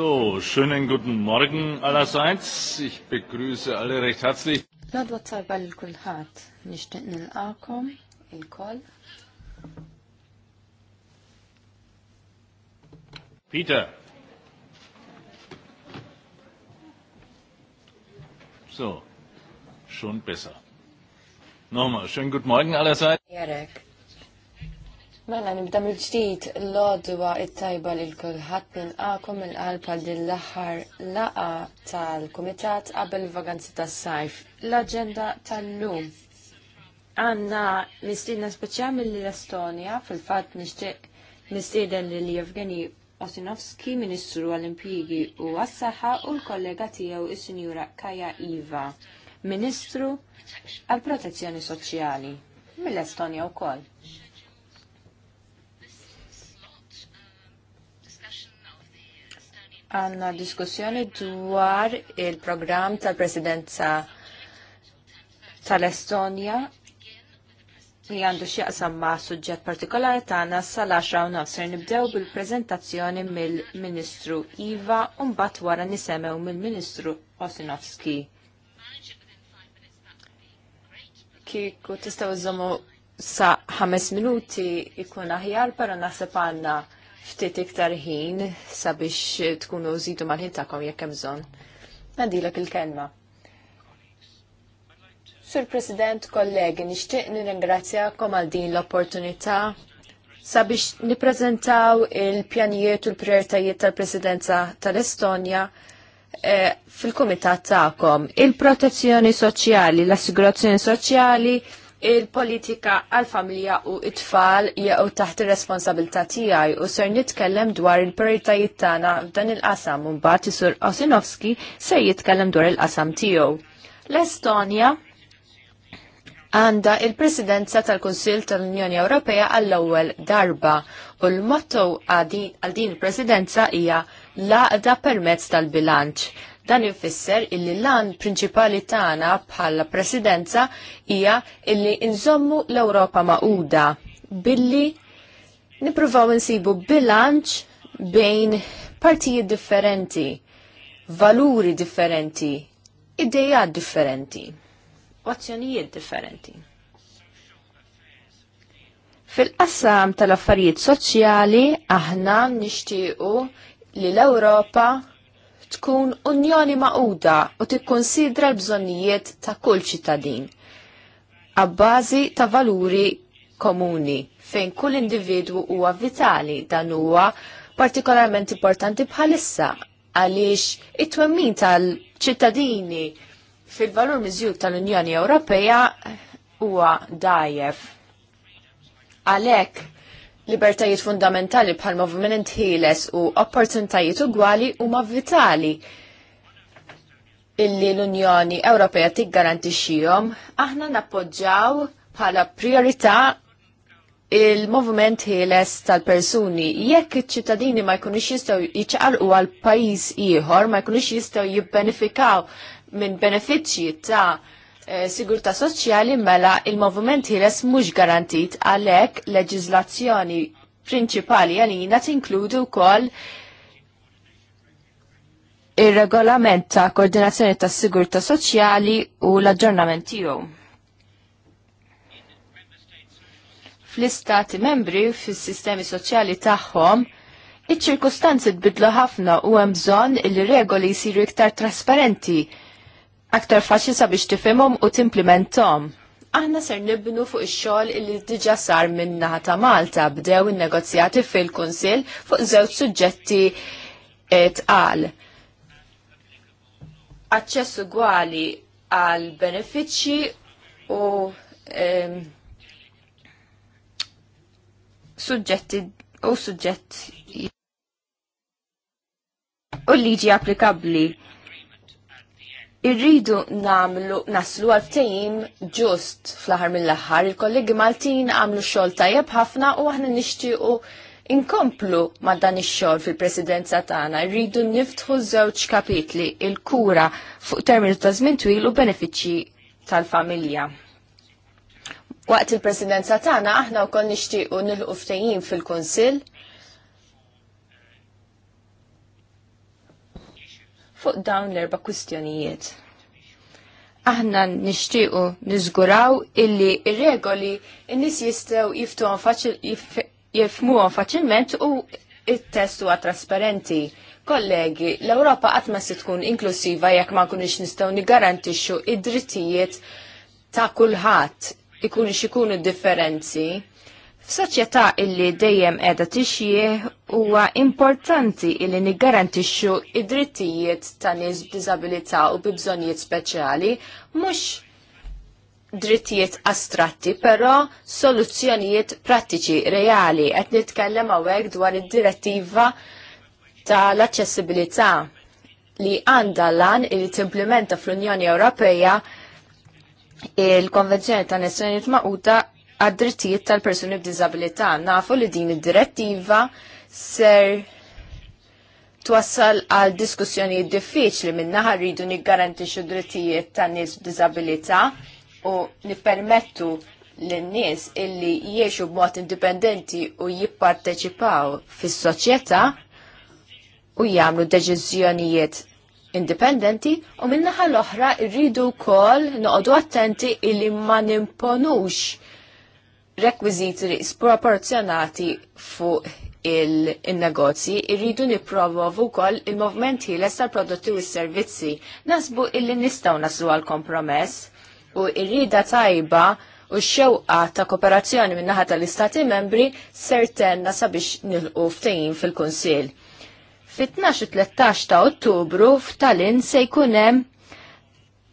So, schönen guten Morgen allerseits. Ich begrüße alle recht herzlich. Nadwa tajba l-kulħat, nishtiq nil-għakom, il-koll. Peter. So, schon besser. Nochmal, schönen guten Morgen allerseits. Erik. Mela nibda mill-ġdid l-odwa it-tajba lil kulħadd ninqakom il-qalb għal din l-aħħar laqa tal-Kumitat qabel vaganzi tas-sajf. L-aġenda tal-lum. Għanna mistiedna speċjal l estonja fil-fatt nixtieq mistieden lil Jevgeni Osinovski, Ministru għall-Impjigi u għas-Saħħa u l-kollega tiegħu is-Sinjura Kaja Iva, Ministru għall-Protezzjoni Soċjali mill-Estonja wkoll għanna diskussjoni dwar il program tal-presidenza tal-Estonja li għandu xieqsam ma' suġġet partikolari tagħna sal-10 nofser nibdew bil prezentazzjoni mill-Ministru Iva u mbagħad wara nisemew mill-Ministru Osinowski. Kieku tistgħu zomu sa' ħames minuti ikun aħjar, pero naħseb għandna ftit iktar ħin sabiex tkunu żidu mal-ħin tagħkom jekk hemm bżonn. Nadilek il-kelma. Sur President, kollegi, nixtieq nirringrazzjakom għal din l-opportunità sabiex nippreżentaw il-pjanijiet u l-prioritajiet tal-Presidenza tal-Estonja eh, fil-kumitat tagħkom. Il-protezzjoni soċjali, l-assigurazzjoni soċjali, il-politika għal-familja u it-tfal jew taħt ir-responsabilità tiegħi u ser nitkellem dwar il-prioritajiet tagħna f'dan il-qasam u mbagħad isur Osinowski se jitkellem dwar il-qasam tiegħu. L-Estonja għanda il-presidenza tal-Kunsil tal-Unjoni Ewropea għall-ewwel darba u l-motto għal din il-presidenza hija laqda permezz tal-bilanċ Dan infisser illi lan prinċipali tagħna bħala presidenza hija illi nżommu l-Ewropa maquda billi nipruvaw insibu bilanċ bejn partijiet differenti, valuri differenti, idejat differenti, azzjonijiet differenti. Fil-qassam tal-affarijiet soċjali aħna nixtiequ li l-Ewropa tkun unjoni maquda u tikkonsidra l-bżonnijiet ta' kull ċittadin għabbażi ta' valuri komuni fejn kull individwu huwa vitali dan huwa partikolarment importanti bħalissa għaliex it-twemmin tal-ċittadini fil-valur miżjud tal-Unjoni Ewropea huwa dajjef. Għalhekk libertajiet fundamentali bħal movement ħieles u opportunitajiet ugwali huma vitali illi l-Unjoni Ewropea tiggarantixxihom, aħna nappoġġaw bħala priorità il movement ħieles tal-persuni. Jekk iċ-ċittadini ma jkunux jistgħu jiċċaqalqu għal pajjiż ieħor, ma jkunux jistgħu jibbenefikaw minn benefiċċji ta' Eh, sigurta soċjali mela il movement ħires mhux garantit għalhekk leġiżlazzjoni prinċipali għalina tinkludu wkoll ir-regolament ta' koordinazzjoni tas sigurta soċjali u l-aġġornament tiegħu. Fl-istati membri fis-sistemi soċjali tagħhom iċ-ċirkustanzi tbidlu ħafna u hemm bżonn li regoli jsiru iktar trasparenti aktar faċli sabiex tifhimhom u timplementhom. Aħna ser nibnu fuq ix-xogħol li diġà sar minna ta' Malta bdew in-negozjati fil-Kunsill fuq żewġ suġġetti eh, tqal. Aċċess ugwali għal benefiċċji u um, suġġetti u suġġetti u liġi applikabbli irridu namlu naslu għal-tejim ġust fl-ħar mill-ħar. Il-kollegi Maltin għamlu xol tajab ħafna u għahna nishtiqu inkomplu ma dan ix-xogħol fil-presidenza tagħna. Irridu niftħu żewġ kapitli il-kura fuq terminu ta' żmien twil u benefiċċji tal-familja. Waqt il-presidenza tagħna aħna wkoll nixtiequ nilħu ftehim fil-Kunsill fuq dawn l-erba' kwistjonijiet. Aħna nixtiequ niżguraw illi ir-regoli n-nies jistgħu jiftuhom jifmuhom faċilment u t test huwa trasparenti. Kollegi, l-Ewropa qatt ma se tkun inklusiva jekk ma kunix nistgħu niggarantixxu id-drittijiet ta' kulħadd ikun ikunu differenzi F'soċjetà illi dejjem qiegħda tixjieh huwa importanti illi niggarantixxu id-drittijiet ta' nies b'diżabilità u bi bżonnijiet speċjali mhux drittijiet astratti, però soluzzjonijiet prattiċi, reali, qed nitkellem hawnhekk dwar id-direttiva tal-aċċessibilità li għandha lan li timplementa fl-Unjoni Ewropea il-Konvenzjoni ta' Nazzjonijiet Maquta għad-drittijiet tal-persuni b'dizabilità. Nafu li din id-direttiva ser twassal għal diskussjoni diffiċli minnaħa rridu niggarantixu drittijiet ta' nies b'diżabilità u nippermettu l-nies illi jiexu b'mod indipendenti u jipparteċipaw fis-soċjetà u jagħmlu deċiżjonijiet indipendenti u minnaħa l-oħra rridu wkoll noqogħdu attenti illi ma nimponux rekwiziti sproporzjonati fuq il-negozji irridu niprovovu kol il-movement ħiles tal-prodotti u s-servizzi. Nasbu illi nistaw naslu għal-kompromess u irrida tajba u xewqa ta' kooperazzjoni minnaħa tal-Istati membri sertenna sabiex nilqu ftejn fil-Kunsil. Fit-12 13 ta' Ottubru f'Tallinn se jkunem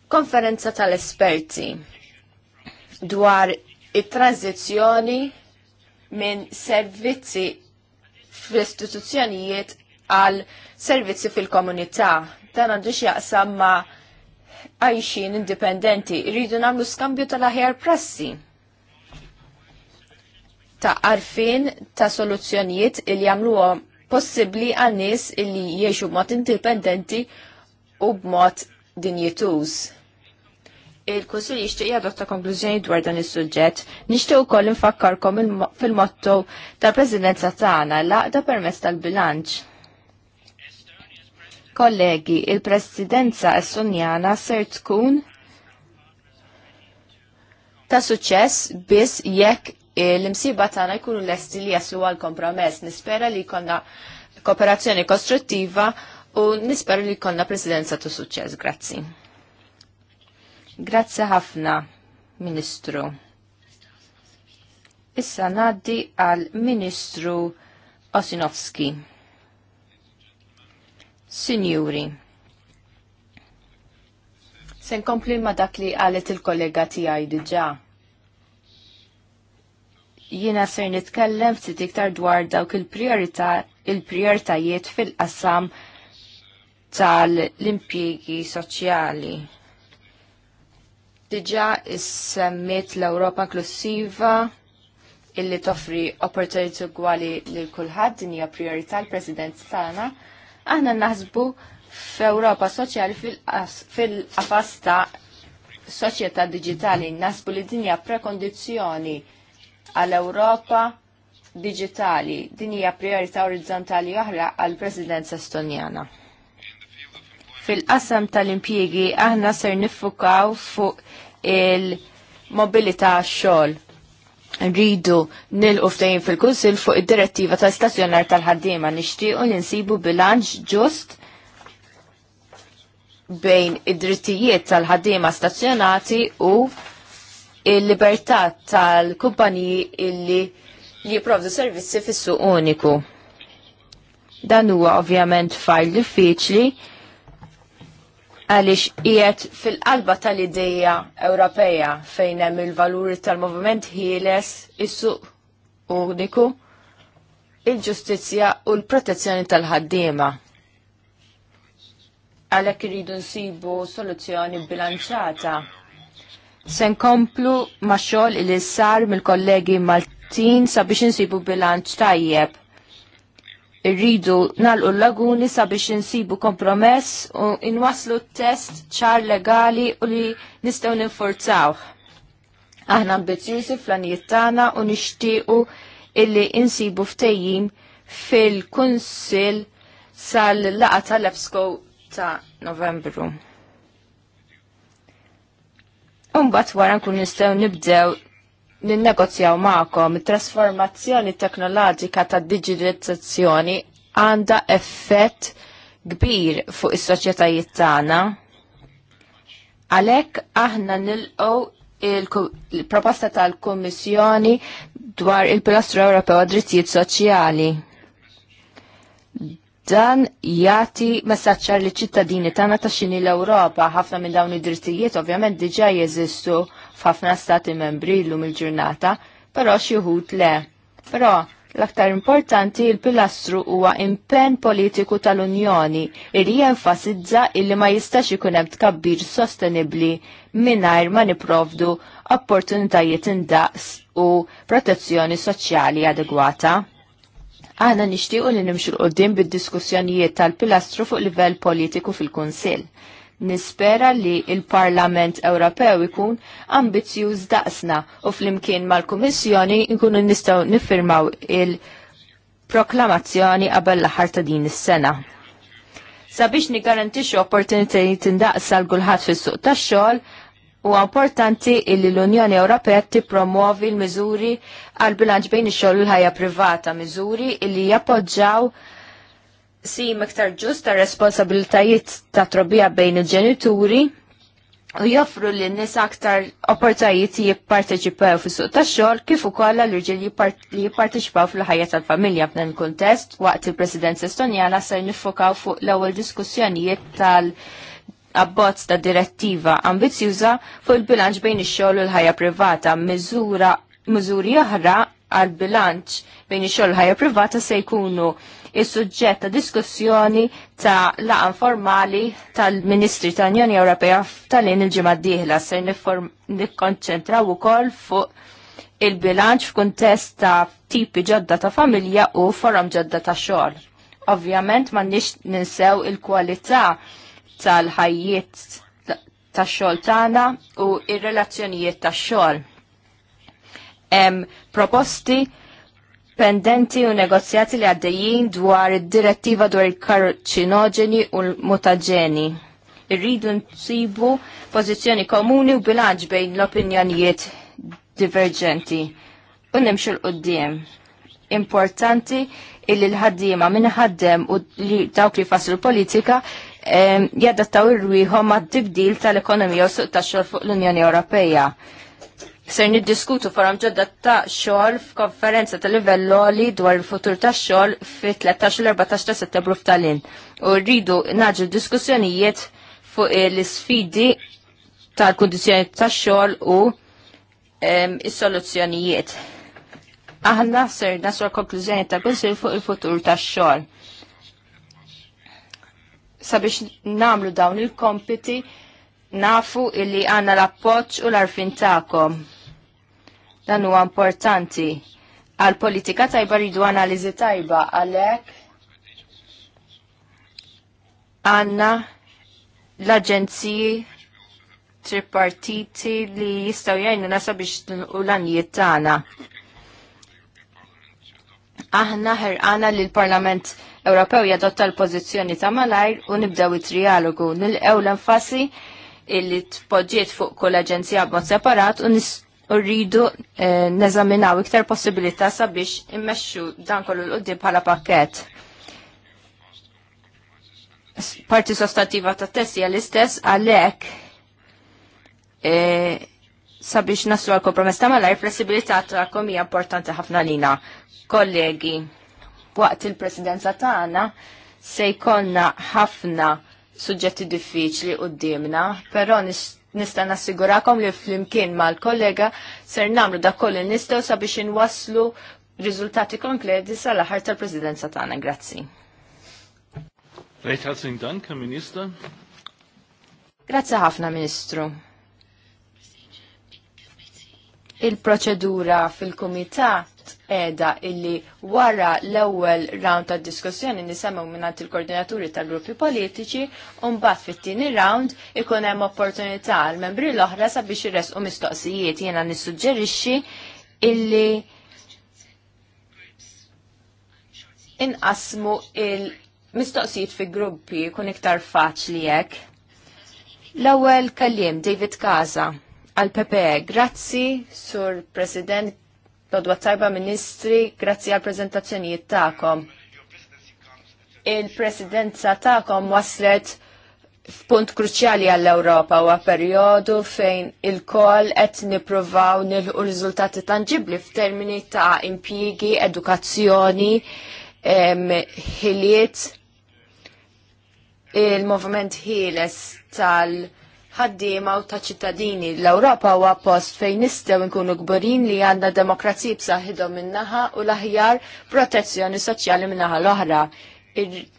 konferenza tal-esperti dwar it-tranzizzjoni minn servizzi fl-istituzzjonijiet għal servizzi fil-komunità. Dan għandu x'jaqsam ma' għajxin indipendenti, rridu namlu skambju tal-aħjar prassi ta' arfin ta' soluzzjonijiet il jamlu possibli għannis il-li jiexu mod indipendenti u b'mod dinjetuż il-Kunsil jixtieq jadotta konklużjoni dwar dan is-suġġett, nixtieq ukoll infakkarkom fil-motto tal-Presidenza tagħna l-għaqda permezz tal-bilanċ. Kollegi, il-Presidenza Estonjana ser tkun ta' suċċess biss jekk l-imsiba tagħna jkunu lesti li jaslu għal kompromess. Nispera li jkollna kooperazzjoni kostruttiva u nispera li jkollna presidenza ta' suċċess. Grazzi. Grazzi ħafna, Ministru. Issa naddi għal Ministru Osinowski. Signuri. Sen kompli ma dak li għalet il-kollega għaj diġa. Jina ser nitkellem ftit iktar dwar dawk il-prioritajiet il fil-qassam tal-impjegi soċjali Diġa is-semmit l-Ewropa inklusiva illi toffri opportunità gwali lil kulħadd din hija priorità l-President tagħna. Aħna naħsbu f'Ewropa Soċjali fil-qafas ta' soċjetà diġitali naħsbu li din hija prekondizzjoni għal Ewropa digitali. Din hija priorità orizzontali oħra għal presidenza Estonjana. Fil-qasam tal-impjiegi aħna ser niffukaw fuq il-mobilità xogħol. Rridu nilqu ftehim fil-Kunsil fuq id-direttiva ta' stazzjonar tal-ħaddiema nixtiequ li nsibu bilanċ ġust bejn id-drittijiet tal-ħaddiema stazzjonati u il-libertà tal-kumpaniji illi li jiprovdu servizzi fis-suq uniku. Dan huwa ovvjament fajl diffiċli għaliex qiegħed fil-qalba tal-ideja Ewropeja fejn hemm il-valuri tal movement ħieles is-suq uniku il-ġustizzja u l-protezzjoni tal-ħaddiema. Għalhekk iridu nsibu soluzzjoni bilanċata. Se nkomplu ma' xogħol il sar mill-kollegi Maltin sabiex insibu bilanċ tajjeb irridu nalqu l-laguni sabiex insibu kompromess u inwaslu test ċar legali u li nistgħu ninforzaw. Aħna ambizjużi fl-anijiet tagħna u nixtiequ illi insibu ftejjim fil-Kunsill sal-laqa tal-EFSCO ta' Novembru. Umbat wara nkun nistgħu nibdew ninnegozjaw ma'kom trasformazzjoni teknoloġika ta' digitalizzazzjoni għanda effett kbir fuq is-soċjetajiet tagħna. Għalhekk aħna nilqgħu il-proposta tal-Kummissjoni dwar il-Pilastru Ewropew għad-Drittijiet Soċjali. Dan jati messaċċar li ċittadini tagħna ta' xini l-Ewropa ħafna minn dawn id-drittijiet ovvjament diġà jeżistu f'ħafna stati membri llum il-ġurnata, però xieħut le. Però l-aktar importanti il-pilastru huwa impenn politiku tal-Unjoni irri jenfasizza illi ma jistax ikun hemm tkabbir sostenibbli mingħajr ma niprovdu opportunitajiet indaqs u protezzjoni soċjali adegwata. Aħna nixtiequ li nimxu l-qoddim bid-diskussjonijiet tal-pilastru fuq livell politiku fil-Kunsill Nispera li il-Parlament Ewropew ikun ambizjuż daqsna u flimkien mal-Kummissjoni nkunu nistgħu niffirmaw il-proklamazzjoni qabel l-aħħar ta' din is-sena. Sabiex nigarantixxu opportunitajiet indaqsa l kulħadd fis-suq tax-xogħol, huwa importanti illi l-Unjoni Ewropea tippromovi l-miżuri għal bilanċ bejn ix-xogħol u l-ħajja privata, miżuri illi jappoġġaw sim iktar ġust ta' ta' trobija bejn il-ġenituri u joffru li n-nis aktar opportajiet jipparteċipaw fis suq tax xogħol kif ukoll l-irġiel li jipparteċipaw fil-ħajja tal-familja f'dan il-kuntest waqt il-Presidenza Estonjana ser niffokaw fuq l-ewwel diskussjonijiet tal- abbozz ta' direttiva ambizjuża fuq il-bilanċ bejn ix-xogħol u l-ħajja privata miżura miżuri oħra għal bilanċ bejn ix-xogħol u ħajja privata se jkunu is-suġġett ta' diskussjoni ta' laqa formali tal-Ministri ta' unjoni Ewropea tal-in il-ġimgħa d-dieħla se nikkonċentraw ukoll fuq il-bilanċ f'kuntest ta' tipi ġodda ta' familja u forom ġodda ta' xogħol. Ovvjament ma nix ninsew il-kwalità tal-ħajjiet ta' xogħol tagħna u ir-relazzjonijiet ta' xogħol. Proposti pendenti u negozjati li għaddejjin dwar id-direttiva dwar il karċinogeni u l-mutaġeni. Irridu nsibu pożizzjoni komuni u bilanċ bejn l-opinjonijiet diverġenti. U l-qoddim. Importanti illi l-ħaddima minn ħaddem u li dawk li l politika jadattaw ir-rwieħom għad-dibdil tal-ekonomija u suq tax-xogħol fuq l-Unjoni Ewropea ser niddiskutu forum ġodda ta' xogħol f'konferenza ta' livell loli dwar il-futur ta' xogħol fi 13 l-14 ta' Settembru f'Tallinn. U rridu naġu diskussjonijiet fuq eh, l-sfidi tal kondizjoni ta' xogħol u ehm, is-soluzzjonijiet. Aħna ser naswa konklużjoni ta' kunsil fuq il-futur ta' xogħol. Sabiex namlu dawn il-kompiti nafu illi għanna l-appoċ u l-arfin ta'kom. Dan huwa importanti. Għal politika tajba ridu analiżi tajba għalhekk għandna l-aġenziji tripartiti li jistgħu jgħinu nasa biex u l-anjiet tagħna aħna għana li l-Parlament Ewropew jadotta l-pożizzjoni ta' malajr u nibdew it-trialogu Ew l-enfasi illi tpoġġiet fuq kull aġenzija b'mod separat u Urridu eh, neżaminaw iktar possibilità sabiex immexxu dan kollu l-qoddim bħala pakket. Parti sostantiva ta' tessi għall-istess għalek eh, sabiex naslu għal kompromess ta' malajr flessibilità ta' hija importanti ħafna lina. Kollegi, waqt il-presidenza tagħna se jkollna ħafna suġġetti diffiċli d-dimna, però nist nista' nassigurakom li flimkien mal-kollega ser namlu da koll nistgħu sabiex inwasslu riżultati konkreti sal-aħħar tal-Presidenza tagħna. Grazzi. Rejt herzlichen Dank, Minister. Grazzi ħafna, Ministru. Il-proċedura fil-Kumitat edha illi wara l-ewwel round ta' diskussjoni nisemgħu mingħand il-koordinaturi tal-gruppi politiċi u mbagħad fit-tieni round ikun hemm opportunità għal membri l-oħra sabiex irresqu mistoqsijiet jiena nissuġġerixxi illi inqasmu il-mistoqsijiet fi gruppi kun iktar faċli hekk. L-ewwel kallim David Kaza għal PPE. Grazzi, Sur President, Lodwa tajba ministri, grazzi għal prezentazzjonijiet ta'kom. Il-presidenza ta'kom waslet f'punt kruċjali għall-Ewropa huwa periodu fejn il-koll qed nippruvaw nilħu riżultati tanġibli f'termini ta' impjiegi, edukazzjoni, ħiliet, il-movement ħieles tal- ħaddiema u ta' ċittadini. L-Ewropa huwa post fejn nistgħu nkunu gburin li għandna demokrazija b'saħħithom minnaħa u l-aħjar protezzjoni soċjali minnaħa l-oħra.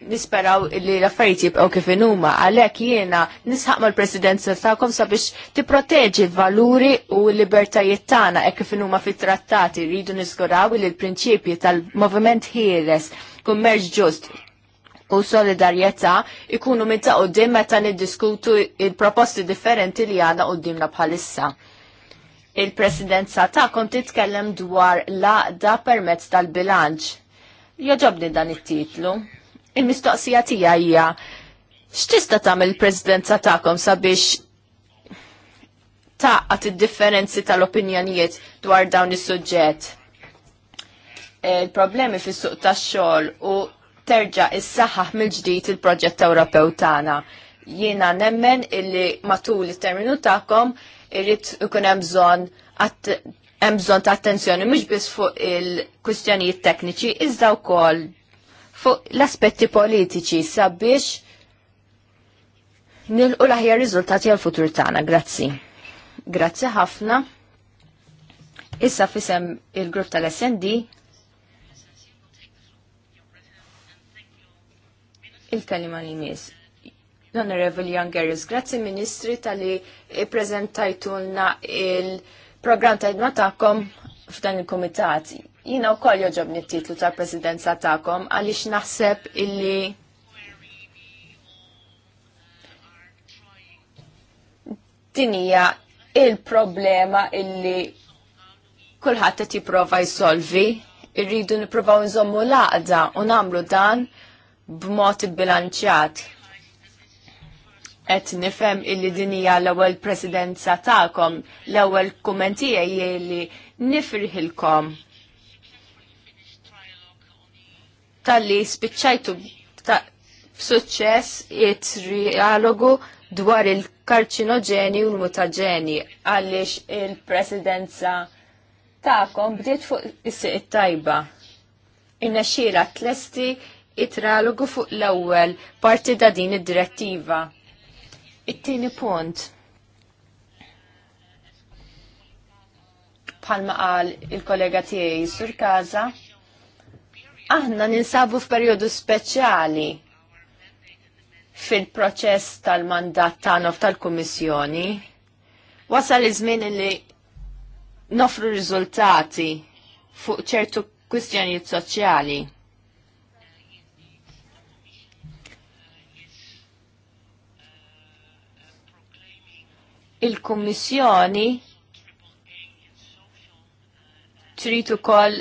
Nisperaw li l-affarijiet jibqgħu kif inhuma, għalhekk jiena nisħaq mal-Presidenza tagħkom sabiex tipproteġi l-valuri u l-libertajiet tagħna hekk kif inhuma fit-trattati rridu niżguraw li l-prinċipji tal-moviment ħieles kummerġ ġust u solidarjetà ikunu minn ta' qudiem meta niddiskutu il-proposti differenti li u dimna bħalissa. Il-presidenza konti titkellem dwar da permezz tal-bilanċ. Joġobni dan it-titlu. Il-mistoqsija tija hija x'tista' tagħmel il-presidenza ta'kom sabiex taqqat id-differenzi tal-opinjonijiet dwar dawn is-suġġett. Il-problemi fis-suq tax-xogħol u terġa' issaħħaħ mill-ġdid il-proġett Ewropew tagħna. Jiena nemmen illi matul it-terminu tagħkom irid ikun hemm bżonn hemm bżonn ta' attenzjoni mhux biss fuq il-kwistjonijiet tekniċi iżda wkoll fuq l-aspetti politiċi sabiex nilqu l-aħjar riżultati għal futur tagħna. Grazzi. Grazzi ħafna. Issa fisem il-grupp tal-SND il kelima li mis. L-Honorable Youngeris, grazzi Ministri tal-li prezentajtulna il-program ta' idma ta'kom f'dan il-komitat. Jina u koll joġobni titlu ta' presidenza ta'kom għalix naħseb illi dinija il-problema illi kullħat qed jipprova jsolvi, irridu nippruvaw nżommu laqda u nagħmlu dan b'mod bilanċjat. Et nifem illi dinija l-ewwel presidenza tagħkom, l-ewwel kummentija jeli nifirħilkom tal-li spiċċajtu f'suċċess it-trialogu dwar il-karċinoġeni u l-mutaġeni għaliex il-presidenza ta'kom bdiet fuq is-siq tajba. Inna xira tlesti it-tralogu fuq l-ewwel parti ta' din id-direttiva. It-tieni punt. Palma qal il-kollega tiegħi sur kaza, aħna ninsabu f'perjodu speċjali fil-proċess tal-mandat tagħna tal-Kummissjoni. Wasal iż-żmien li nofru riżultati fuq ċertu kwistjonijiet soċjali. il-Kummissjoni trid ukoll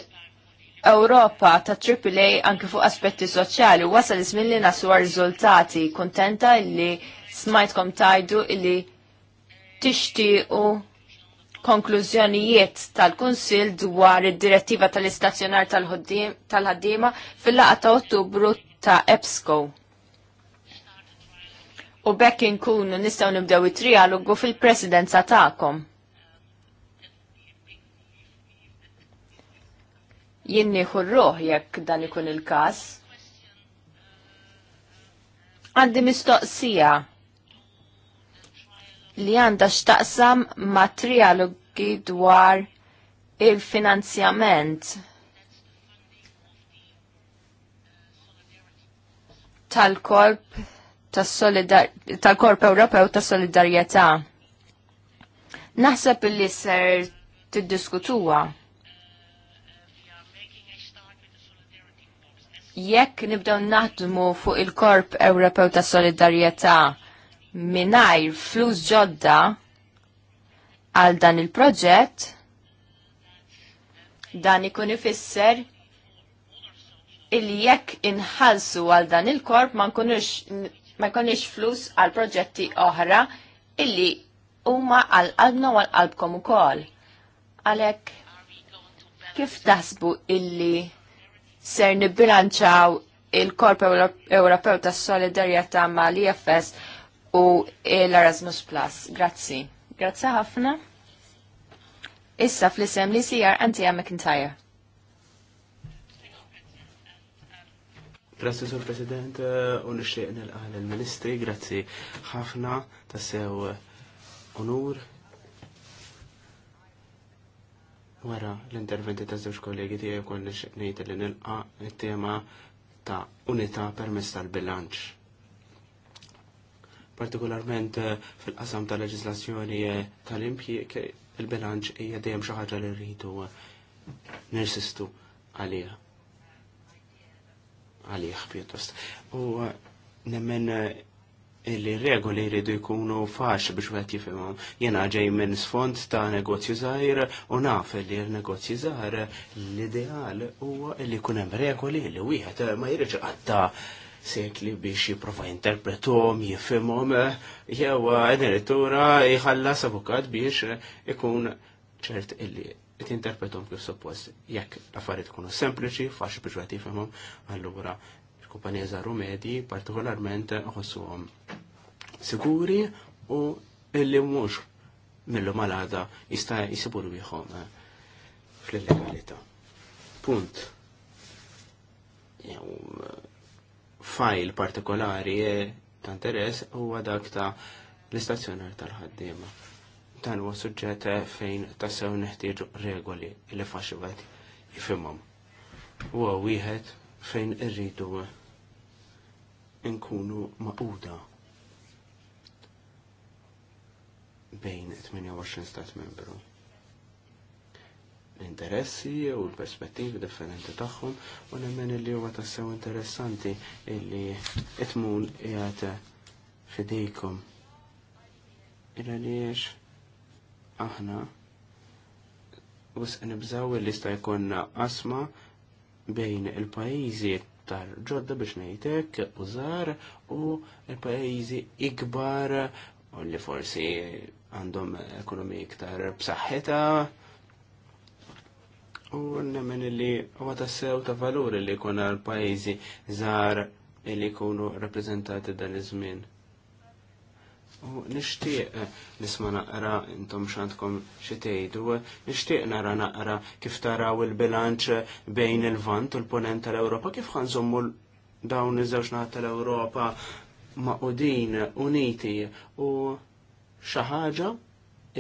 Ewropa ta' AAA anke fuq aspetti soċjali wasal ismin li naswa riżultati kuntenta li smajtkom tajdu li tixtiequ konklużjonijiet tal-Kunsil dwar id-direttiva tal-istazzjonar tal-ħaddiema fil-laqa ta' Ottubru ta' EBSCO u bekk inkunu nistgħu nibdew it-trialogu fil-presidenza tagħkom. Jien nieħu r jekk dan ikun il-każ. Għandi mistoqsija li għandha x'taqsam ma' trialogi dwar il-finanzjament tal-korp tal-Korp Ewropew ta' Solidarjetà. Naħseb li ser tiddiskutuha. Jekk nibdew naħdmu fuq il-Korp Ewropew ta' Solidarjetà mingħajr flus ġodda għal dan il-proġett, dan ikun ifisser il jekk inħalsu għal dan il-korp ma nkunux ma jkollniex flus għal proġetti oħra illi huma għal qalbna u għal qalbkom ukoll. Għalhekk kif taħsbu illi ser nibbilanċaw il-Korp Ewropew tas Solidarjetà mal l-IFS u l-Erasmus Plus. Grazzi. Grazzi ħafna. Issa fl-isem li sijar Antija McIntyre. Grazzi, Sur President, eh, u nixtieq nilqal il-Ministri, grazzi ħafna tassew eh, onur. Wara l-interventi ta' żewġ kollegi tiegħi wkoll nixtieq ngħid li nilqa' it-tema ta' unità permess tal-bilanċ. Partikolarment eh, fil-qasam tal leġislazzjoni tal-impji il-bilanċ hija dejjem xi ħaġa li rridu nirsistu għaliha għalih pjuttost. U eh, nemmen eh, il-regoli jridu jkunu faċ biex għet jifimum. Jena ġej minn sfond ta' negozju zaħir u naf li negozju zaħir l-ideal u li kunem regoli li wieħed ma jirġa għatta sekli biex jiprofa jinterpretom, jifimom, jew eh, addirittura jħallas avukat biex ikun ċert illi it-interpretum kif suppost. Jekk l-affarijiet ikunu sempliċi, faċli biex wieħed jifhimhom, allura l-kumpanija żaru medji partikolarment ħossuhom siguri u illi mhux millu malada jista' jisibu rwieħhom fl-illegalità. Punt. fajl partikolari ta' interess huwa dak ta' l-istazzjonar tal-ħaddiema dan huwa suġġett eh, fejn tassew neħtieġu regoli li faċli wieħed jifhimhom. Huwa wieħed fejn irridu eh, nkunu maquda bejn 28 stat membru. L-interessi u l-perspettivi differenti tagħhom u nemmen li huwa tassew interessanti illi itmun qiegħed fidejkom. Il-għaliex aħna bus nibżaw li sta jkollna asma bejn il pajjiżi tal-ġodda biex nejtek u zar u l-pajjiżi ikbar u li forsi għandhom ekonomi iktar b'saħħitha u nemmen li huwa sew ta' valuri li jkun l-pajizi zar li jkunu rappreżentati dan iż-żmien. U nishtiq eh, nisma naqra intom xantkom xitejdu, eh, nishtiq nara naqra kif taraw il-bilanċ bejn il-vant u l-ponent tal-Europa, kif ħanżommu dawn iż-żewġ naħat tal-Europa maqudin, uniti u xaħġa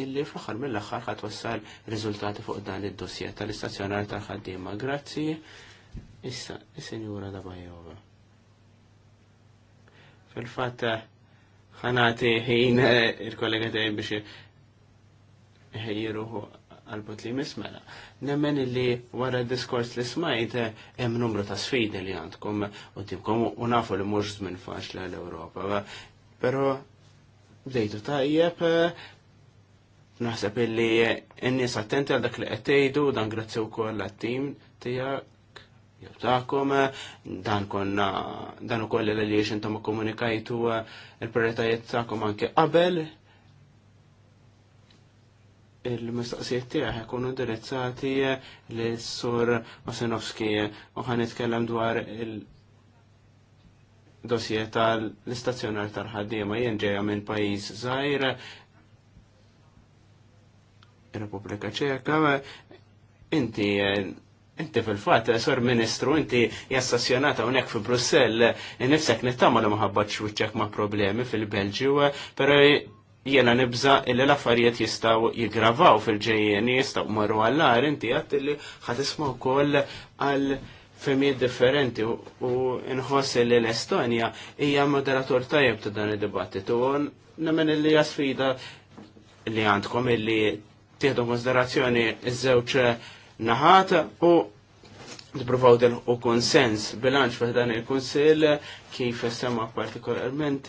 illi fl-axar mill-axar ħat wassal riżultati fuq dan id-dossier tal-istazzjonar tal-ħaddiema. Grazzi, issa, is-senjura da Fil-fatta, eh, ħanati ħin eh, il-kollega tiegħi biex ħejjiruħu għalbut li mismela. Nemmen li wara diskors li smajt eh, hemm numru ta' sfidi li għandkom u tibkom u nafu li mhux żmien faċli l-Ewropa. Però bdejtu tajjeb eh, naħseb illi n-nies attenti għal dak li qed tgħidu dan grazzi wkoll għat-tim tiegħek jew eh, dan konna dan ukoll li intom komunikajtu eh, il-prioritajiet tagħkom anke qabel il-mistaqsijiet tiegħek ikunu indirizzati eh, li sur Masinowski u ħan nitkellem dwar il- dosje tal-istazzjonar tal-ħaddiema jien ġejja minn pajjiż żgħir ir-Repubblika Ċeka inti Inti fil-fat, sor ministru, inti jassassjonata unek fi Brussel, nifsek nittama li maħabbaċ wiċċek ma' problemi fil-Belġu, pero jena nibza illi l-affarijiet jistaw jigravaw fil-ġejjen, jistaw marru għallar, inti għat illi ħatisma u koll għal femijiet differenti u nħoss li l-Estonja hija moderator tajjeb ta' dan id-dibattitu u nemmen li hija sfida li għandkom illi tieħdu konsiderazzjoni iż-żewġ naħata u Nipruvaw din u konsens bilanċ fih dan il konsil kif sema partikolarment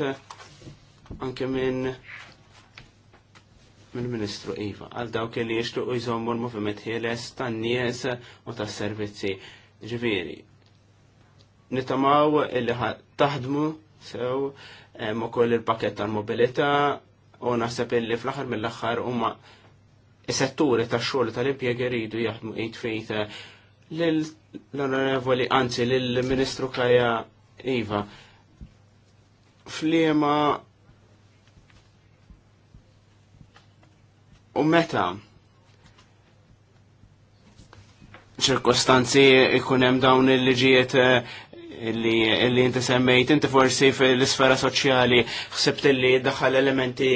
anke minn minn ministru Iva għal dawk li jixtruq u jżommu l-moviment ħieles tan-nies u tas-servizzi. ġviri. nitamaw illi taħdmu sew ma koll il-pakett tal-mobilità u naħseb illi fl-aħħar mill-aħħar huma is-setturi tax-xogħol tal-impjeg iridu jaħdmu qid fejta eh, l-onorevoli anzi lill-Ministru Kaja Iva. Fliema u meta ċirkostanzi ikun hemm dawn il-liġijiet eh, li inti semmejt, inti forsi fil-sfera soċjali xsebt li daħal elementi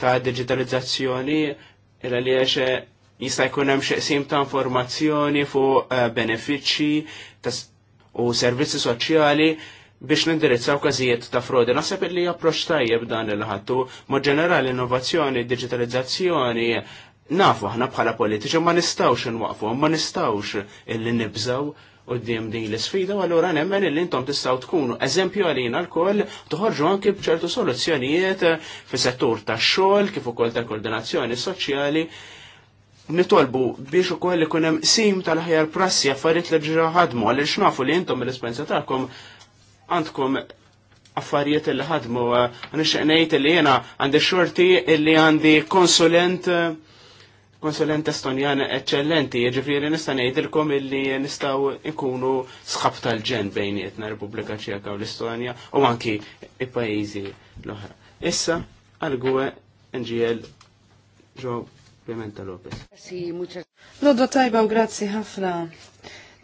ta' digitalizzazzjoni Illa li għax eh, jista' jkun hemm xeqsim ta' informazzjoni fuq eh, benefiċċji u servizzi soċjali biex nindirizzaw każijiet ta' frodi. Naħseb li approċċ tajjeb dan il-ħattu, ma ġenerali innovazzjoni, digitalizzazzjoni, nafu aħna bħala politiċi ma nistawx inwaqfu, ma nistawx illi nibżaw d-dim din l-sfida u għallura nemmen li intom tistaw tkunu eżempju għalina l-koll toħorġu anki bċertu soluzzjonijiet eh, fis-settur tax-xogħol kif ukoll tal-koordinazzjoni soċjali nitolbu biex ukoll ikun hemm sim tal-ħjar prassi affarijiet li ġira ħadmu għaliex xnafu li intom l-ispensa tagħkom għandkom affarijiet li ħadmu eh, nixtieq ngħid li jiena għandi xorti li għandi konsulent uh, konsulent estonjan eccellenti, ġifiri nista' ngħidilkom illi nistgħu ikunu sħab tal-ġen bejnietna Repubblika Ċeka u l-Estonja u anki il-pajjiżi l-oħra. Issa għal-gwe NGL Joe Pimenta Lopez. Lodo tajba u grazzi ħafna.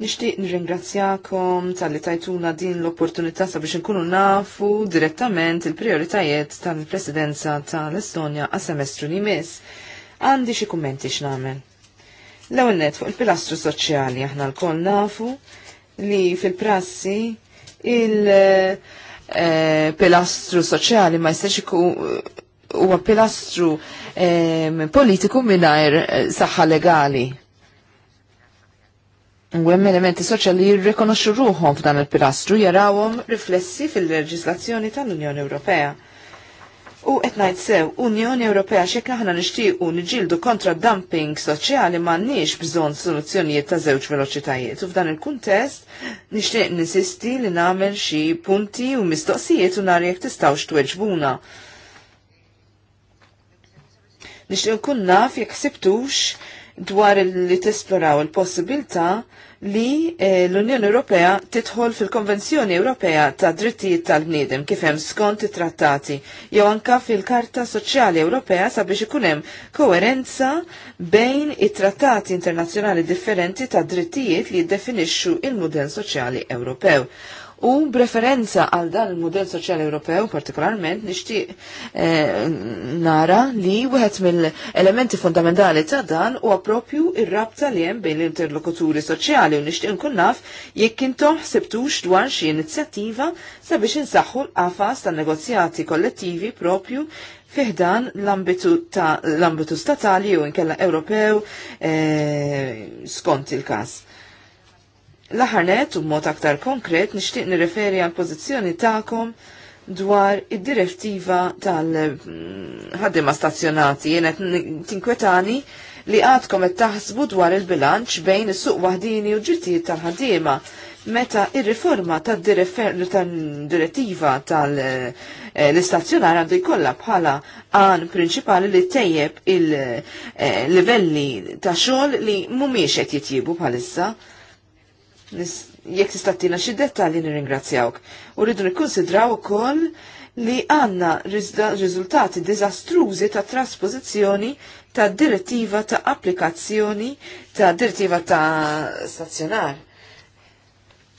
Nishtiq nirringrazzjakom tal-li tajtuna din l-opportunità sabiex nkunu nafu direttament il-prioritajiet tal-presidenza tal-Estonja għas-semestru li miss għandi xi kummenti x'nagħmel. L-ewwel fuq il-pilastru soċjali aħna lkoll nafu li fil-prassi il-pilastru eh, soċjali ma jistax eh, huwa pilastru eh, politiku mingħajr saħħa legali. U hemm elementi soċjali jirrikonoxxu ruħom f'dan il-pilastru jarawhom riflessi fil-leġislazzjoni tal-Unjoni Ewropea. U qed ngħid sew, Unjoni Ewropea x'jekk aħna nixtiequ nġildu kontra dumping soċjali m'għandniex bżonn soluzzjonijiet ta' żewġ veloċitajiet. U f'dan il-kuntest nixtieq nisisti li nagħmel xi punti u mistoqsijiet u nhar jekk tistgħux tweġbuna. Nixtieq nkun naf jekk sibtux dwar li tesploraw il-possibilità li eh, l-Unjoni Ewropea titħol fil-Konvenzjoni Ewropea ta' Drittijiet tal-Bniedem kif hemm skont it-trattati jew anka fil-Karta Soċjali Ewropea sabiex ikun hemm koerenza bejn it-trattati internazzjonali differenti ta' drittijiet li jiddefinixxu il-mudell soċjali Ewropew u b'referenza għal dan il-modell soċjali Ewropew partikolarment nixtieq eh, nara li wieħed mill-elementi fondamentali ta' dan huwa proprju ir-rabta li hemm bejn l-interlokuturi soċjali u nixtieq nkun naf jekk intom ħsibtux dwar xi inizjattiva sabiex insaħħu l-qafas tan-negozjati kollettivi propju fiħdan l-ambitu ta' l-ambitu statali u nkella Ewropew eh, skont il każ Laħarnet u mod aktar konkret nixtieq nirreferi għal pożizzjoni tagħkom dwar id-direttiva tal-ħaddima stazzjonati. Jenet tinkwetani li għadkom qed taħsbu dwar il-bilanċ bejn is-suq wahdini u ġittijiet tal-ħaddiema meta ir-riforma tad-direttiva tal-istazzjonar eh, għandu jkollha bħala għan prinċipali li tejjeb il-livelli eh, ta' xogħol li mhumiex qed jitjiebu bħalissa jekk tista' tina xi dettalji nirringrazzjawk. U rridu nikkunsidraw ukoll li għanna riżultati diżastrużi ta' traspożizzjoni ta' direttiva ta' applikazzjoni ta' direttiva ta' stazzjonar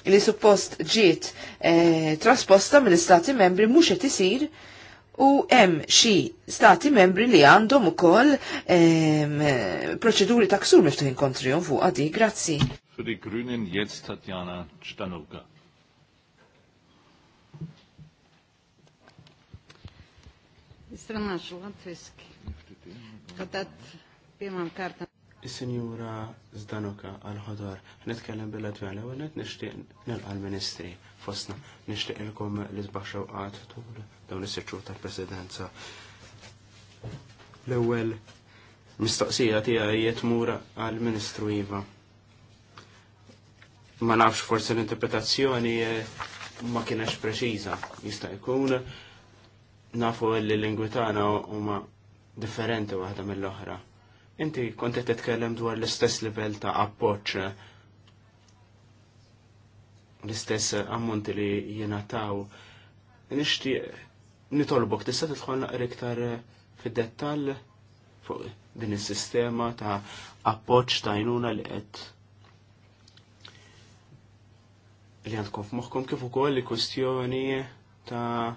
li suppost ġiet eh, trasposta mill-Stati membri mhux qed isir u hemm xi stati membri li għandhom ukoll ehm, proċeduri ta' ksur miftuħin kontrihom fuq għadi. Grazzi. Für die Grünen jetzt Tatjana Stanovka. Istrana Xlatviski. Katat bimam karta. is Zdanoka għal-ħodor, nitkellem bil-Latvjana u net nishtiq nil-għal-Ministri fosna, nishtiq ilkom li tbaxxaw għad tul dawn is tal-Presidenza. l ewel mistoqsija ti jiet mura għal-Ministru Iva ma nafx forse l-interpretazzjoni eh, ma kienax preċiża. Jista' jkun nafu li l-lingwi tagħna huma differenti waħda mill-oħra. Inti kont qed titkellem dwar l-istess livell ta' appoġġ eh, l-istess ammonti li jingħataw. Nixtieq nitolbok tista' tidħol naqra iktar eh, fid-dettall fuq din is-sistema ta' appoġġ ta' jnuna li qed li għandkom f'moħħkom kif ukoll il kwestjoni ta'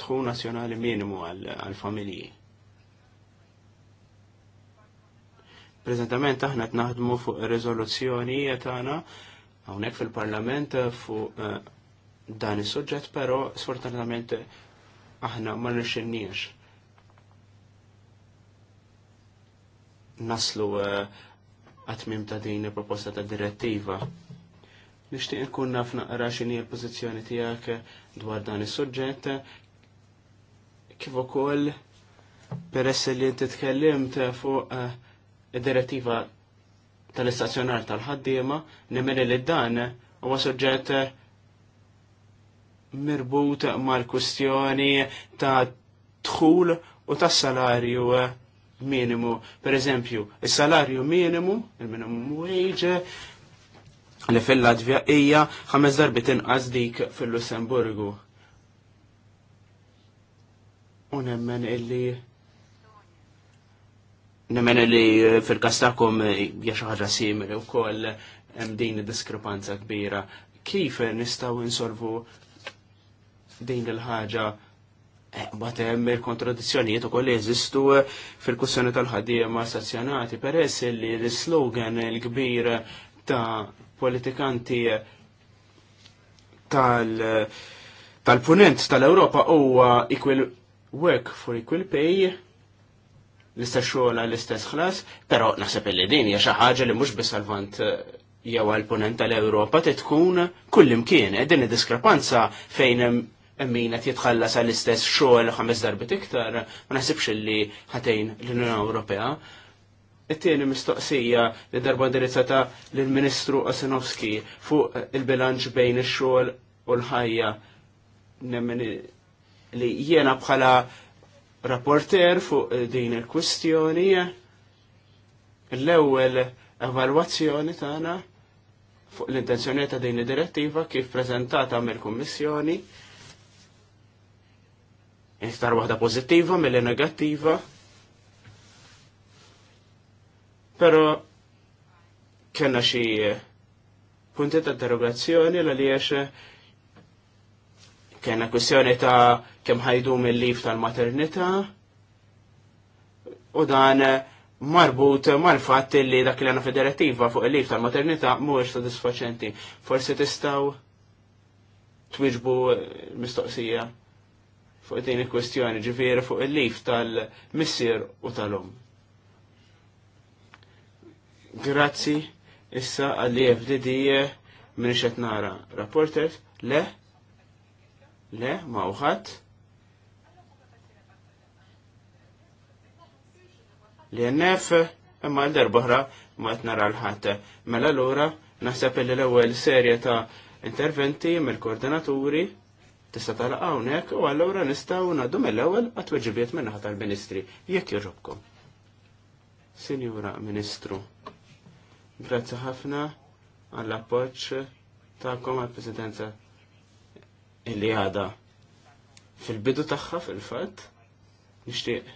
tħu nazzjonali minimu għal-familji. Prezentament aħna qed naħdmu fuq ir-riżoluzzjoni tagħna hawnhekk fil-Parlament fuq eh, dan is-suġġett, però sfortunatament aħna ma nixxinniex. naslu eh, għatmim ta' din il-proposta ta' direttiva. Nixtieq inkun naf naqra x'inhi l-pożizzjoni tiegħek dwar dan is-suġġett kif ukoll peress li inti tkellimt fuq eh, id-direttiva tal-istazzjonar tal-ħaddiema nemmen li dan huwa suġġett mirbut mal-kustjoni ta' tħul u ta' salarju minimu. Per eżempju, il-salarju minimu, il-minimum wage, li fil-Latvja hija ħames darbit inqas dik fil-Lussemburgu. U nemmen illi nemmen illi fil-kastakom hija xi ħaġa simili wkoll hemm din diskrepanza kbira. Kif nistgħu insolvu din il-ħaġa eh, Bat hemm il-kontradizzjonijiet ukoll li jeżistu fil-kussjoni tal-ħaddiema stazzjonati peress li l-slogan il-kbir ta' politikanti tal- tal-punent tal-Europa huwa equal work for equal pay l-istess xogħla l-istess ħlas, però naħseb li din hija xi ħaġa li mhux bisalvant jew għall-punent tal-Ewropa tkun kullimkien e din id-diskrepanza fejn hemm min qed jitħallas għall-istess xogħol ħames darbit iktar, ma naħsibx li ħatejn l-Unjoni Ewropea it-tieni mistoqsija li darba indirizzata lill-Ministru Osinowski fuq il-bilanċ bejn ix-xogħol u l-ħajja nemmen li jiena bħala rapporter fuq din il-kwistjoni l-ewwel evalwazzjoni tagħna fuq l-intenzjoni ta' din id-direttiva kif preżentata mill-Kummissjoni. Iktar waħda pożittiva mill-negattiva. Pero kena xie punti ta' interrogazzjoni li għaliex kena kwestjoni ta' kem ħajdu mill-lif tal-maternita u dan marbut mal-fatt li dak li għana federativa fuq il-lif tal-maternità mhuwiex sodisfaċenti. Forsi tistgħu twiġbu mistoqsija fuq din il-kwestjoni ġifieri fuq il-lif tal-missier u tal-om. Grazzi, issa għalli FDD minn xet nara. Rapporter, le? Le, ma uħat? Li jennef, imma l-darbohra ma t-nara l-ħat. Mela l-ura, naħseb li l-ewel serje ta' interventi mill-koordinaturi tista' tala hawnhekk u allura nistgħu ngħaddu mill-ewwel għat-tweġibiet minn naħa tal-Ministri jekk jogħġobkom. Sinjura Ministru. Grazzi ħafna għall appoġġ tagħkom għall-Presidenza illi għada fil-bidu tagħha fil-fatt nixtieq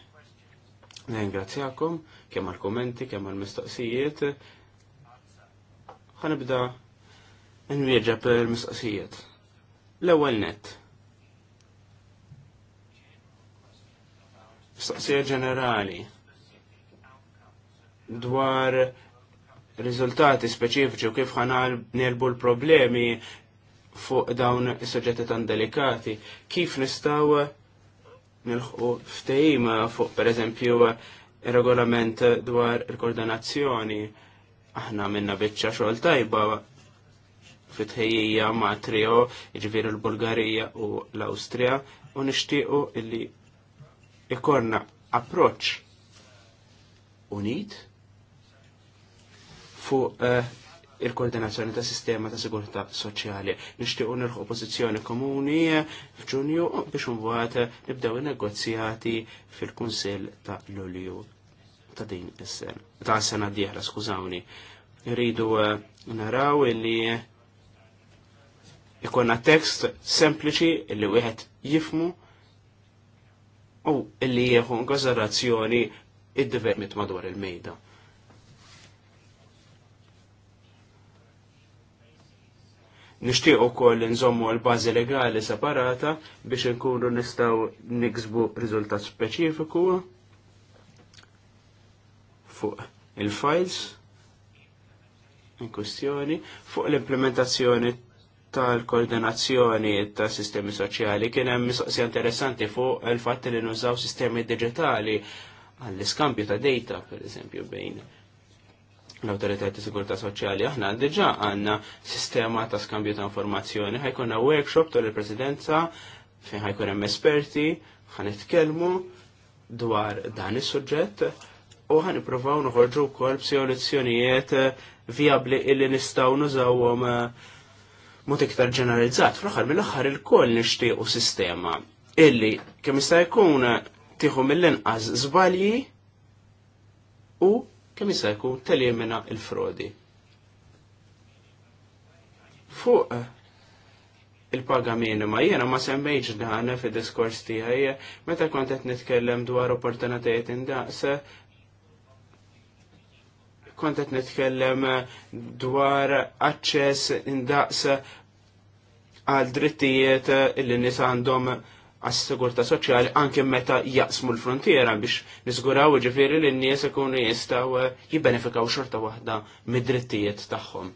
ningrazzjakom kemm għal kommenti kemm għall-mistoqsijiet. Ħanibda nwieġeb il-mistoqsijiet. L-ewwel net. mistoqsijiet ġenerali dwar riżultati speċifiċi u kif ħanal nerbu l-problemi fuq dawn is-soġġetti tan delikati, kif nistgħu nilħu ftehim fuq pereżempju regolament dwar il-koordinazzjoni. Aħna minna biċċa xogħol tajba fit-ħejjija ma' trio, ġviri jiġifieri l-Bulgarija u l-Awstrija, u nixtiequ illi ikorna approċ unit fuq eh, il-koordinazzjoni ta' sistema ta' sigurtà soċjali. Nixtiequ nirħu opposizjoni komuni eh, f'Ġunju biex imbagħad eh, nibdew il negozjati fil-Kunsill ta' Lulju ta' din is-sena. Ta' sena d-dieħla, skużawni. Rridu naraw illi ikonna tekst sempliċi illi wieħed jifmu u illi jieħu konsiderazzjoni id-divermit madwar il-mejda. Nishtiq u koll nżommu l-bazi legali separata biex nkunu nistaw niksbu rizultat speċifiku fuq il-files in kustjoni fuq l-implementazzjoni tal-koordinazzjoni ta' sistemi soċjali kien hemm mistoqsija interessanti fuq il-fatt li nużaw sistemi digitali għall-iskambju ta' data, per eżempju, bejn l-autorità ta' sigurtà soċjali. Aħna diġà għandna sistema ta' skambju ta' informazzjoni. Ħajkonna workshop tal il-presidenza fejn ħajkun hemm esperti, ħanitkellmu dwar dan is-suġġett u ħan ippruvaw noħorġu wkoll b'soluzzjonijiet viabli illi nistgħu nużawhom eh, mod iktar ġeneralizzat. Fl-aħħar mill-aħħar il-koll nixtiequ sistema illi kemm jista' jkun tieħu mill-inqas żbalji u kemm jista' jkun telimina il-frodi. Fuq il-paga minima, jiena ma semmejġ dan fid-diskors tiegħi, meta kont qed nitkellem dwar opportunitajiet indaqsa, kont qed nitkellem dwar aċċess indaqsa għal drittijiet li nies għandhom għas-sigurta soċjali anke meta jaqsmu l-frontiera biex niżguraw ġifiri li n-nies ikunu jistgħu eh, jibbenefikaw xorta waħda mid-drittijiet tagħhom.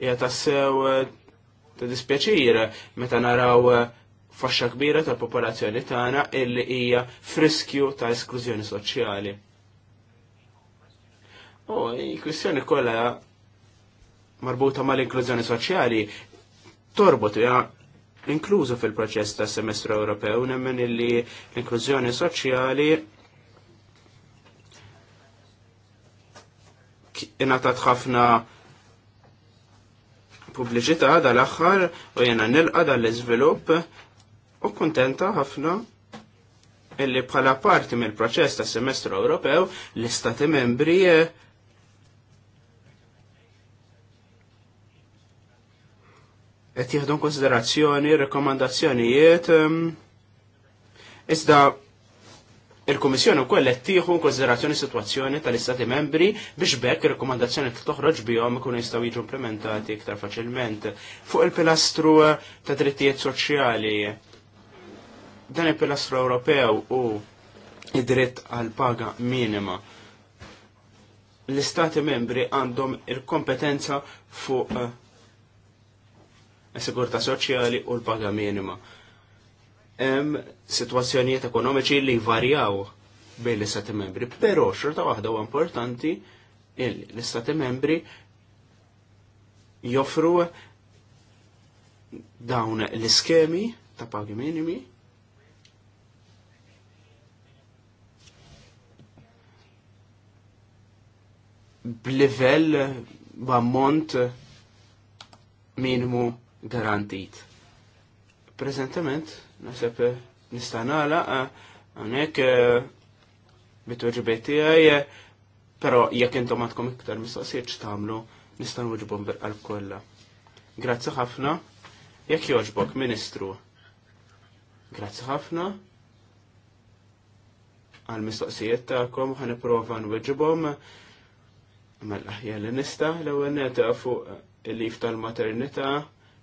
Ija tassew eh, ta' dispjaċir meta naraw eh, faxxa kbira tal-popolazzjoni tagħna illi hija friskju ta' esklużjoni soċjali. Oh, kwistjoni kollha marbuta mal-inklużjoni soċjali torbot inkluzu fil-proċess ta' semestru Ewropew nemmen illi l-inklużjoni soċjali ingħatat ħafna pubbliċità dal-aħħar u jena nilqa dal-iżvilupp u kuntenta ħafna illi bħala parti mill-proċess ta' semestru Ewropew l-istati membri qed jieħdu konsiderazzjoni rekomandazzjonijiet ehm, iżda il-Kummissjoni wkoll qed tieħu konsiderazzjoni sitwazzjoni tal-Istati membri biex bekk rekomandazzjoni li toħroġ bihom ikunu jistgħu jiġu implementati iktar faċilment fuq il-pilastru ta' drittijiet soċjali. Dan il-pilastru Ewropew u id-dritt għal paga minima l-istati membri għandhom il-kompetenza fuq eh, sigurta soċjali u l-paga minima. Em situazzjonijiet ekonomiċi li varjaw bejn l-istati membri, però xorta waħda u importanti l-istati membri joffru dawn l-iskemi ta' pagi minimi b'livell b'ammont minimu garantit. Prezentament, nasib nistanala għanek eh, eh, ġibeti tiegħi, eh, però jekk intom għandkom iktar mistoqsijiet x'tagħmlu, nista' nwieġbhom bil-qalb kollha. Grazzi ħafna, jekk jogħġbok, Ministru. Grazzi ħafna għal mistoqsijiet tagħkom ħan nipprova nwieġibhom mal ħja li nista' l-ewwel fuq il-lif tal-maternità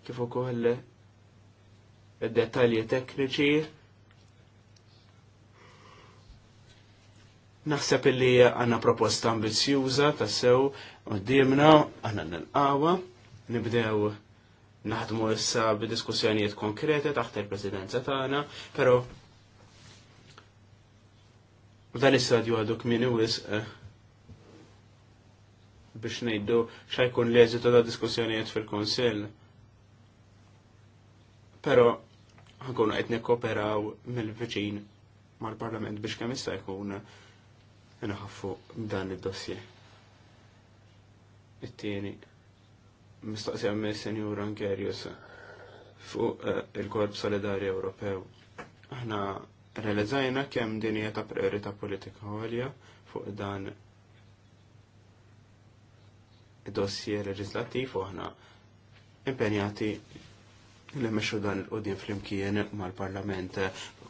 kif ukoll dettalji tekniċi. Naħseb li għanna proposta ambizjuża tassew għoddimna għanna nil-qawa nibdew naħdmu issa b'diskussjonijiet konkrete taħt il-presidenza tagħna, però dan is-stadju għadu kmieni wisq eh, biex ngħidu x'ajkun l-eżitu ta' diskussjonijiet fil-Kunsill pero ħankunu qed nikkooperaw mill-viċin mal-Parlament biex kemm issa jkun inħaffu dan id-dossier. It-tieni mistoqsija me Senjur Ankerius fuq eh, il-Korp Solidarju Ewropew. Aħna realizzajna kemm din hija ta' priorità politika għolja fuq dan id-dossier leġislattiv u aħna impenjati l meċu dan il-qodin fl-imkien mal-parlament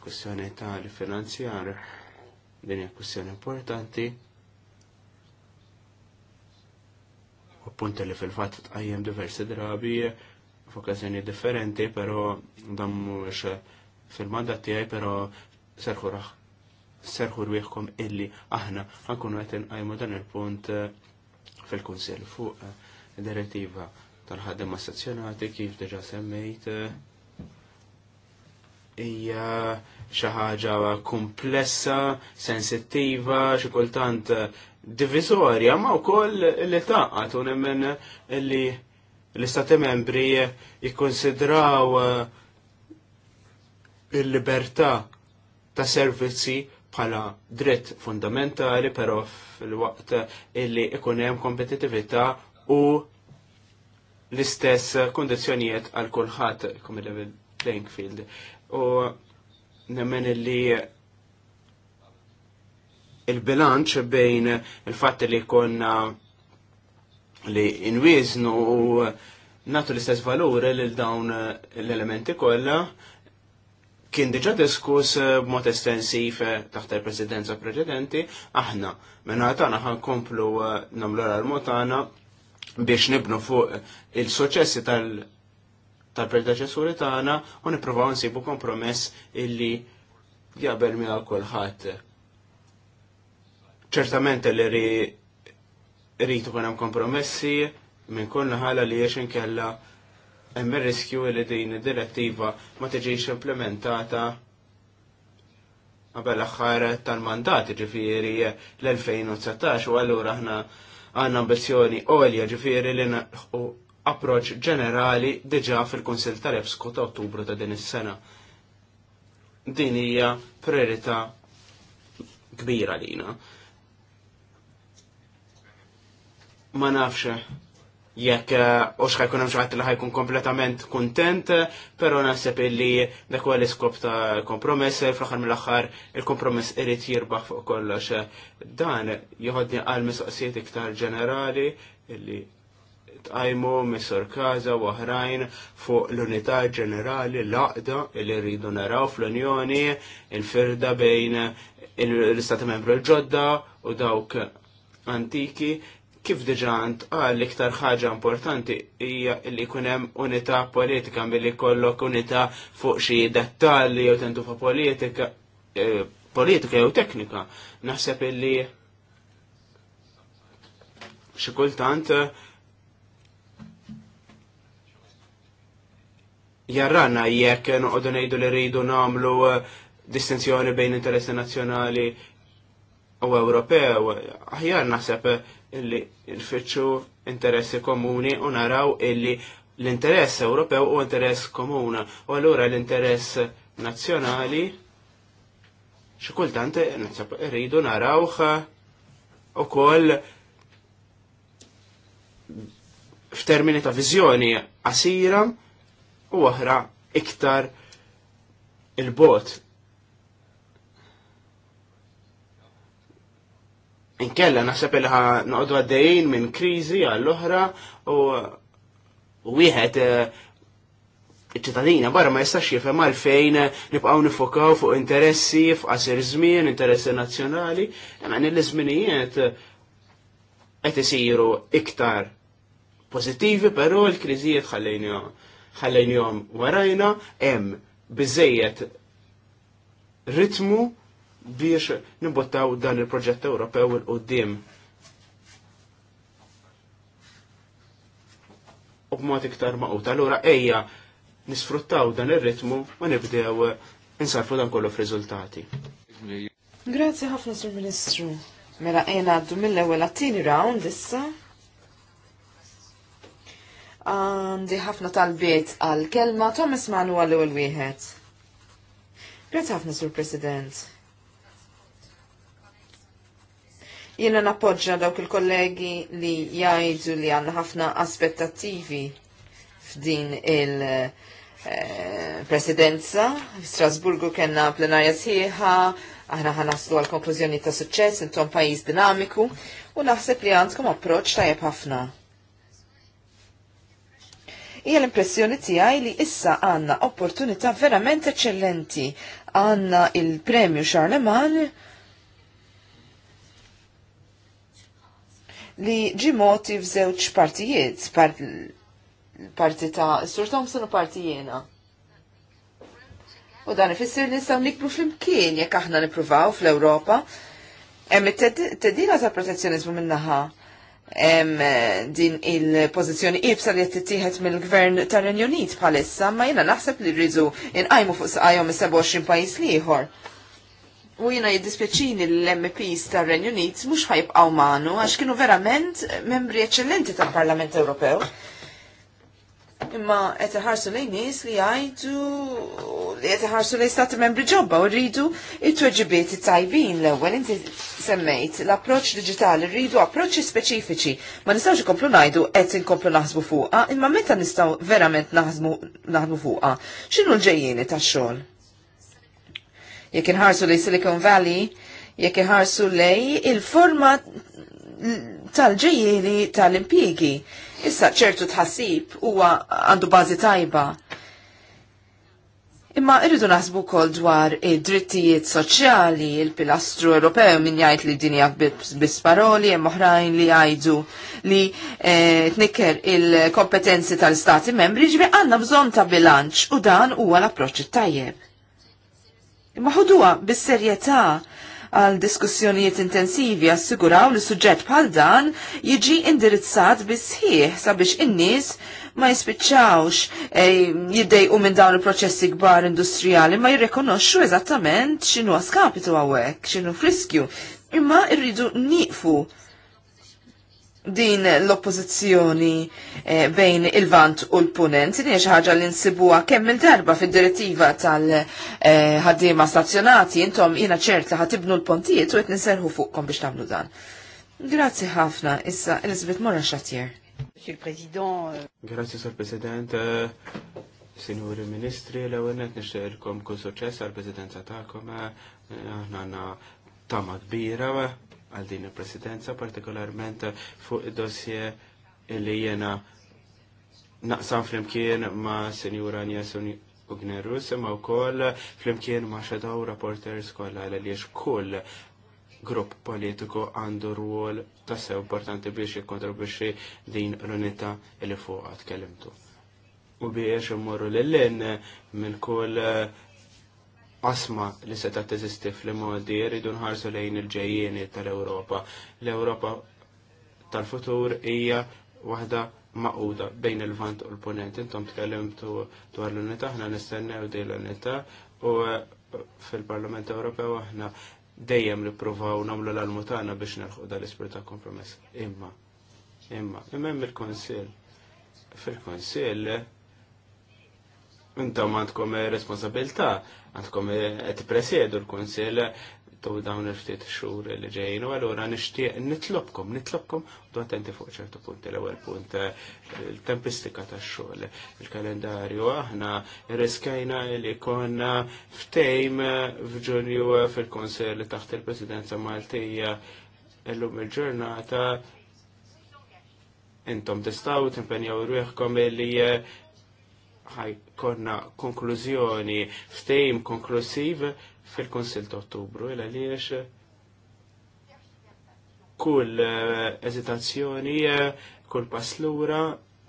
kussjoni ta' finanzjar din hija kwestjoni importanti u punti li fil-fatt tqajjem diversi drabi f'okkażjoni differenti, però dan mhux fil-mandat tiegħi però serħu raħ serħu rwieħkom illi aħna ħankunu qed inqajmu dan il-punt fil-Kunsill fuq direttiva tal ħaddim assazzjonati kif deġa semmejt hija xi ħaġa komplessa, sensittiva, xi kultant divisorja ma wkoll li taqgħet u nemmen li l-istati membri jikkonsidraw il-libertà ta' servizzi bħala dritt fundamentali però fil-waqt illi ikun hemm kompetitività u l-istess kondizjonijiet għal kulħadd kum level playing field. U nemmen li il-bilanċ bejn il-fatt li konna li inwiznu u natu l-istess valur lil dawn l-elementi kollha kien diġa diskuss b'mod estensiv taħt il-presidenza preċedenti, aħna minna tagħna komplu nagħmlu l-armotana biex nibnu fuq il soċessi tal- tal tagħna u nippruvaw nsibu kompromess illi jaqbel miegħu kulħadd. Ċertament li rrid ikun hemm kompromessi minn kull ħala li jiex inkella hemm ir-riskju li din id-direttiva ma tiġix implementata qabel l-aħħar tal-mandat ġifieri l-2019 u allura aħna għanna ambizjoni għolja ġifiri li naħu approċ ġenerali diġa fil-Konsil tal ebsku ta' Ottubru ta' din is-sena. Din hija priorità kbira lina. Ma nafx jekk u eh, jkun hemm xaħat li ħajkun kompletament kuntent, però naħseb illi dak huwa l-iskop ta' kompromess, fl-aħħar mill-aħħar il-kompromess irid jirbaħ fuq kollox. Dan joħodni għal mistoqsijiet iktar ġenerali illi tqajmu Missor Kaza u oħrajn fuq l-unità ġenerali l-aqda illi rridu naraw fl-Unjoni il-firda bejn l-Istati Membru l-ġodda u dawk antiki Kif diġa għant għal ah, liktar ħaġa importanti hija li jkun hemm unità politika milli jkollok unità fuq xi dettalji jew fa politika eh, politika jew teknika. Naħseb illi xie kultant eh, jarrana jekk noqogħdu ngħidu li rridu nagħmlu eh, distinzjoni bejn interessi nazzjonali u Ewropew, aħjar naħseb illi nfittxu interessi komuni u naraw illi l-interess Ewropew u interess komuna u allura l-interess nazzjonali xi kultant irridu narawh ukoll f'termini ta' viżjoni asira u oħra iktar il-bot Inkella naħseb li ħa noqogħdu għaddejjin minn kriżi għall-oħra u wieħed eh, iċ-ċittadina barra ma jistax jifhem għalfejn nibqgħu nifokaw fuq interessi f'qasir żmien, interessi nazzjonali, imma il żminijiet eh, qed isiru iktar pożittivi, però l-kriżijiet jom warajna hemm biżejjed ritmu biex nimbottaw dan il-proġett Ewropew il-qoddim. U b'mod iktar maqut. Allura ejja nisfruttaw dan ir-ritmu ma nibdew insarfu dan kollu f'riżultati. Grazzi ħafna sur Ministru. Mela ejna għaddu mill-ewwel għattini round issa. Għandi ħafna talbiet għal kelma Thomas Manu l ewwel wieħed. Grazzi ħafna sur President. Jiena nappoġġa dawk il-kollegi li jgħidu li għandna ħafna aspettattivi f'din il-presidenza. Eh, Strasburgu kena plenarja sħiħa, aħna ħanaslu għal konklużjoni ta' suċċess intom pajjiż dinamiku u naħseb li għandkom approċċ tajjeb ħafna. Ija l-impressjoni tiegħi li issa għandna opportunità verament eċċellenti. Għandna il-Premju Charlemagne li ġimoti f'żewġ partijiet, parti ta' Sur Thompson u parti jena. U dan ifisser li nistgħu nikbru flimkien jekk aħna nippruvaw fl-Ewropa. Hemm it-tedina ta' protezzjonizmu minnaħa hemm eh, din il-pożizzjoni ibsa li qed tittieħed mill-Gvern tar-Renju Unit bħalissa, ma jiena naħseb li rridu inqajmu fuq saqajhom is-27 pajjiż ieħor U jina jiddispjaċini l-MPs tar renju Unit mux ħajbqaw manu, għax kienu verament membri eccellenti tal-Parlament Ewropew. Imma qed iħarsu lejn nies li jgħidu li qed iħarsu lejn stati membri ġobba u rridu it-tweġibiet tajbin l-ewwel inti semmejt l-approċċ diġitali rridu approċċi speċifiċi. Ma nistgħux ikomplu ngħidu qed inkomplu naħsbu fuqha, imma meta nistgħu verament naħdmu fuqha. X'inhu l-ġejjieni tax-xogħol? jekk inħarsu li Silicon Valley, jekk inħarsu lej il-forma tal ġejjeli tal-impjiegi. Issa ċertu tħassib huwa għandu bażi tajba. Imma irridu naħsbu kol dwar id-drittijiet soċjali, il-pilastru Ewropew min jgħid li dinja bisparoli, hemm oħrajn li jgħidu li eh, tnikker il-kompetenzi tal-Stati membri ġbi għandna bżonn ta' bilanċ u dan huwa l-approċċ tajjeb. Imma ħuduha bis-serjetà għal diskussjonijiet intensivi assiguraw li suġġett bħal dan jiġi indirizzat sħiħ sabiex in-nies ma jispiċċawx eh, jiddejqu minn dawn il-proċessi kbar industrijali ma jirrekonoxxu eżattament x'inhu skapitu hawnhekk, x'inhu friskju, imma rridu nieqfu din l-oppożizzjoni eh, bejn il-vant u l-punent. Din hija ħaġa li nsibuha kemm il-darba fid-direttiva tal-ħaddiema eh, stazzjonati intom jiena ċerta ħatibnu l-pontijiet u qed ninserħu fuqkom biex tagħmlu dan. Grazzi ħafna, issa Elizabeth Mora Xatier. Monsieur le euh, Grazie, Sor President. Euh, Sinjuri Ministri, l-ewwel qed kun kull suċċess għall-Presidenza tagħkom. Eh, aħna tama kbira għal din il-presidenza, partikolarment fuq dossier li jena naqsam flimkien ma' Senjura Njasun Ugnerus, ma' u koll flimkien ma' Shadow Reporters kolla li kull grupp politiku għandu rwol sew importanti biex jikontribuxi din l unita li fuqa kellimtu. U biex immorru l-lin minn kull asma li seta teżisti fl-modi jridu nħarsu lejn il ġejjeni tal-Ewropa. L-Ewropa tal-futur hija waħda maquda bejn il-vant u l-ponent. Intom tkellimtu dwar l-unità, aħna nistennew di l-unità u eh, fil-Parlament Ewropew aħna dejjem nippruvaw nagħmlu l mutana biex nerħu dal-isprit ta' kompromess. Imma, imma, imma il-Konsil. Fil-Konsil, intom għandkom eh, responsabilta' għandkom eh, qed presiedu l-Kunsill tu dawn il-ftit xhur li ġejjin u allura nixtieq nitlobkom, nitlobkom u attenti fuq ċertu punti l-ewwel punt eh, il-tempistika tax-xogħol, il-kalendarju aħna riskajna li konna ftejm eh, f'Ġunju fil li taħt il-Presidenza Maltija illum il-ġurnata intom tistaw timpenjaw rwieħkom li konna konklużjoni stejm konklusiv fil-Konsil ta' Ottubru, il għaliex kull eh, eżitazzjoni, eh, kull paslura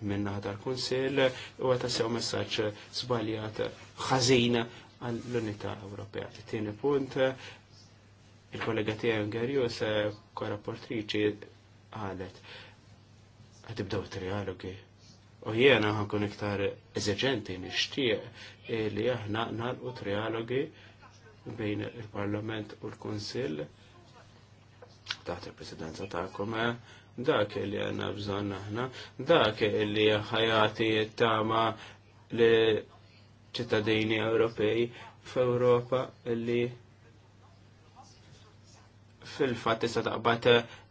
minna tal-Konsil u għata sew messaċ zbaljat ħażin għall-Unità Ewropea. Tieni punt, il-kollega tiegħi Ungerjus eh, portriċi, għalet għadibdaw trialogi U jiena ħankun iktar eżeġenti nixtieq li aħna nalqu trialogi bejn il-Parlament u l-Kunsill taħt il-Presidenza tagħkom eh? dak li għanna bżonn aħna, dak li ħajati tama li ċittadini Ewropej f'Ewropa li fil-fatt tista' taqbad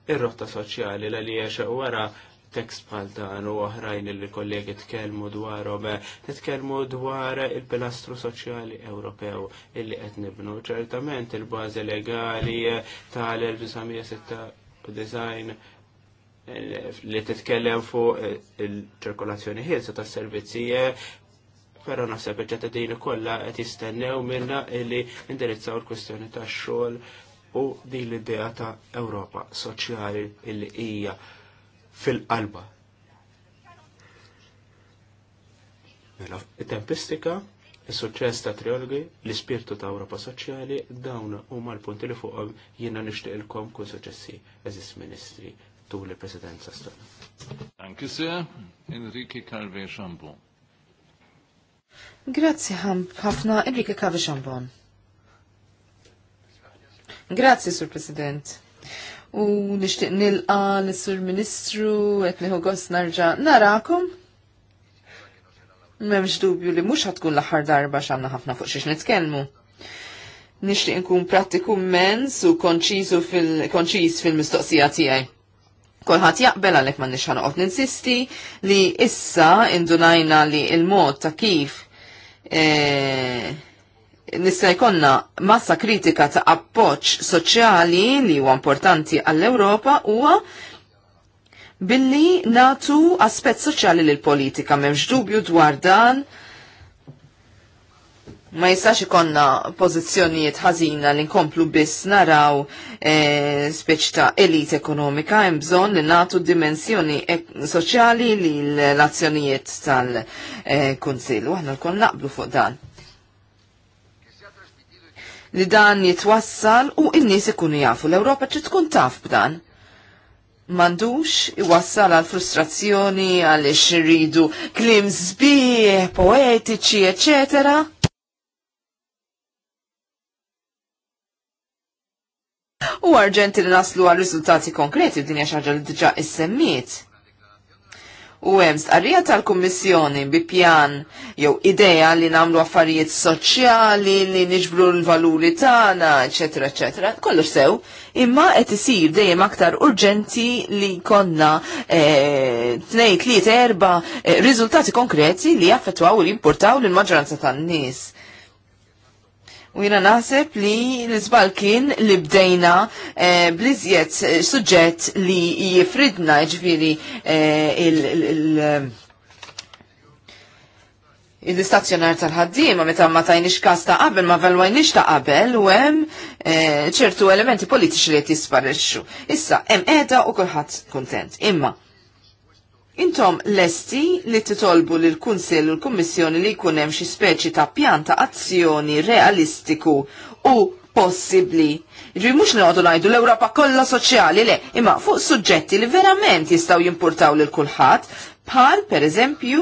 ir-rotta soċjali li għaxa wara tekst bħal dan u oħrajn li kollegi tkellmu dwarhom, titkellmu dwar il-pilastru soċjali Ewropew illi qed nibnu. Ċertament il-bażi legali tal-1906 design li titkellem fuq il-ċirkolazzjoni ħielsa tas-servizzi però naħseb il-ġetadini kollha qed jistennew minna illi indirizzaw il-kwistjoni tax-xogħol u din l-idea ta' Ewropa soċjali illi hija fil-qalba. Mela, tempistika, il-suċċess ta' triologi, l-ispirtu ta' Ewropa Soċjali, dawn huma l-punti li fuqhom jiena nixtieq ilkom kull suċċessi eżis ministri tul il-presidenza stana. you, sir. Enrique Calve Xambon. Grazzi ħafna Enrique Calve Xambon. Grazie, Sur President u nixtieq nilqa l-Sur Ministru qed nieħu gost narġa' narakom. M'hemmx dubju li mhux ħatkun l-aħħar darba xamna ħafna fuq xiex nitkellmu. Nixtieq nkun pratiku mens u konċiżu fil-konċiż fil-mistoqsija tiegħi kolħat jaqbel għalek man nixħan uqt ninsisti li issa indunajna li il-mod ta' kif eh, nista' jkollna massa kritika ta' appoġġ soċjali li huwa importanti għall-Ewropa huwa billi natu aspett soċjali lil politika m'hemmx dubju dwar dan ma jistax ikonna pożizzjonijiet ħażina li nkomplu biss naraw e, eh, speċ ta' elit ekonomika hemm bżonn li natu dimensjoni soċjali li l-azzjonijiet tal-Kunsill. Eh, e, Aħna lkoll naqblu fuq dan li dan jitwassal u n-nies ikunu jafu. L-Ewropa ċi tkun taf b'dan. Mandux iwassal għal frustrazzjoni għal irridu klim zbieħ, poetiċi, eccetera. U arġenti li naslu għal riżultati konkreti b'dinja xaġa li diġa issemmiet u hemm stqarrija tal-Kummissjoni bi pjan jew idea li nagħmlu affarijiet soċjali li niġbru l-valuri tagħna, eċetera, eċetera. Kollox sew, imma qed isir dejjem aktar urġenti li konna eh, tnejn tliet erba' eh, riżultati konkreti li jaffettwaw u li importaw lill maġġoranza tan-nies U jina naħseb li l-izbal kien li bdejna blizjet eh, bliżjed eh, suġġett li jifridna ġviri eh, il- il-istazzjonar tal-ħaddima meta ma tajniex kas ta' qabel, ma valwajniex ta' qabel u hemm ċertu elementi politiċi li jtisparixxu. Issa hemm qiegħda u kulħadd kuntent. Imma Intom lesti li titolbu l-Kunsell u l-Kummissjoni li jkun hemm xi speċi ta' pjanta azzjoni realistiku u possibbli. Ġi mhux li għodu ngħidu l-Ewropa kollha soċjali le, imma fuq suġġetti li verament jistgħu jimpurtaw lil kulħadd, bħal pereżempju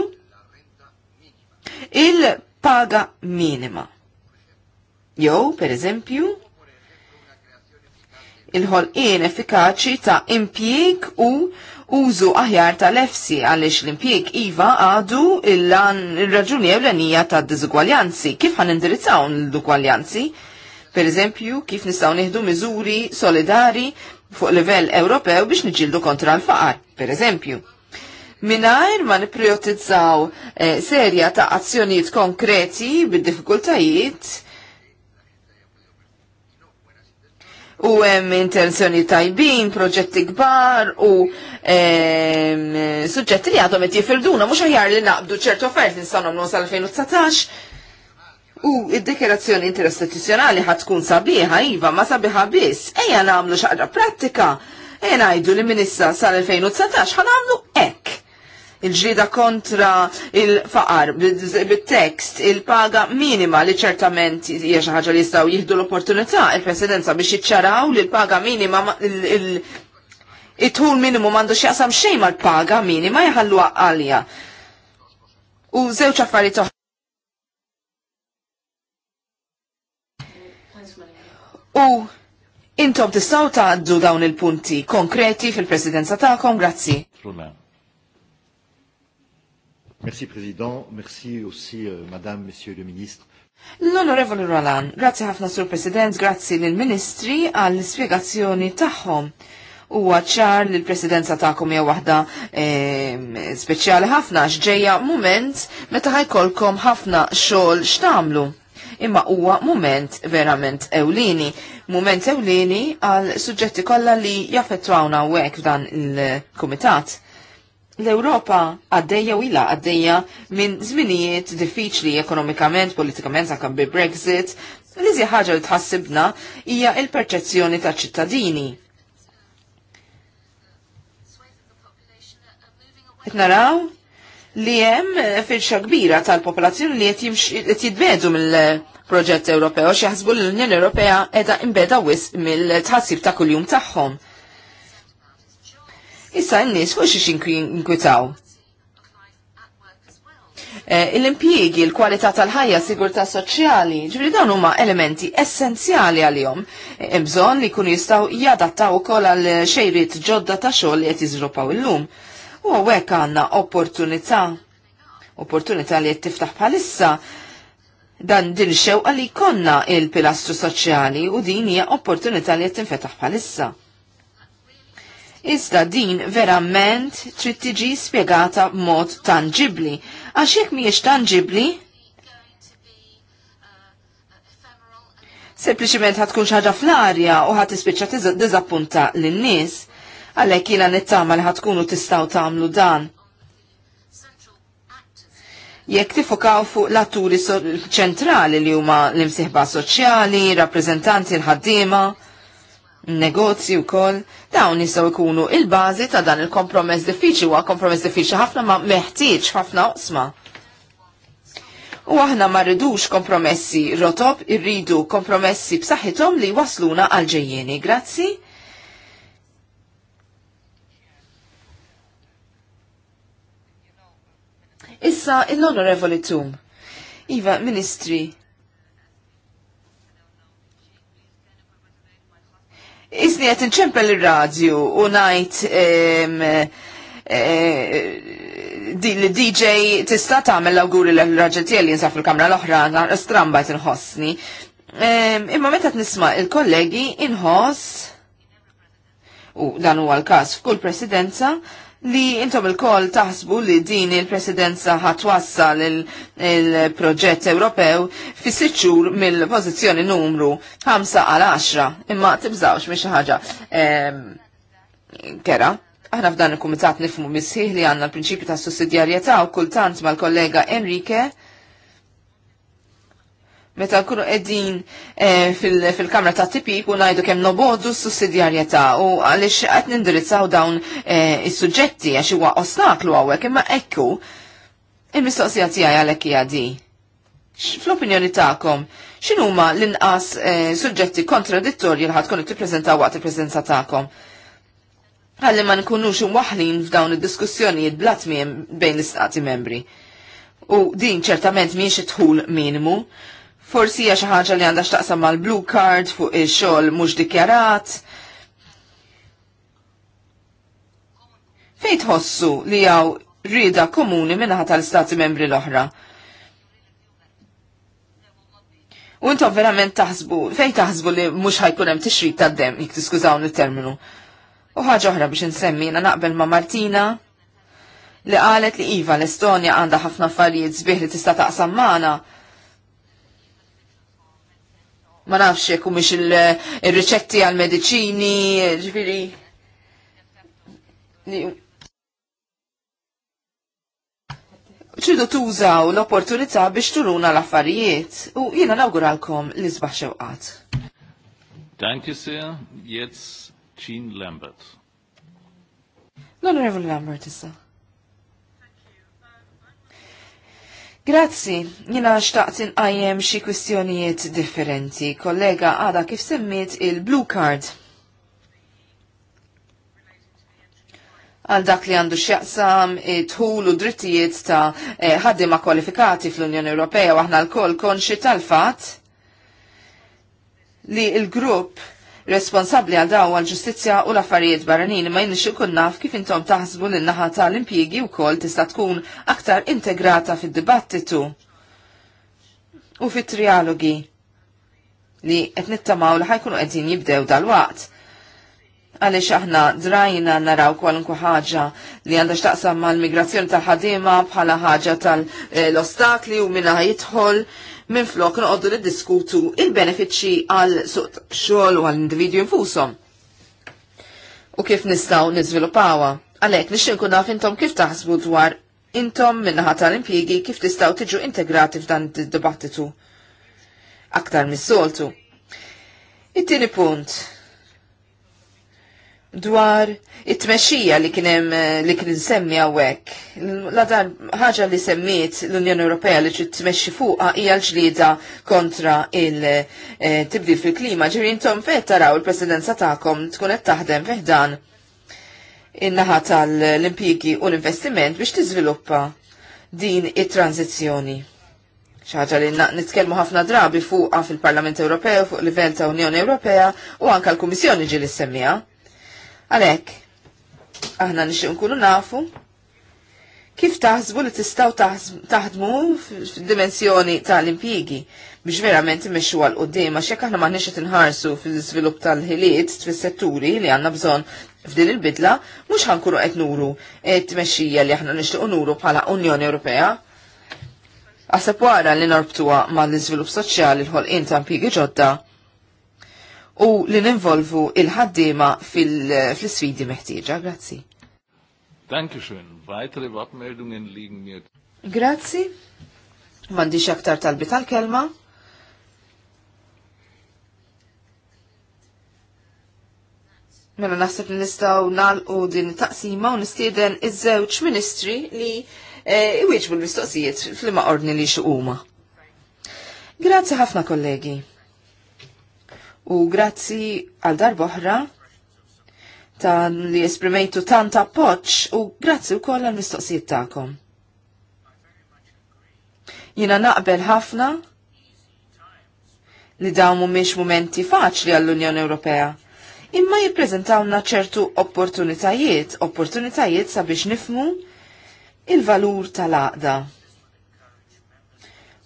il-paga minima. Jew, pereżempju, il-ħolqien effikaċi ta' impjieg u użu aħjar tal-efsi għaliex l-impjeg iva għadu il-raġuni ewlenija ta' diżugwaljanzi. Kif għan indirizzaw l-dugwaljanzi? Per eżempju, kif nistaw nieħdu miżuri solidari fuq livell Ewropew biex niġildu kontra l-faqar, per eżempju. Minajr ma nipriotizzaw eh, serja ta' azzjonijiet konkreti bid-diffikultajiet u hemm intenzjoni tajbin, proġetti kbar u suġġetti li għadhom qed jifilduna mhux aħjar li naqbdu ċertu offert nistgħu nagħmlu sal-2019. U id-dekerazzjoni interistituzzjonali tkun sabiħa iva ma sabiħa biss. Ejja nagħmlu xaqra prattika. Ejja ngħidu li minissa sal-2019 ħanamlu hekk il-ġrida kontra il-faqar, bit-tekst, il-paga minima li ċertament hija ħagġa ħaġa li jistgħu jieħdu l-opportunità il-presidenza biex jiċċaraw li l-paga minima it-tul minimum m'għandux jaqsam xejn l paga minima jħallu għalja. U żewġ affarijiet oħra. U intom tistgħu tgħaddu dawn il-punti konkreti fil-presidenza tagħkom, grazzi. Merci President, merci aussi euh, Madame, Monsieur le Ministre. L-Onorevoli Roland, grazzi ħafna Sur President, grazzi lill-Ministri għall-spiegazzjoni tagħhom. Huwa ċar li l-presidenza tagħkom hija waħda ehm, speċjali ħafna x'ġejja mument meta ħajkolkom ħafna xogħol x'tagħmlu. Imma huwa mument verament ewlieni, mument ewlieni għal suġġetti kollha li jaffettwawna hekk f'dan il-kumitat l-Europa għaddeja u ila għaddeja minn zminijiet diffiċli ekonomikament, politikament, anka bi Brexit, l-iżja ħaġa li tħassibna hija il-perċezzjoni ta' ċittadini. Naraw li hemm firxa kbira tal-popolazzjoni li qed jitbedu mill-proġett Ewropew xi jaħsbu l-Unjoni Ewropea qiegħda imbeda wisq mill-tħassib ta' kuljum tagħhom. Issa n-nis fuq xiex inkwitaw. Il-impjiegi, eh, il-kwalità tal-ħajja, sigurtà soċjali, ġifri dawn huma elementi essenzjali għalihom. Eh, bżonn li jkunu jistgħu jadattaw ukoll għal xejrit ġodda ta' xogħol li qed jiżviluppaw illum. U hawnhekk għandna opportunità. Opportunità li qed tiftaħ bħalissa dan din xewqa li konna il-pilastru soċjali u din hija opportunità li qed tinfetaħ bħalissa. Iżda din verament trid tiġi spjegata b'mod tangibbli. Għax jekk mhijiex tangibbli, sempliċiment ħatkun ħaġa fl-arja u ħat ispiċċa diżappunta lin-nies għalhekk jiena nittama li ħadkunu tistgħu tagħmlu dan jekk tifokaw fuq l-atturi ċentrali li huma l-imsieħba soċjali, rappreżentanti l-ħaddiema, negozji wkoll dawn jistgħu jkunu il-bażi ta' dan il-kompromess diffiċli huwa kompromess diffiċli ħafna ma meħtieġ ħafna oqsma. U aħna ma rridux kompromessi rotop irridu kompromessi b'saħħithom li wasluna għal ġejjieni. Grazzi. Issa l-Onorevoli Tum. Iva, Ministri, Isni għet nċempel il-radju u najt eh, li DJ tista tagħmel l-awguri l-raġel tiegħi li jinsaf fil-kamra l-oħra strambajt inħossni. Imma meta nisma' il-kollegi inħoss u dan huwa l-każ f'kull presidenza li intom il koll taħsbu li din il-presidenza ħatwassal il-proġett Ewropew fi siċur mill-pozizjoni numru 5 għal 10 imma tibżawx miex ħaġa kera. Aħna f'dan il-kumitat nifmu misħiħ li għanna l-prinċipju ta' sussidjarjetà u kultant mal-kollega Enrique meta nkunu qegħdin eh, fil-Kamra ta' tipi u ngħidu kemm nobodu s-sussidjarjetà u għaliex qed nindirizzaw dawn eh, is-suġġetti għax huwa ostaklu hawnhekk imma ekku il-mistoqsija tiegħi għalhekk hija Fl-opinjoni tagħkom, x'inhuma l-inqas eh, suġġetti kontradittorji li ħadkun tippreżentaw waqt il-preżenza tagħkom? Għalli ma nkunux waħlin f'dawn id-diskussjonijiet blat bejn l-istati membri. U din ċertament miex tħul minimu, Forsi hija xi ħaġa li għandha x'taqsam mal-blue card fuq ix-xogħol mhux dikjarat. Fejn tħossu li hawn rida komuni minnaħa tal-Stati membri l-oħra? U intom verament taħsbu, fejn taħsbu li mhux ħajkun hemm tixrid tad demm jekk tiskużawn it-terminu. U ħaġa oħra biex insemmina naqbel ma' Martina li qalet li Iva l-Estonja għandha ħafna affarijiet sbieħ li tista' taqsam magħna ma nafx jekk mhux il-riċetti għal mediċini ġifieri. ċridu tużaw l-opportunità biex turuna l-affarijiet u jiena nawguralkom li sbaħ xewqat. Danke sehr, jetzt Jean Lambert. L-Honorable Lambert issa. Grazzi, jina xtaqt inqajjem xi kwistjonijiet differenti. Kollega għada kif semmiet il-Blue Card. Għal dak li għandu x'jaqsam tħul u drittijiet ta' eh, ħaddima kwalifikati fl-Unjoni Ewropea u aħna l-koll konxi tal-fatt li il-grupp responsabli għal daw għal ġustizzja u l-affarijiet barranin ma jnix ikun naf kif intom taħsbu l-naħa tal impiegi u kol tista tkun aktar integrata fid-dibattitu u fit-trialogi li qed nittamaw li ħajkunu qegħdin jibdew dal-waqt Għaliex aħna drajna naraw kwalunku ħaġa li għandha xtaqsam mal migrazzjoni tal-ħadima bħala ħaġa tal-ostakli eh, u minna jidħol minn flok noqogħdu niddiskutu il-benefiċċji għal suq xogħol u għal individwi infushom. U kif nistgħu niżviluppawha. Għalhekk nixtieq nkun naf intom kif taħsbu dwar intom minnaħa tal-impjiegi kif tistgħu tiġu integrati f'dan id-dibattitu aktar mis-soltu. It-tieni punt, dwar it-tmexxija li kien hemm eh, li kien insemmi hawnhekk. La dan ħaġa li semmiet l-Unjoni Ewropea li trid tmexxi fuqha hija l-ġlieda kontra il-tibdil eh, fil-klima. Ġifieri intom fejn taraw il-presidenza tagħkom tkun qed taħdem fih dan in-naħa tal-impjigi u l-investiment biex tiżviluppa din it-tranzizzjoni. ċaġa li nitkellmu ħafna drabi fuqha fil-Parlament Ewropew fuq livell ta' Unjoni Ewropea u anka l-Kummissjoni ġieli semmija. Għalek, aħna nixi nkunu nafu, kif taħsbu li tistaw taħdmu f dimensjoni tal impigi biex verament imexxu għal qudiem għax jekk aħna m'għandniex qed inħarsu fil-iżvilupp tal-ħiliet fis-setturi li għandna bżonn f'din il-bidla, mhux ħankunu qed nuru t-mexxija li aħna nixtiequ nuru bħala Unjoni Ewropea. Għasab wara li norbtuha mal-iżvilupp soċjali l-ħolqien ta' impjigi ġodda u li ninvolvu il-ħaddima fil-sfidi meħtieġa. Grazzi. Dankeschön. Weitere Wortmeldungen liegen mir. Grazzi. Mandi aktar talbi tal-kelma. Mela naħseb nistaw nalqu din taqsima u nistieden iż-żewġ ministri li e, iwieġbu l-mistoqsijiet fl-ma ordni li xuquma. Grazzi ħafna kollegi u grazzi għal darboħra tan li esprimejtu tant appoċ u grazzi u koll għal mistoqsijiet ta'kom. Jina naqbel ħafna li dawn mhumiex mumenti faċli għall-Unjoni Ewropea. Imma jippreżentawna ċertu opportunitajiet, opportunitajiet sabiex nifmu il-valur tal-għaqda.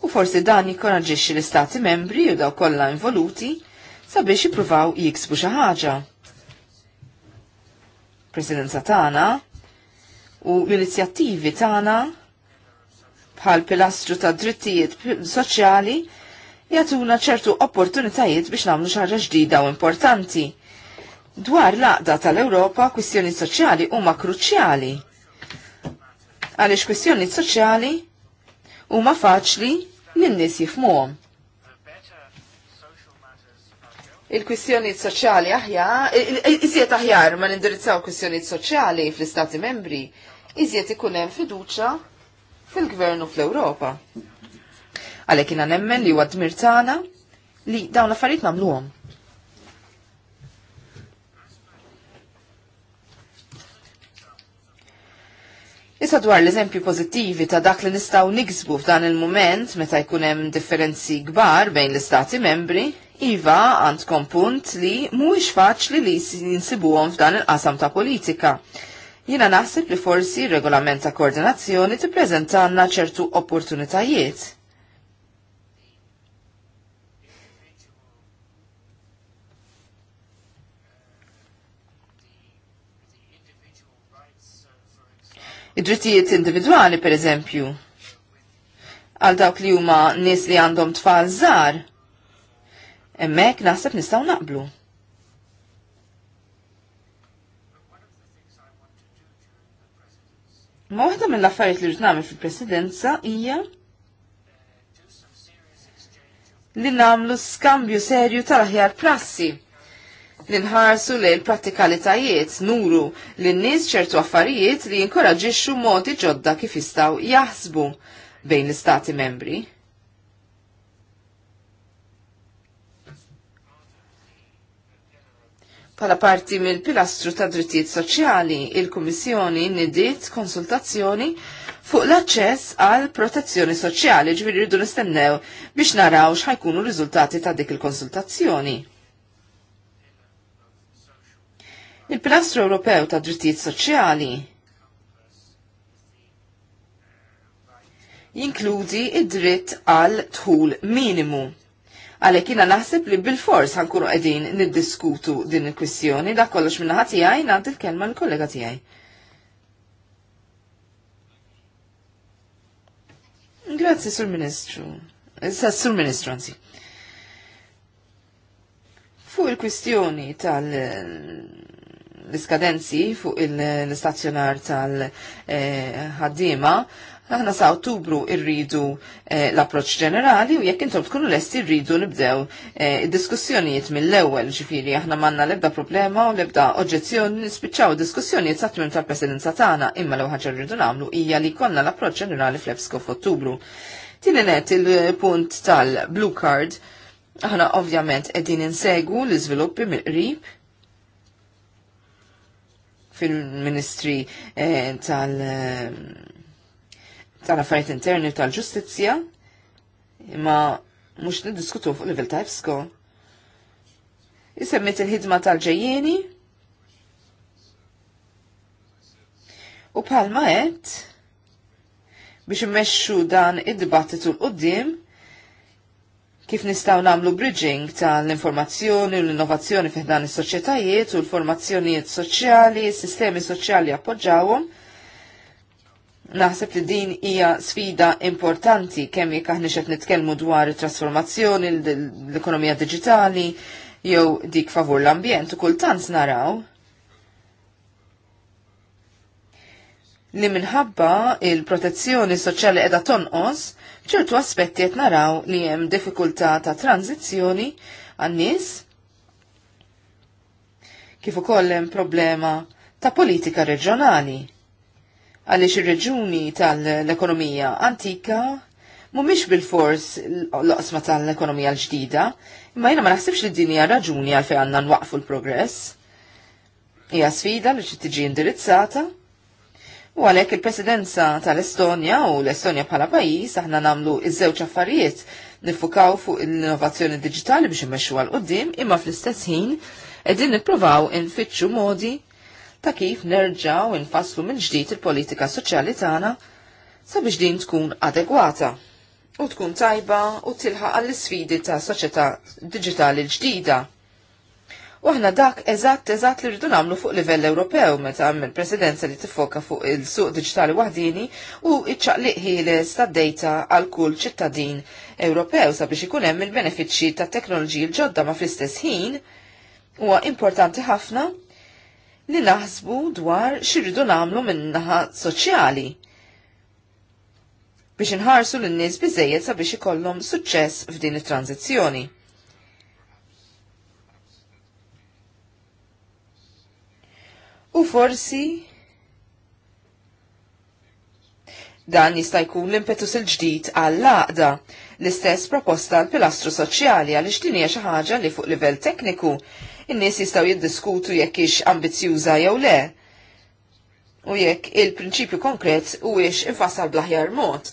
U forsi dan jikkoraġixxi l-Istati membri u daw kollha involuti sabiex jippruvaw jiksbu xi ħaġa. Presidenza tagħna u l-inizjattivi tagħna bħal pilastru ta' drittijiet soċjali jagħtuna ċertu opportunitajiet biex nagħmlu xi ħaġa ġdida u importanti. Dwar l-aqda tal-Ewropa, kwistjoni soċjali huma kruċjali. Għaliex kwistjoni soċjali huma faċli li n-nies jifmuhom il-kwistjonijiet soċjali aħjar, iżjed aħjar ma nindirizzaw kwistjonijiet soċjali fl-Istati membri, iżjed ikun hemm fiduċja fil-gvernu fl-Ewropa. Għalhekk kien nemmen li huwa dmir tagħna li dawn l-affarijiet nagħmluhom. Issa dwar l-eżempju pozittivi ta' dak li nistgħu niksbu f'dan il-mument meta jkun hemm differenzi kbar bejn l-istati membri, Iva għandkom punt li mhuwiex faċli li jinsibuhom f'dan il-qasam ta' politika. Jiena naħseb li forsi regolament ta' koordinazzjoni tippreżentanna ċertu opportunitajiet. id-drittijiet individwali per eżempju. Għal dawk li huma nies li għandhom tfal żgħar, Emmek naħseb nistaw naqblu. Ma waħda mill-affarijiet li rrid nagħmel fil-presidenza hija li nagħmlu skambju serju tal-aħjar prassi li nħarsu li l-pratikalitajiet nuru li n-nies ċertu affarijiet li jinkoraġixxu modi ġodda kif jistgħu jaħsbu bejn l-istati membri. Pala parti mill-pilastru ta' drittijiet soċjali, il-Kummissjoni nidiet konsultazzjoni fuq l-aċċess għal protezzjoni soċjali ġviri rridu nistennew biex naraw x'ħajkunu riżultati ta' dik il-konsultazzjoni. Il-Pilastru Ewropew ta' drittijiet soċjali jinkludi id-dritt għal tħul minimu Għalek jina naħseb li bil-fors ħankunu għedin niddiskutu din il kwissjoni da kollox minna ħati għaj, nant il-kelma l-kollega tijaj. Grazzi, Sur Ministru. Sur Ministru, għanzi. Fuq il-kwistjoni tal- l-iskadenzi fuq il-stazzjonar tal-ħaddima, eh, Aħna sa' ottubru irridu eh, l-approċ ġenerali u jekk intom tkunu lesti irridu nibdew id-diskussjonijiet eh, mill-ewwel ġifieri aħna manna l-ebda problema u l-ebda oġġezzjoni nispiċċaw diskussjonijiet sa' tmiem tal-presidenza tagħna imma l ħaġa rridu nagħmlu hija li konna l-approċ ġenerali fl-EBSCO f'Ottubru. Tieni il-punt tal-Blue Card aħna ovvjament qegħdin insegu l-iżviluppi mill-qrib fil-Ministri eh, tal- tal-affarijiet interni tal-ġustizzja, imma mhux diskutu fuq level ta' EBSCO. Isemmit il-ħidma tal-ġejjieni u bħalma għed, biex immexxu dan id-dibattitu l-qudiem kif nistaw namlu bridging tal-informazzjoni u l-innovazzjoni fiħdan is-soċjetajiet u l-formazzjonijiet soċjali, s-sistemi soċjali appoġġawhom Naħseb li din hija sfida importanti kemm jekk aħna qed nitkellmu dwar it-trasformazzjoni l-ekonomija diġitali jew dik favur l-ambjent u kultant naraw li minħabba il-protezzjoni soċjali qiegħda tonqos ċertu aspetti qed naraw li hemm diffikultà ta' tranzizzjoni għan-nies kif ukoll hemm problema ta' politika reġjonali għaliex ir-reġuni tal-ekonomija antika mhumiex bil-fors l qasma tal-ekonomija l-ġdida, imma jina ma naħsibx li din hija raġuni għalfejn għandna nwaqfu l-progress. Hija sfida li tiġi indirizzata U għalhekk il-Presidenza tal-Estonja u l-Estonja bħala pajjiż aħna nagħmlu iż-żewġ affarijiet nifukaw fuq l-innovazzjoni diġitali biex immexxu għal quddiem imma fl-istess ħin qegħdin nippruvaw infittxu modi ta' kif nerġaw infasslu minn ġdid il-politika soċjali tagħna sabiex din tkun adegwata u tkun tajba u tilħaq għall-sfidi ta' soċjetà diġitali ġdida. U aħna dak eżatt eżatt li rridu nagħmlu fuq livell Ewropew meta il presidenza li tiffoka fuq il-suq diġitali waħdini u iċċaqliq ħieles tad-dejta għal kull ċittadin Ewropew sabiex ikun hemm il-benefiċċji tat-teknoloġiji l-ġodda ma fl-istess ħin huwa importanti ħafna li naħsbu dwar xirridu namlu minnaħa soċjali biex inħarsu l-nies biżejjed sabiex ikollhom suċċess f'din it-tranzizzjoni. U forsi dan jista' jkun l-impetus il-ġdid għall-laqda l-istess proposta l-pilastru soċjali għal din hija xi ħaġa li fuq livell tekniku in-nies jistgħu jiddiskutu jekk hix ambizzjuża jew le. U jekk il-prinċipju konkret huwiex infassal bl-aħjar mod.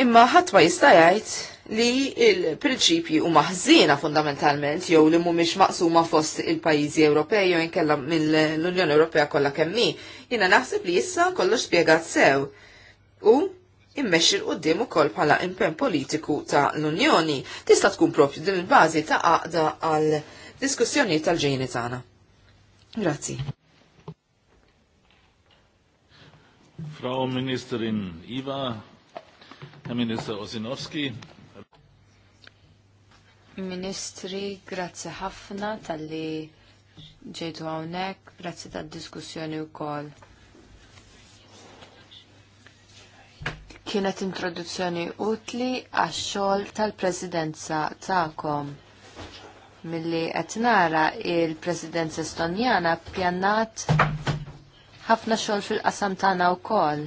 Imma ħadd ma jista' jgħid li il-prinċipji huma maħżina fundamentalment jew li mhumiex maqsuma fost il-pajjiżi Ewropej jew inkella mill-Unjoni Ewropea kollha kemm hi. Jiena naħseb li issa kollox spjegat sew. U immexxi l qoddim ukoll bħala impenn politiku ta' l-Unjoni. Tista' tkun propju din il-bażi ta' għaqda għal Diskussjoni tal ġejni tagħna. Grazzi. Frau Ministerin Iva, Herr Minister Osinowski. Ministri, grazzi ħafna tal-li ġejtu hawnhekk, grazzi tad-diskussjoni wkoll. Kienet introduzzjoni utli għax-xogħol tal-Presidenza tagħkom. Milli qed nara il-Presidenza Estonjana pjannat ħafna xogħol fil-qasam tagħna wkoll.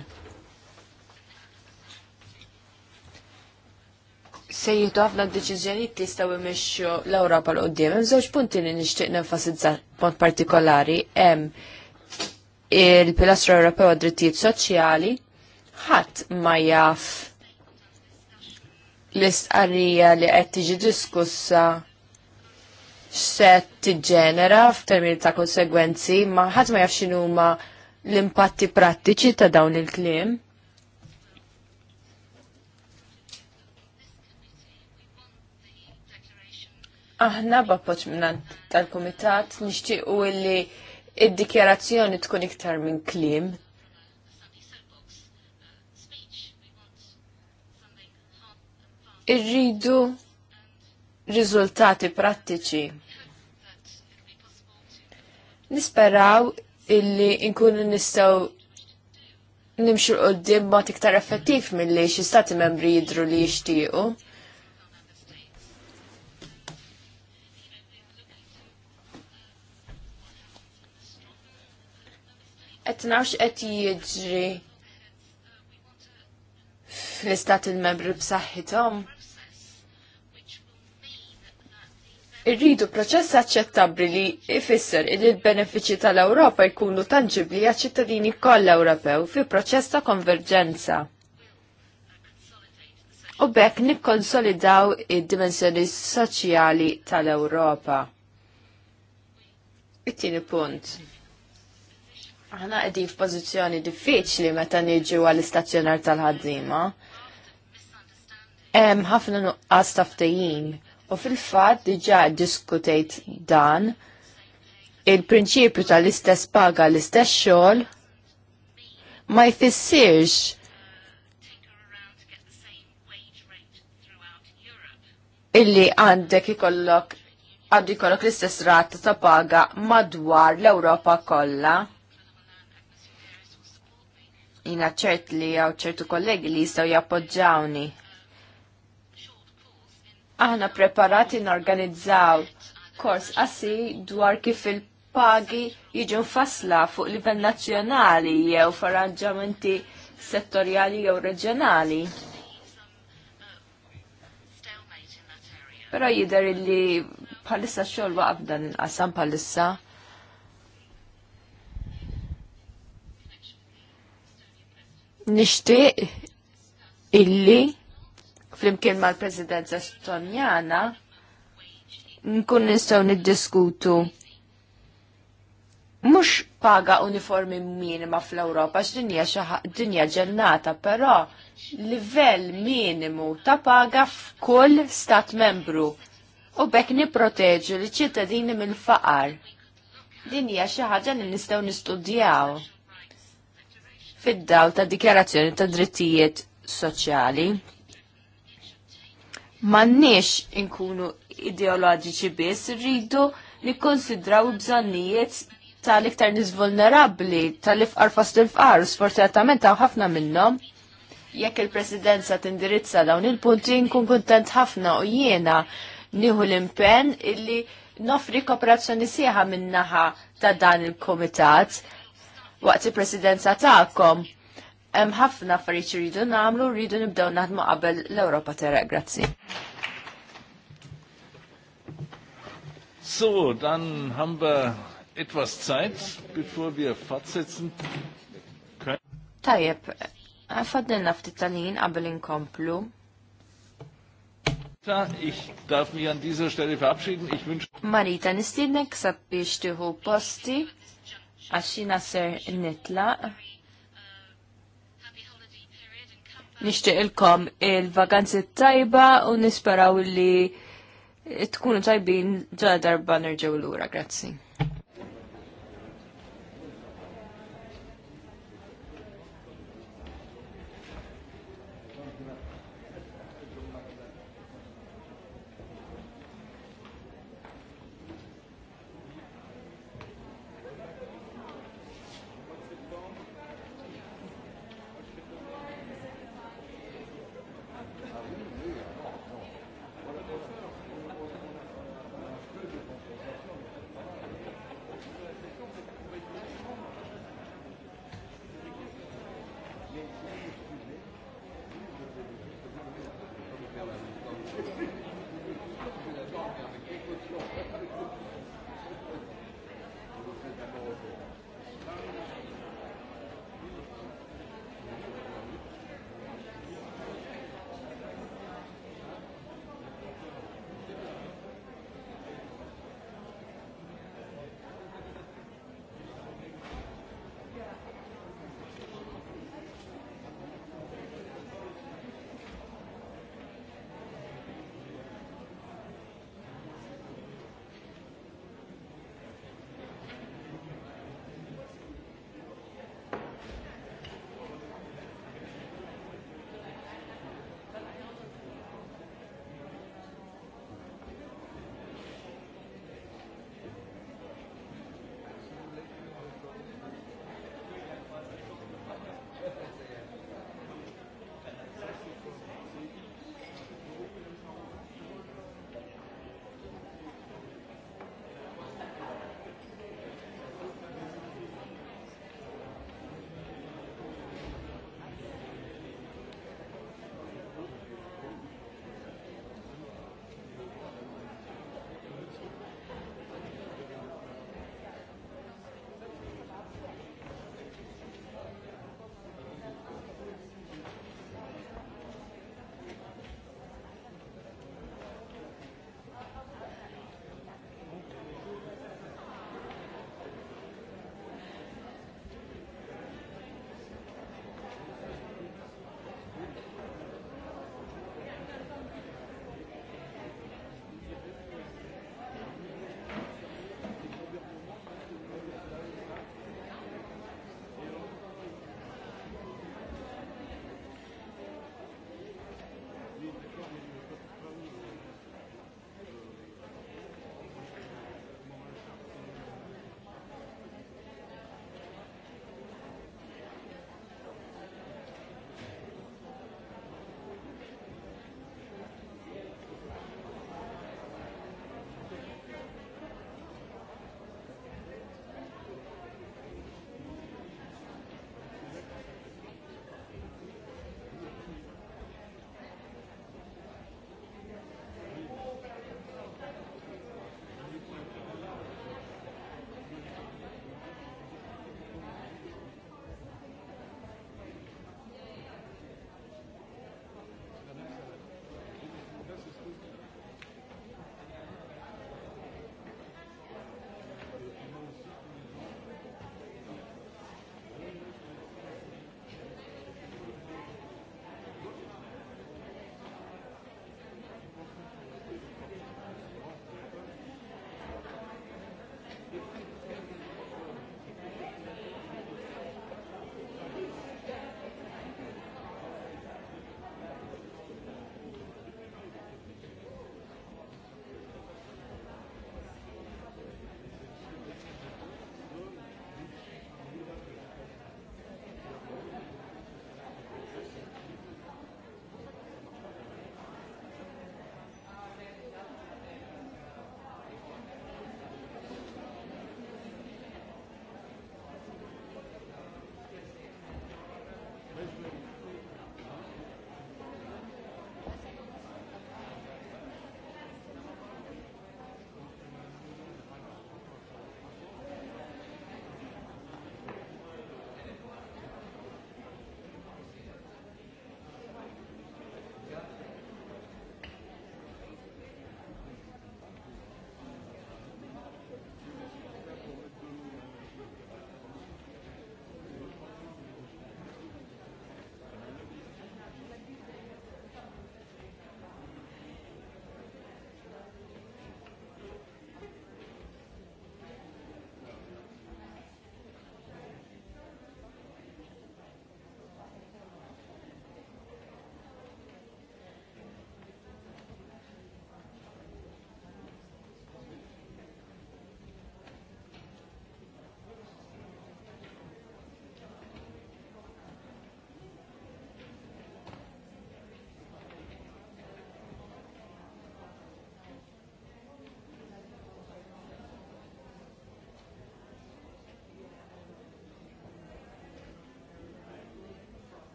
se jihdu ħafna deċiżjonijiet li jistgħu jmexxu l-Ewropa l qudiem Hemm żewġ punti li nixtieq nenfasizza b'mod partikolari hemm il-Pilastru Ewropew għad-drittijiet soċjali ħadd ma jaf l-istqarrija li qed tiġi diskussa se tiġġenera f'termini ta' konsegwenzi, ma ħadd ma jafx huma l-impatti prattiċi ta' dawn il-kliem. Aħna b'appoġġ minn tal-Kumitat nixtiequ li id-dikjarazzjoni tkun iktar minn kliem. Irridu riżultati prattiċi Nisperaw illi inkunu nistaw nimxu l-qoddim mod iktar effettiv mill-li xi stati membri jidru li jixtiequ. qed nafx qed jiġri fl-istat il-membri b'saħħithom. Irridu proċess aċċettabbli li ifisser li l-benefiċi tal-Ewropa jkunu tanġibli għaċ ċittadini kollha Ewropew fi proċess ta' konverġenza. U bekk nikkonsolidaw id-dimensjoni soċjali tal-Ewropa. It-tieni punt. Aħna qegħdin f'pożizzjoni diffiċli meta niġu għall-istazzjonar tal-ħaddiema. Hemm ħafna nuqqas ta' ftehim U fil-fat diġa diskutejt dan il-prinċipju tal-istess paga l-istess xogħol ma jfissirx illi għandek ikollok għandu jkollok l-istess rata ta' paga madwar l-Ewropa kollha. Jina ċert li għaw ċertu kollegi li jistaw jappoġġawni Aħna preparati n-organizzaw kors qasi dwar kif il-pagi jiġu fasla fuq livell nazzjonali jew f'arranġamenti settorjali jew reġjonali. Però jidher illi bħalissa xogħol waqab dan il-qasam bħalissa. Nixtieq illi flimkien mal-Presidenza Estonjana nkun nistgħu niddiskutu mhux paga uniformi minima fl-Ewropa x'dinja dinja ġennata, però livell minimu ta' paga f'kull stat membru u bekk nipproteġu l-ċittadini mill-faqar. Din hija xi ħaġa li nistgħu nistudjaw fid-dawl ta' dikjarazzjoni ta' drittijiet soċjali. Mannix inkunu ideoloġiċi biss, rridu nikkonsidraw bżonnijiet tal-iktar nis vulnerabli, tal-ifqar fost il-fqar, sfortunatament għaw ħafna minnom. Jekk il-presidenza tindirizza dawn il-punti, nkun kontent ħafna u jiena nieħu l-impenn illi nofri kooperazzjoni sieħa minnaħa ta' dan il-komitat waqt il-presidenza ta'kom. Ta hemm ħafna affarijiet rridu nagħmlu, rridu nibdew naħdmu qabel l-Ewropa tera. Grazzi. So, dann haben wir etwas Zeit, bevor wir fortsetzen können. Tajjeb, faddilna ftit tal-ħin qabel inkomplu. Ich darf mich an dieser Stelle verabschieden. Ich wünsche Marita nistinek sabiex tieħu posti għax ser nitlaq. Nixtieq ilkom il-vaganzi tajba u nisperaw li tkunu tajbin ġala darba nerġgħu lura, grazzi.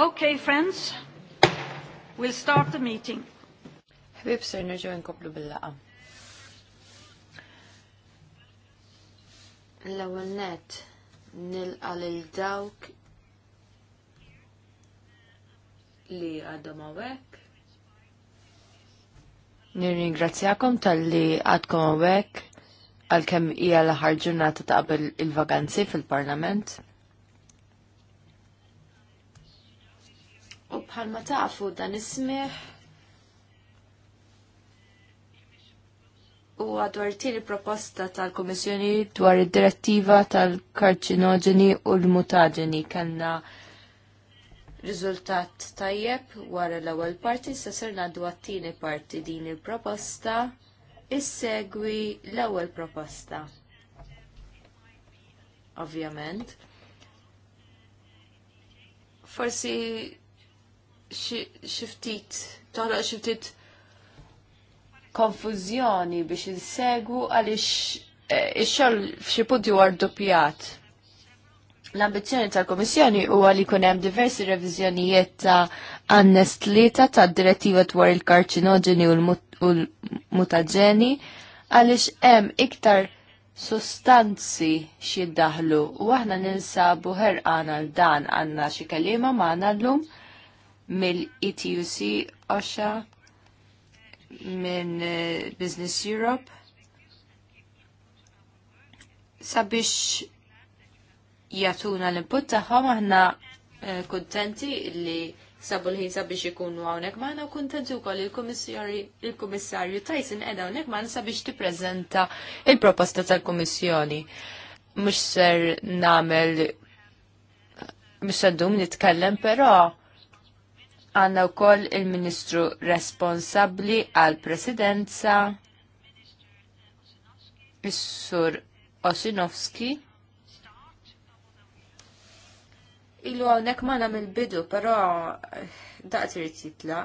Okay, friends, we'll start the meeting. Ħbib ser nerġgħu nkomplu bil-laqa. L-ewwel net nilqa' lil dawk li għadhom hawnhekk. Nirringrazzjakom tal-li għadkom hawnhekk għalkemm hija l-aħħar ġurnata ta' qabel il-vaganzi fil-Parlament. U bħalma tafu dan ismiħ u għadwarti li proposta tal-Komissjoni dwar id-direttiva tal-karċinoġeni u l-mutaġeni kanna riżultat tajjeb wara l-ewwel parti sa ser ngħaddu tieni parti din il-proposta issegwi l-ewwel proposta. Ovvjament. Forsi xiftit, toħloq xiftit konfuzjoni biex insegu għaliex eh, ix-xogħol f'xi punti huwa rdoppjat. L-ambizzjoni tal-Komissjoni huwa li jkun hemm diversi reviżjonijiet ta' annes tlieta tad-direttiva dwar il karċinogeni u l-mutaġeni għaliex hemm iktar sostanzi xi daħlu u aħna ninsabu ħerqan għal dan għandna xi kelliema magħna l lum mill-ETUC, OSHA, minn eh, Business Europe, sabiex jatuna l-input taħħom aħna eh, kontenti li sabu l-ħin sabiex ikunu għawnek maħna u kontenti u koll il-komissarju Tyson edha għawnek maħna sabiex prezenta il-proposta tal-komissjoni. Mux ser namel, mux dum nitkellem, pero għanna u koll il-Ministru responsabli għal-Presidenza, is Osinowski. Illu għonek ma il bidu, pero eh, daqt irrit jitla.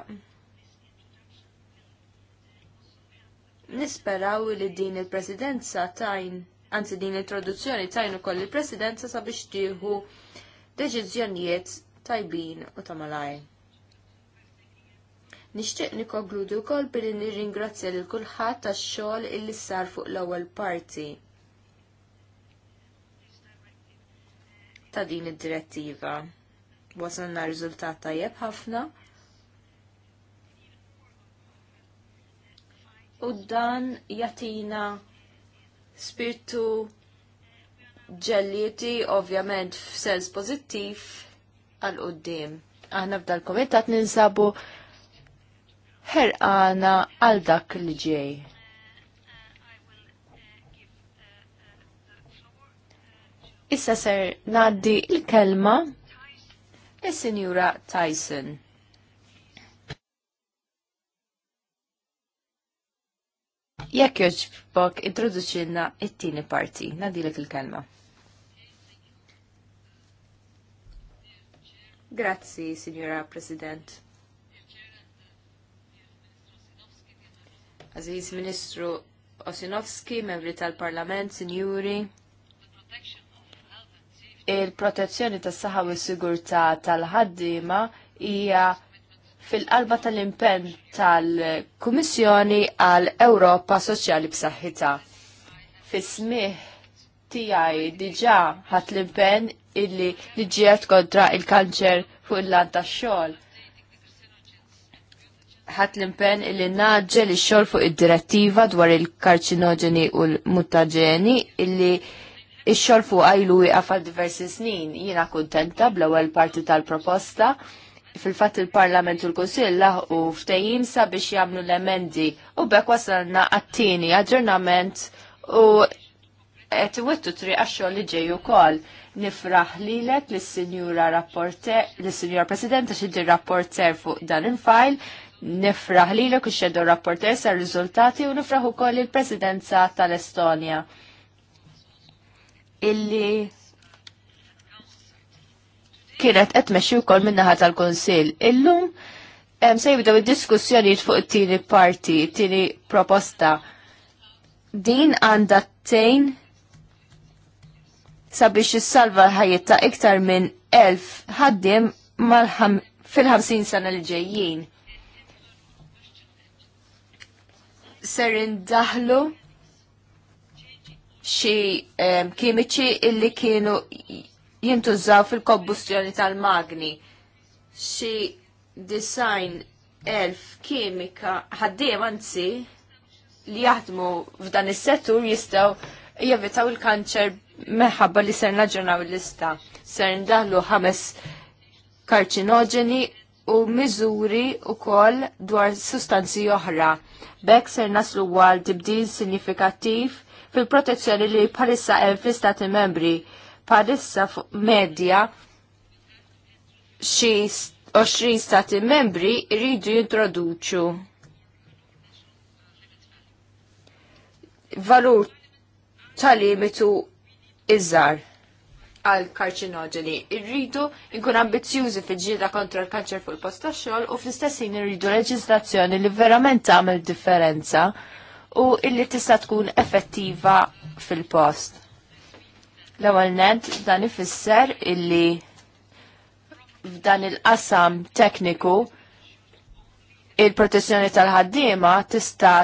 Nisperaw li din il-presidenza tajn, anzi din il-traduzzjoni tajn u koll il-presidenza sabiex tieħu deċiżjonijiet tajbin u tamalajn. Nixtieq nikkonkludi wkoll billi nirringrazzja lil kulħadd tax-xogħol illi sar fuq l-ewwel parti ta' din id-direttiva. Wasalna riżultat tajjeb ħafna. U dan jatina spiritu ġellieti ovvjament f'sens pożittiv għal quddiem. Aħna f'dal komitat ninsabu ħerqana għal dak li ġej. Issa ser naddi il-kelma il-Sinjura Tyson. Jekk joġbok, introduċilna it-tieni parti, nadilek il-kelma. Grazzi, Signora President. Aziz Ministru Osinovski, membri tal-Parlament, Sinjuri, il-protezzjoni tas saħħa u s-sigurtà tal-ħaddiema hija fil-qalba tal-impenn tal-Kummissjoni għal Ewropa Soċjali b'Saħħitha. Fis-smih tiegħi diġà ħadd l-impenn illi liġiet kontra il-kanċer fuq il-lan tax-xogħol ħat l-impenn li naġġe li xogħol fuq id-direttiva dwar il-karċinoġeni u l-mutaġeni illi ix-xogħol fuq għajlu għafal diversi snin. Jiena kuntenta bl-ewwel parti tal-proposta fil-fatt il-Parlament u l-Konsil laħqu ftehim sabiex jagħmlu l-emendi u bekk wasalna għat-tieni u qed iwettu tri għax-xogħol li ġej kol nifraħ lilek l-Sinjura Rapporter, l-Sinjura President għax inti rapporter fuq dan il-fajl, Nifraħ li l-ek xedu rapporter sa' rizultati u nifraħ u koll il-presidenza tal-Estonia. Illi kienet qed mexxi wkoll minnaħa tal-Kunsill. Illum se jibdew id-diskussjonijiet fuq it-tieni parti, tieni proposta. Din għandha tejn sabiex issalva ta' iktar minn elf ħaddiem fil ħamsin sena li ġejjin. ser indaħlu xi kimiċi illi kienu jintużaw fil-kombustjoni tal-magni. Xi design elf kimika ħaddiem anzi li jaħdmu f'dan is-settur jistgħu jevitaw il-kanċer meħabba li ser naġġornaw l-lista. Ser ndaħlu ħames karċinoġeni u miżuri wkoll dwar sustanzi oħra. Bekk ser naslu għal tibdil signifikattiv fil-protezzjoni li parissa hemm fl-Istati membri parissa medja xi 20 stati membri jridu jintroduċu valur tal-limitu iżar għal karċinoġeni. Irridu nkun ambizjużi fil-ġieda kontra l-kanċer fuq il-post tax-xogħol u fl-istessin irridu leġislazzjoni li verament tagħmel differenza u illi tista' tkun effettiva fil-post. L-ewwel ned dan ifisser illi f'dan il-qasam tekniku il-protezzjoni tal-ħaddiema tista'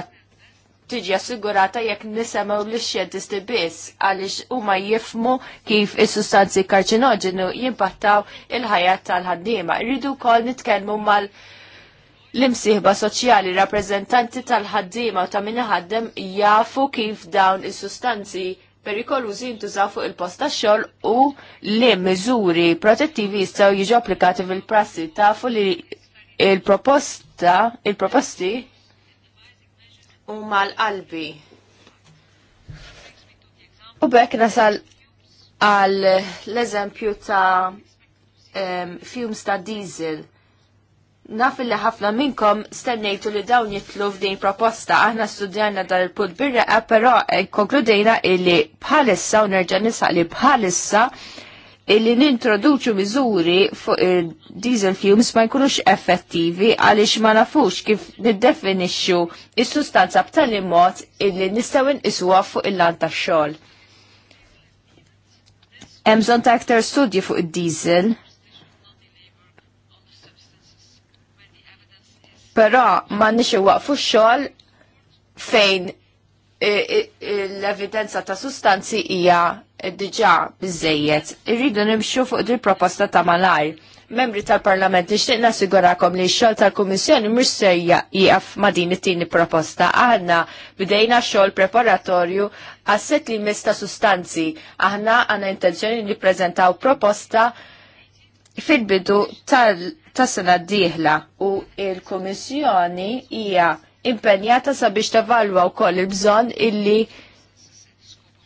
tiġi assigurata jekk nisemgħu lix xjentisti biss għaliex huma jifmu kif is-sustanzi karċinoġenu jimpattaw il-ħajja tal-ħaddiema. Rridu wkoll nitkellmu mal l-imsieħba soċjali rappreżentanti tal-ħaddiema u ta' min ħaddem jafu kif dawn is-sustanzi perikolużi jintużaw fuq il-post ta' xogħol u li miżuri protettivi jistgħu jiġu applikati fil-prassi tafu li il-proposta, il-proposti u mal-qalbi. U bekk nasal għal l-eżempju ta' um, fumes ta' diesel. Naf li ħafna minnkom stennejtu li dawn jitlu f'din proposta. Aħna studjana dal il birra, però eh, konkludejna illi bħalissa u nerġa' nisaq li bħalissa illi nintroduċu miżuri fuq diesel fumes ma jkunux effettivi għaliex ma nafux kif niddefinixxu is-sustanza b'tali mod illi nistgħu nqisuha fuq il-lan tax-xogħol. Hemm bżonn ta' aktar studji fuq id-diesel Però ma nix waqfu xogħol fejn l-evidenza ta' sustanzi hija diġa bizzejiet. Irridu nimxu fuq di proposta ta' Malaj. Membri tal-Parlament nixtieq nasigurakom li x-xogħol tal-Kummissjoni mhux se jieqaf ma' din it-tieni proposta. Aħna bdejna xogħol preparatorju għasset li mista sustanzi. Aħna għandna intenzjoni li prezentaw proposta fil-bidu tas-sena d-dieħla u il-Kummissjoni hija impenjata sabiex tavalwa wkoll il-bżonn illi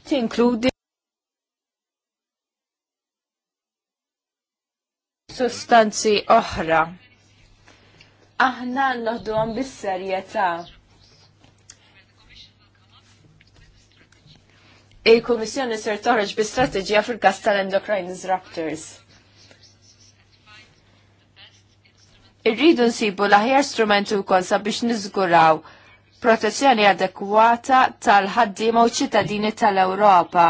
tinkludi sostanzi oħra. Aħna noħdu għan bis-serjetà. il komissjoni ser toħroġ bi-strateġija fil-kas tal-endocrine disruptors. Irridu nsibu l-aħjar strumenti wkoll sabiex niżguraw protezzjoni adekwata tal-ħaddiema u ċittadini tal-Ewropa. tal ħaddima u ċittadini tal europa tal ħaddiema u ċittadini tal ewropa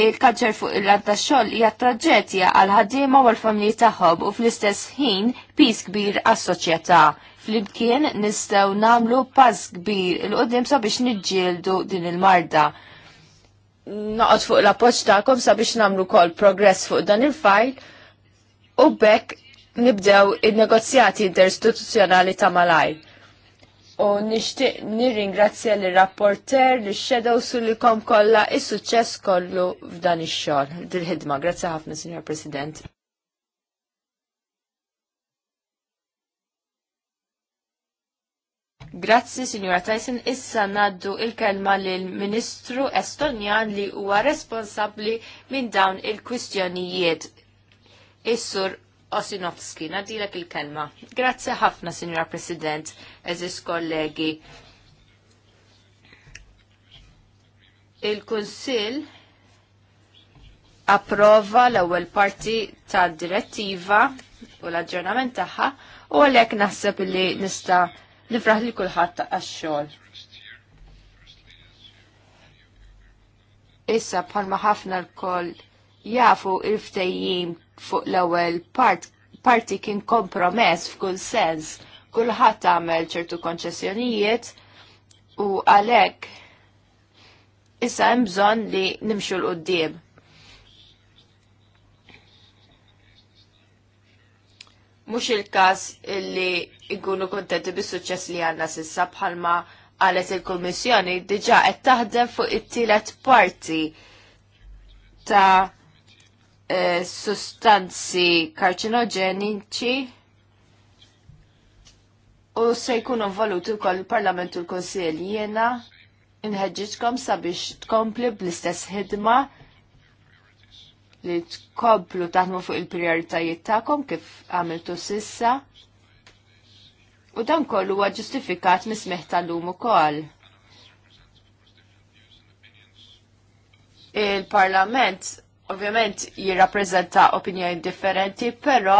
il-kanċer fuq il-lanta xogħol hija traġedja għal ħaddiema u l-familji tagħhom u fl-istess ħin pis kbir għas-soċjetà. Flimkien nistgħu nagħmlu pass kbir il qudiem sabiex niġġieldu din il-marda. Noqgħod fuq l-appoġġ tagħkom sabiex nagħmlu kol progress fuq dan il-fajl u bekk nibdew in-negozjati interistituzzjonali ta' malajr u nishtiq nirringrazzja l rapporter li xedaw su li kom kolla is suċċess kollu f'dan ix-xogħol. Dil-ħidma, grazzi ħafna, Sinjor President. Grazzi, Sinjora Tyson. Issa naddu il-kelma lill-Ministru Estonjan li huwa responsabbli minn dawn il-kwistjonijiet. Is-sur Osinovski, nadilek il-kelma. Grazie ħafna, Signora President, eżis kollegi. Il-Kunsil approva l-ewwel parti tad-direttiva u l-aġġornament tagħha u għalhekk naħseb li nista' nifraħ li kulħadd għax-xogħol. Issa bħalma ħafna l-koll jafu il-ftejjim fuq l-ewwel part, parti kien kompromess f'kull sens, kulħadd għamel ċertu konċessjonijiet u għalhekk issa hemm bżonn li nimxu l qudiem Mhux il-każ illi jkunu kontenti bis-suċċess li għandna sissa bħalma għalet il-Kummissjoni diġà qed taħdem fuq it-tielet parti ta' Eh, sustanzi karcinogeniċi. u se jkunu valuti wkoll il-Parlament u l-Kunsill jena inħedġiċkom sabiex tkompli bl-istess ħidma li tkomplu taħmu fuq il-prioritajiet tagħkom kif għamiltu sissa. U dan kollu huwa ġustifikat mismeħ tal-lum ukoll. il-Parlament ovvjament jirrappreżenta opinjoni differenti, però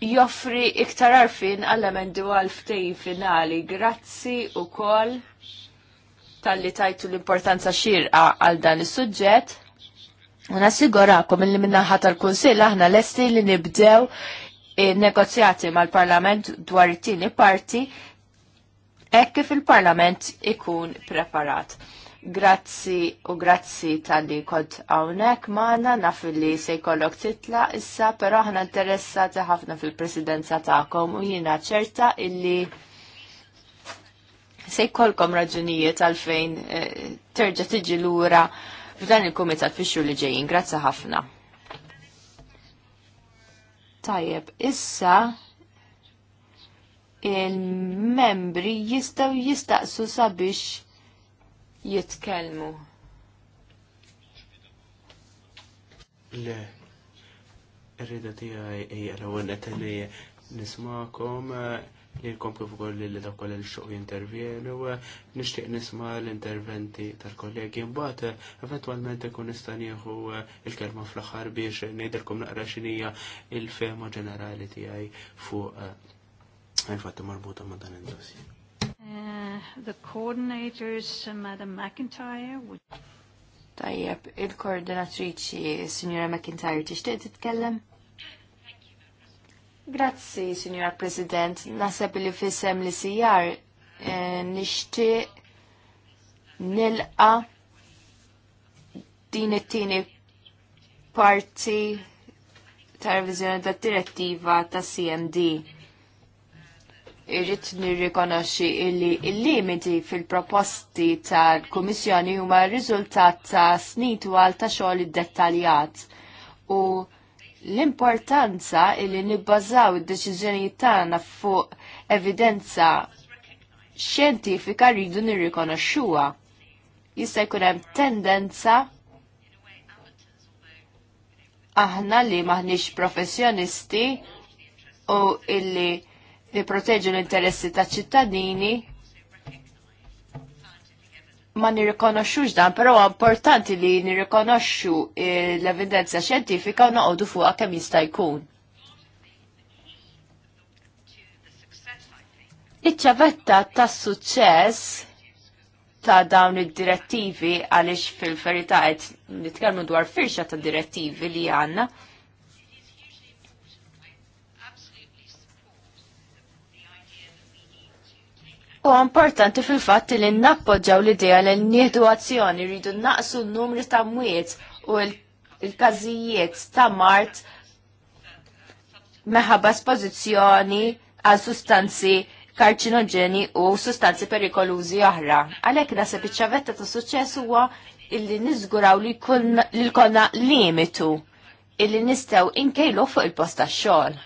joffri iktar arfin għall-emendi għal ftejn finali. Grazzi u kol tal-li tajtu l-importanza xirqa għal dan is-suġġett. U nassigurakom li minnaħat tal-Kunsill aħna lesti li nibdew negozjati mal-Parlament dwar it-tieni parti hekk kif il-Parlament ikun preparat. Grazzi u grazzi tal-li kod għawnek maħna naf li se jkollok titla issa, pero ħna interessati ħafna fil-presidenza ta'kom u jina ċerta illi se jkollkom raġunijiet għalfejn eh, terġa tiġi lura f'dan il-komitat fix li ġejjin. Grazzi ħafna. Tajjeb, issa il-membri jistaw jistaqsu sabiex jitkelmu. Le, rrida tiegħi hija l-ewwel qed li nismakom lilkom kif ukoll li ta' kol il-xoq jintervjenu, nixtieq nisma' l-interventi tal-kollegi mbata, eventwalment ikun nista' nieħu eh, il-kelma fl-aħħar biex ngħidilkom naqra xinija il-fema ġenerali tiegħi fuq eh, il-fatti marbuta ma' dan il dossier the coordinators, uh, Madam McIntyre. Would... Tajjeb, il-koordinatriċi, Signora McIntyre, tixtieq titkellem? Grazzi, Signora President. Naseb li fissem li sijar eh, nixtieq nilqa din it-tieni parti ta' revizjoni ta' direttiva ta' CMD irrit nirrikonoxxi illi il-limiti fil-proposti tal-Kummissjoni huma r-riżultat ta' snin għal ta' xogħol iddettaljat u l-importanza illi nibbażaw id-deċiżjonijiet tagħna fuq evidenza xjentifika rridu nirrikonoxxuha. Jista' jkun hemm tendenza aħna li maħniex professjonisti u illi niproteġu l-interessi ta' ċittadini ma nirrikonoxxux dan, però importanti li nirrikonoxxu eh, l-evidenza xjentifika u noqogħdu fuqha kemm jista' jkun. Iċ-ċavetta tas suċċess ta' dawn id-direttivi għaliex fil-verità qed nitkellmu dwar firxa ta' direttivi li għandna U importanti fil-fatt li nappoġġaw l-idea li n nieħdu azzjoni rridu naqsu n-numri ta' mwiet u l-każijiet ta' mart meħabba spożizzjoni għal sustanzi karċinoġeni u sustanzi perikolużi oħra. Għalhekk naħseb iċ-ċavetta ta' suċċess huwa illi niżguraw li konna limitu illi nistgħu inkejlu fuq il-post tax-xogħol.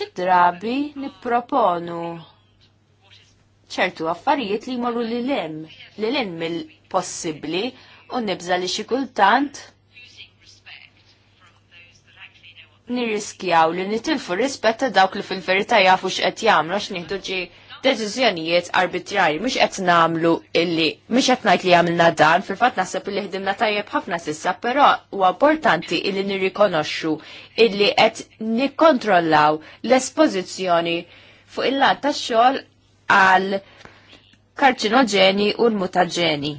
Xi drabi nipproponu ċertu affarijiet li jmorru li l-em, li l-em mill-possibli u nibza li xi kultant nirriskjaw li nitilfu rispetta dawk li fil-verità jafu x'qed jagħmlu għax nieħdu ġi deċiżjonijiet arbitrarji mhux qed nagħmlu illi mhux qed ngħid li għamilna dan, fil-fatt naħseb li ħdimna tajjeb ħafna s'issa, però huwa importanti illi nirrikonoxxu illi qed nikkontrollaw l-espożizzjoni fuq il-lat tax-xogħol għal karċinoġeni u l-mutaġeni.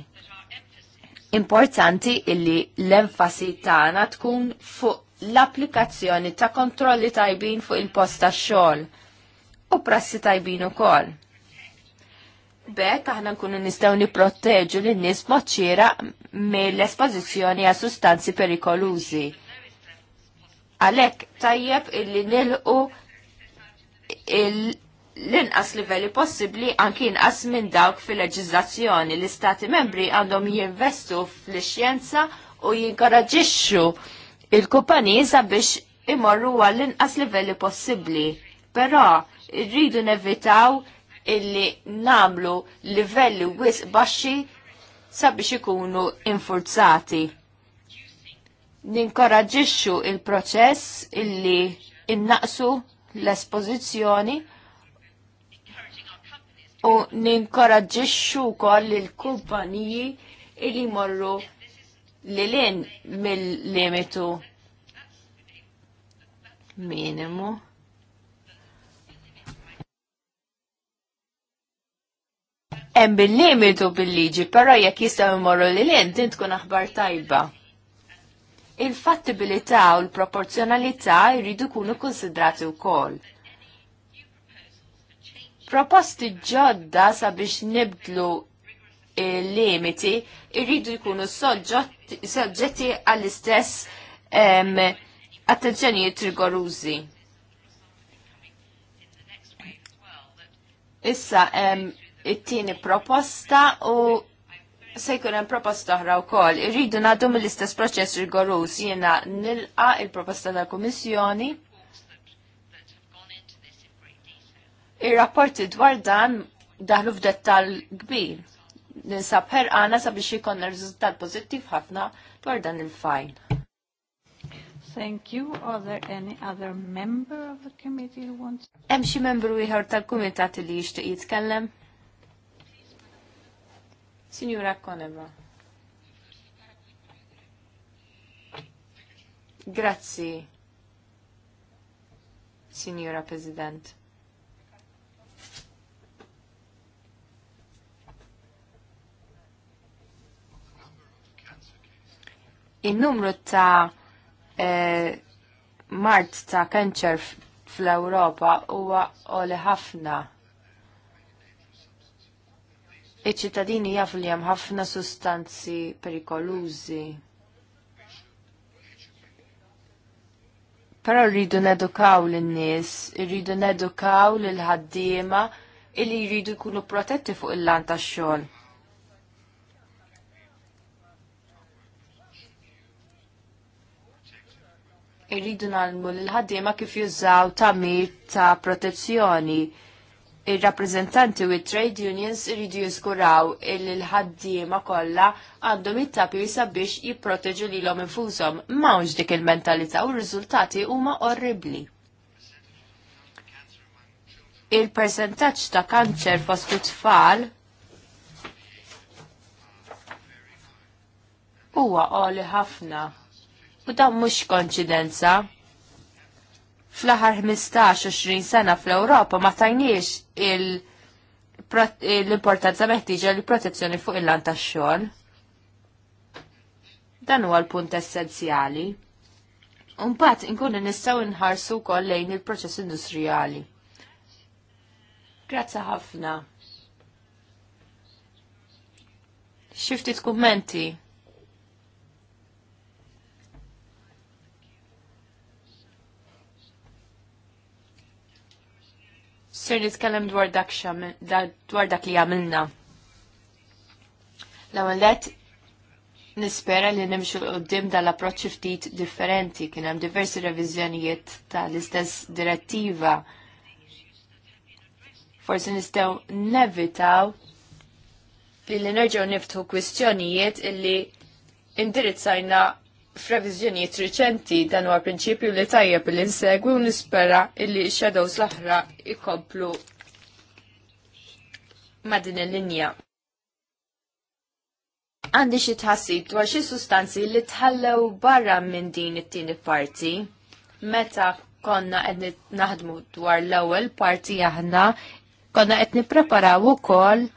Importanti illi l-enfasi tagħna tkun fuq l-applikazzjoni ta' kontrolli tajbin fuq il posta tax-xogħol u prassi tajbin ukoll. Bekk aħna nkunu nistgħu nipproteġu lin nies moċċira mill-espożizzjoni għal sustanzi perikolużi. Għalhekk tajjeb illi nilqu l-inqas livelli possibbli anki inqas minn dawk fil-leġizzazzjoni li stati membri għandhom jinvestu fl-xjenza u jinkoraġixxu il-kumpaniji sabiex imorru għall-inqas livelli possibbli. Però rridu nevitaw illi namlu livelli wis baxxi sabiex ikunu infurzati. Ninkoraġixxu il-proċess illi innaqsu l-espożizzjoni u ninkoraġġixxu wkoll il kumpaniji li jmorru lilin mill-limitu minimu. Hemm bil-limitu bil-liġi, però jekk jistgħu jmorru lilin tint tkun aħbar tajba. Il-fattibilità u l-proporzjonalità jridu jkunu konsidrati wkoll proposti ġodda sabiex nibdlu limiti irridu jkunu soġġetti għall-istess attenzjonijiet rigorużi. Issa it-tieni proposta u se jkun hemm proposta oħra wkoll. Irridu nagħdu mill-istess proċess rigorużi jiena nilqa' il-proposta tal-Kummissjoni. il proposta tal kummissjoni Ir-rapporti dwar dan daħlu f'dettal kbir. Ninsab her ħerqana sabiex jikonna riżultat pożittiv ħafna dwar dan il-fajn. Thank you. Are there any other member of the committee who wants? to? Hemm xi membru ieħor tal-kumitat li jixtieq jitkellem? Signora Koneva. Grazzi, Signora President. in-numru ta' eh, mart ta' kanċer fl-Ewropa huwa oli ħafna. Iċ-ċittadini jafu li hemm ħafna sustanzi perikolużi. Però rridu nedukaw lin-nies, irridu nedukaw lil ħaddiema illi jridu jkunu protetti fuq il-lan tax-xogħol. irridu nalmu l-ħaddiema kif jużaw tamir ta' protezzjoni. Ir-rappreżentanti u trade unions irridu jiskuraw il-ħaddiema kollha għandhom it-tapi sabiex jipproteġu lilhom infushom. Mawx dik il-mentalità u r-riżultati huma orribli. il percentaċ ta' kanċer fost it-tfal huwa qoli ħafna U dan mhux konċidenza. Fl-aħħar 15-20 sena fl-Ewropa ma tajniex l-importanza meħtieġa li protezzjoni fuq il-lan tax-xogħol. Dan huwa l-punt essenzjali. mbagħad inkunu nistgħu nħarsu wkoll lejn il-proċess industrijali. Grazzi ħafna. Xi ftit kummenti Ser nitkellem dwar dak dwar dak li għamilna. L-ewwel let nispera li nimxu l-qoddim dal-approċċ ftit differenti kien hemm diversi reviżjonijiet tal-istess direttiva. Forsi nistgħu nevitaw li li nerġgħu niftu kwistjonijiet illi indirizzajna f'reviżjonijiet riċenti dan huwa prinċipju li tajjeb li nsegwi u nispera illi shadows l-aħra ikomplu ma' din il-linja. Għandi xi tħassib dwar xi sustanzi li tħallew barra minn din it-tieni parti meta konna qed naħdmu dwar l-ewwel parti aħna konna qed nippreparaw ukoll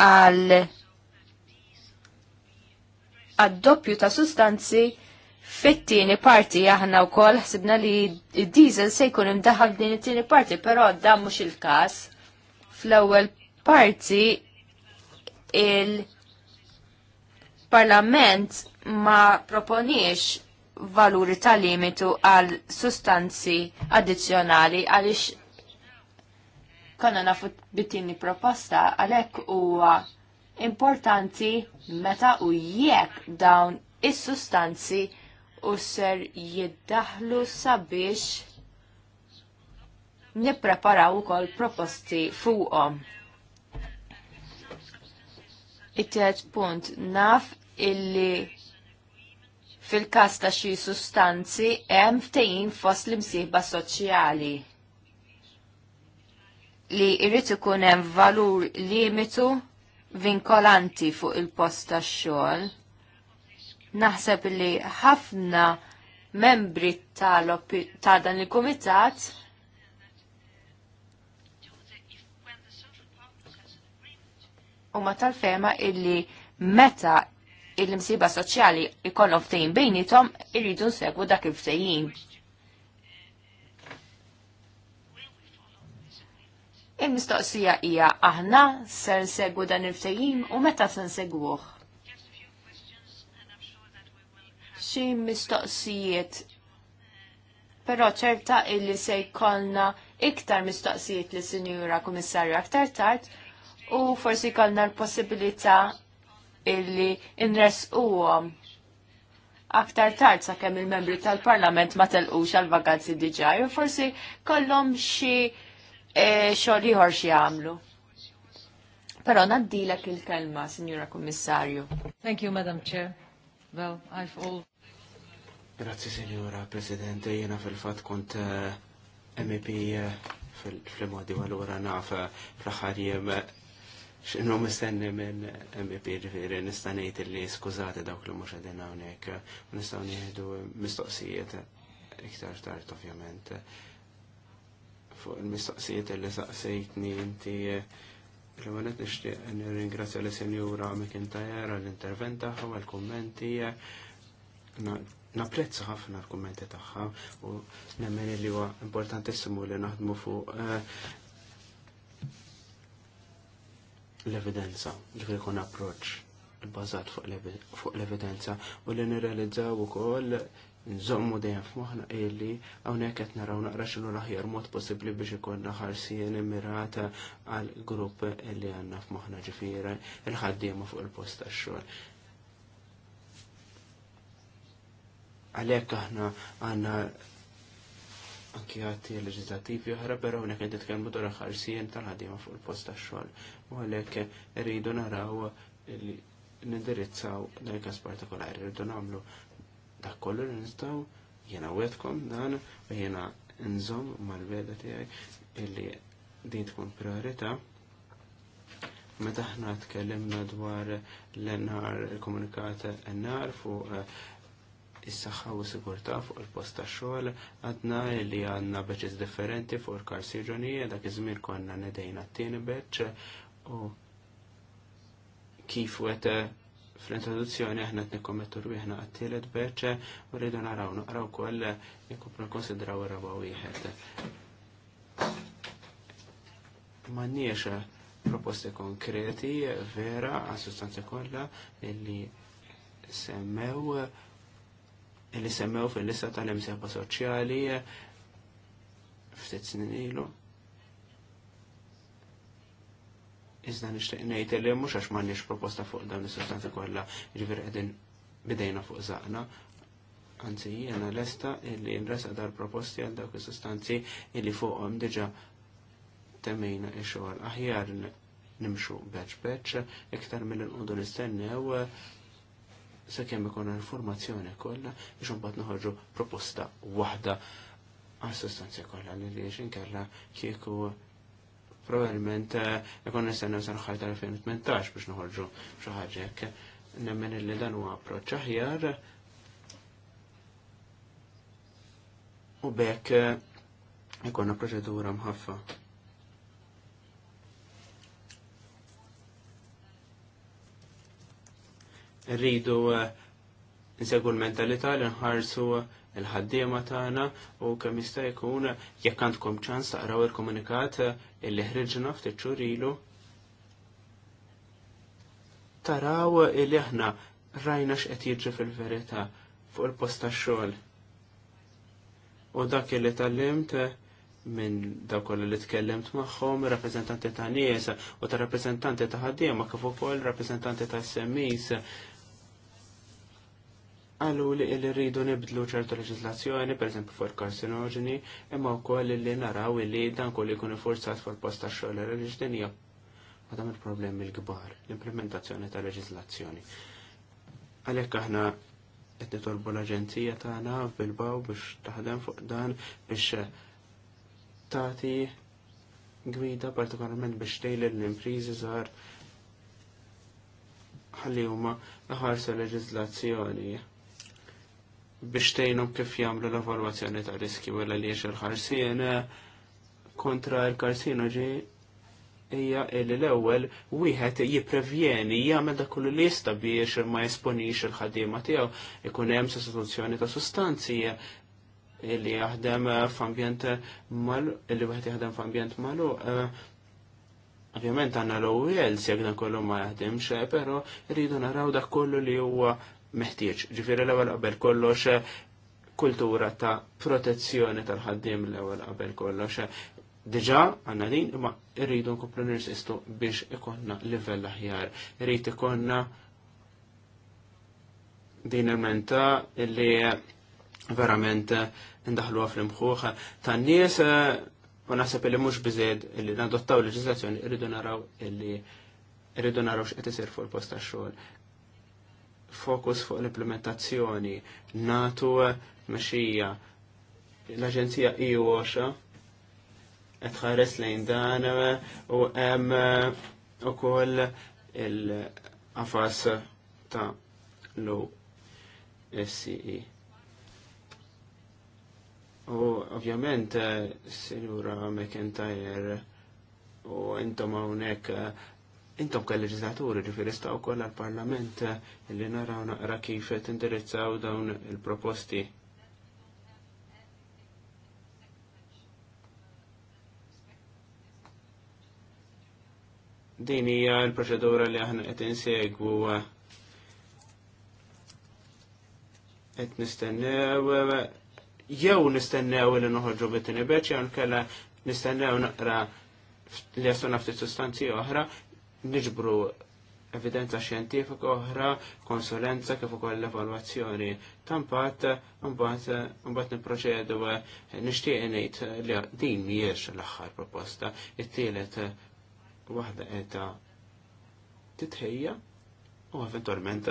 għal għad-doppju ta' sustanzi fit-tieni parti aħna wkoll ħsibna li d-diesel se jkun imdaħħal din it-tieni parti, però dan mhux il-każ. Fl-ewwel parti il-Parlament ma proponiex valuri ta' limitu għal sustanzi addizzjonali għaliex konna nafu bit-tieni proposta għalhekk huwa importanti meta u jekk dawn is-sustanzi u ser jiddaħlu sabiex nippreparaw ukoll proposti fuqhom. It-tiet punt naf illi fil-kas ta' xi sustanzi hemm ftehim fost l-imsieħba soċjali li jrid ikun hemm valur limitu vinkolanti fuq il-post tax-xogħol. Naħseb li ħafna membri ta' dan il-kumitat huma tal-fema illi meta il-msiba soċjali ikollhom ftejin bejnithom irridu nsegwu dak il ftejin Il-mistoqsija hija aħna ser segwu dan il-ftehim u meta se nsegwuh. Xi mistoqsijiet però ċerta illi se jkollna iktar mistoqsijiet li sinjura kummissarju aktar tard u forsi jkollna l-possibilità illi inresquhom aktar tard sakemm il-membri tal-Parlament ma telqux għal vaganzi diġà u forsi kollhom xi E, xogħol ieħor xi jagħmlu. Però naddilek il-kelma, Sinjura Kummissarju. Thank you, Madam Chair. Well, I've all. Grazie, Sinjura Presidente, Jena eh, eh, fil fat kont MEP fil-modi għal-għura naf eh, fl-ħarjem xinu mistenni minn MP ġifiri nistanejt li skużati dawk li muxa dinna għonek, nistaw nieħdu mistoqsijiet iktar tard ovvjament fuq il mistaqsijiet li saqsejtni inti l-għalet eh, nishtiq nirringrazzja li senjura McIntyre għall-intervent tagħha u għall-kummenti. Eh, napprezza ħafna l kommenti tagħha u nemmen li huwa importantissimu li naħdmu fuq eh, l-evidenza, ġifri kun approċ bazat fuq l-evidenza u li nirrealizzaw ukoll nżommu dejjem f'moħħna illi hawnhekk qed naraw naqra xinu l-aħjar mod possibbli biex ikollna ħarsien immirata għal grupp illi għandna f'moħħna ġifiera il-ħaddiema fuq il-post tax-xogħol. Għalhekk aħna għandna anki għati leġislativi oħra, però hawnhekk qed t dwar ħarsien tal ħaddiema fuq il-post tax xogħol. U għalhekk irridu naraw li nindirizzaw dan il-każ partikolari, rridu nagħmlu dak kollu li nistaw jena wetkom dan u jena nżom mal-veda tijaj illi din tkun priorita meta ħna tkellimna dwar l-nar il-komunikat n-nar fuq eh, is-saħħa u sigurtà fuq il-post ta' xogħol għadna li għandna beċċis differenti fuq il-karsiġonija dak iż-żmien konna nedejna t-tieni beċċ u kif weta'. Eh, fl-introduzzjoni aħna qed nikkommettu rwieħna għat-tielet beċ u rridu naraw naqraw ukoll jekk konsidraw ir-raba wieħed. M'għandniex proposti konkreti vera għas sustanzi kollha illi semmew illi semmew fil-lista tal-imsebba soċjali ftit snin ilu. Iżda nixtieq ngħid li mhux għax m'għandniex proposta fuq dawn is-sustanzi kollha, jiġifier qegħdin bidejna fuq żaqna. Anzi, jiena lesta illi nresa dar proposti għal dawk is-sustanzi illi fuqhom diġà temmejna ix-xogħol aħjar nimxu batch beċ, iktar mill-inqudu nistennew se kemm ikun informazzjoni kollha biex imbagħad noħorġu proposta waħda għas sostanzja kollha li xinkella kieku Probabilment eh, ikun nistennew sanħar tal-2018 biex noħorġu xaħġek ħaġa hekk. Nemmen li dan huwa approċċ aħjar. U bekk eh, na proċedura mħaffa. Rridu eh, nsegu l-mentalità li nħarsu il-ħaddiema tagħna u kemm jista' jkun jekk għandkom ċans taqraw il-komunikat illi ħriġna ftit xhur ilu. Taraw illi aħna rajna x'qed jiġri fil-verità fuq il-post tax-xogħol. U dak illi tallimt minn dawk kollha li tkellimt magħhom, rappreżentanti ta' nies u ta' rappreżentanti ta' ħaddiema kif ukoll rappreżentanti ta' semmis għallu li rridu nibdlu ċertu leġislazzjoni, per esempio for karsinogeni, imma wkoll li naraw li dan li jkun forzat fuq posta xogħol li din hija għadam il-problemi l-kbar, l-implementazzjoni ta' leġislazzjoni. Għalhekk aħna qed nitolbu l-aġenzija tagħna bil baw biex taħdem fuq dan biex tagħti gwida partikolarment biex tgħidel l-impriżi żgħar ħalli huma naħarsu leġislazzjoni biex tejnum kif jagħmlu l-evalwazzjoni ta' riski wella li il-ħarsien eh, kontra l-karsinoġi hija li l-ewwel wieħed jipprevjeni jagħmel dak kull li jista' biex ma jesponix il-ħaddiema tiegħu ikun hemm sostituzzjoni ta' sustanzi eh, li jaħdem eh, f'ambjent mal li wieħed jaħdem f'ambjent malu Ovvjament għanna l-OEL si dan kollu ma jaħdimx, pero rridu naraw dak kollu li huwa meħtieġ. Ġifiri l-ewwel qabel kollox eh, kultura ta' protezzjoni tal-ħaddiem l-ewwel qabel kollox. Dġa, għanna din imma irridu nkomplu nirsistu biex ikonna livell aħjar. Irrid ikonna din il-menta illi eh, verament eh, l-imħuħa. Ta' tan-nies u naħseb li mhux biżed illi nadottaw leġiżlazzjoni irridu naraw illi rridu naraw x'qed isir fuq il posta xogħol fokus fuq l-implementazzjoni natu mexija l-Aġenzija eu qed ħares lejn dan u hemm eh, ukoll il afas ta' l SCE. U ovvjament, eh, Sinjura McIntyre, u intom hawnhekk eh, Intom kell leġislaturi ġifiri staw koll għal-parlament eh, li naraw naqra kif tindirizzaw dawn il-proposti. Din hija l-proċedura li aħna qed insegwu eh, qed nistennew eh, jew nistennew li noħorġu bit-tieni beċ jew nkella nistennew naqra li jasuna ftit sustanzi oħra, niġbru evidenza xjentifika oħra, konsulenza kif ukoll l-evalwazzjoni. Tampat mbagħad nipproċedu nixtieq ngħid li din mhijiex l-aħħar proposta, it-tielet waħda qiegħda titħejja u eventualment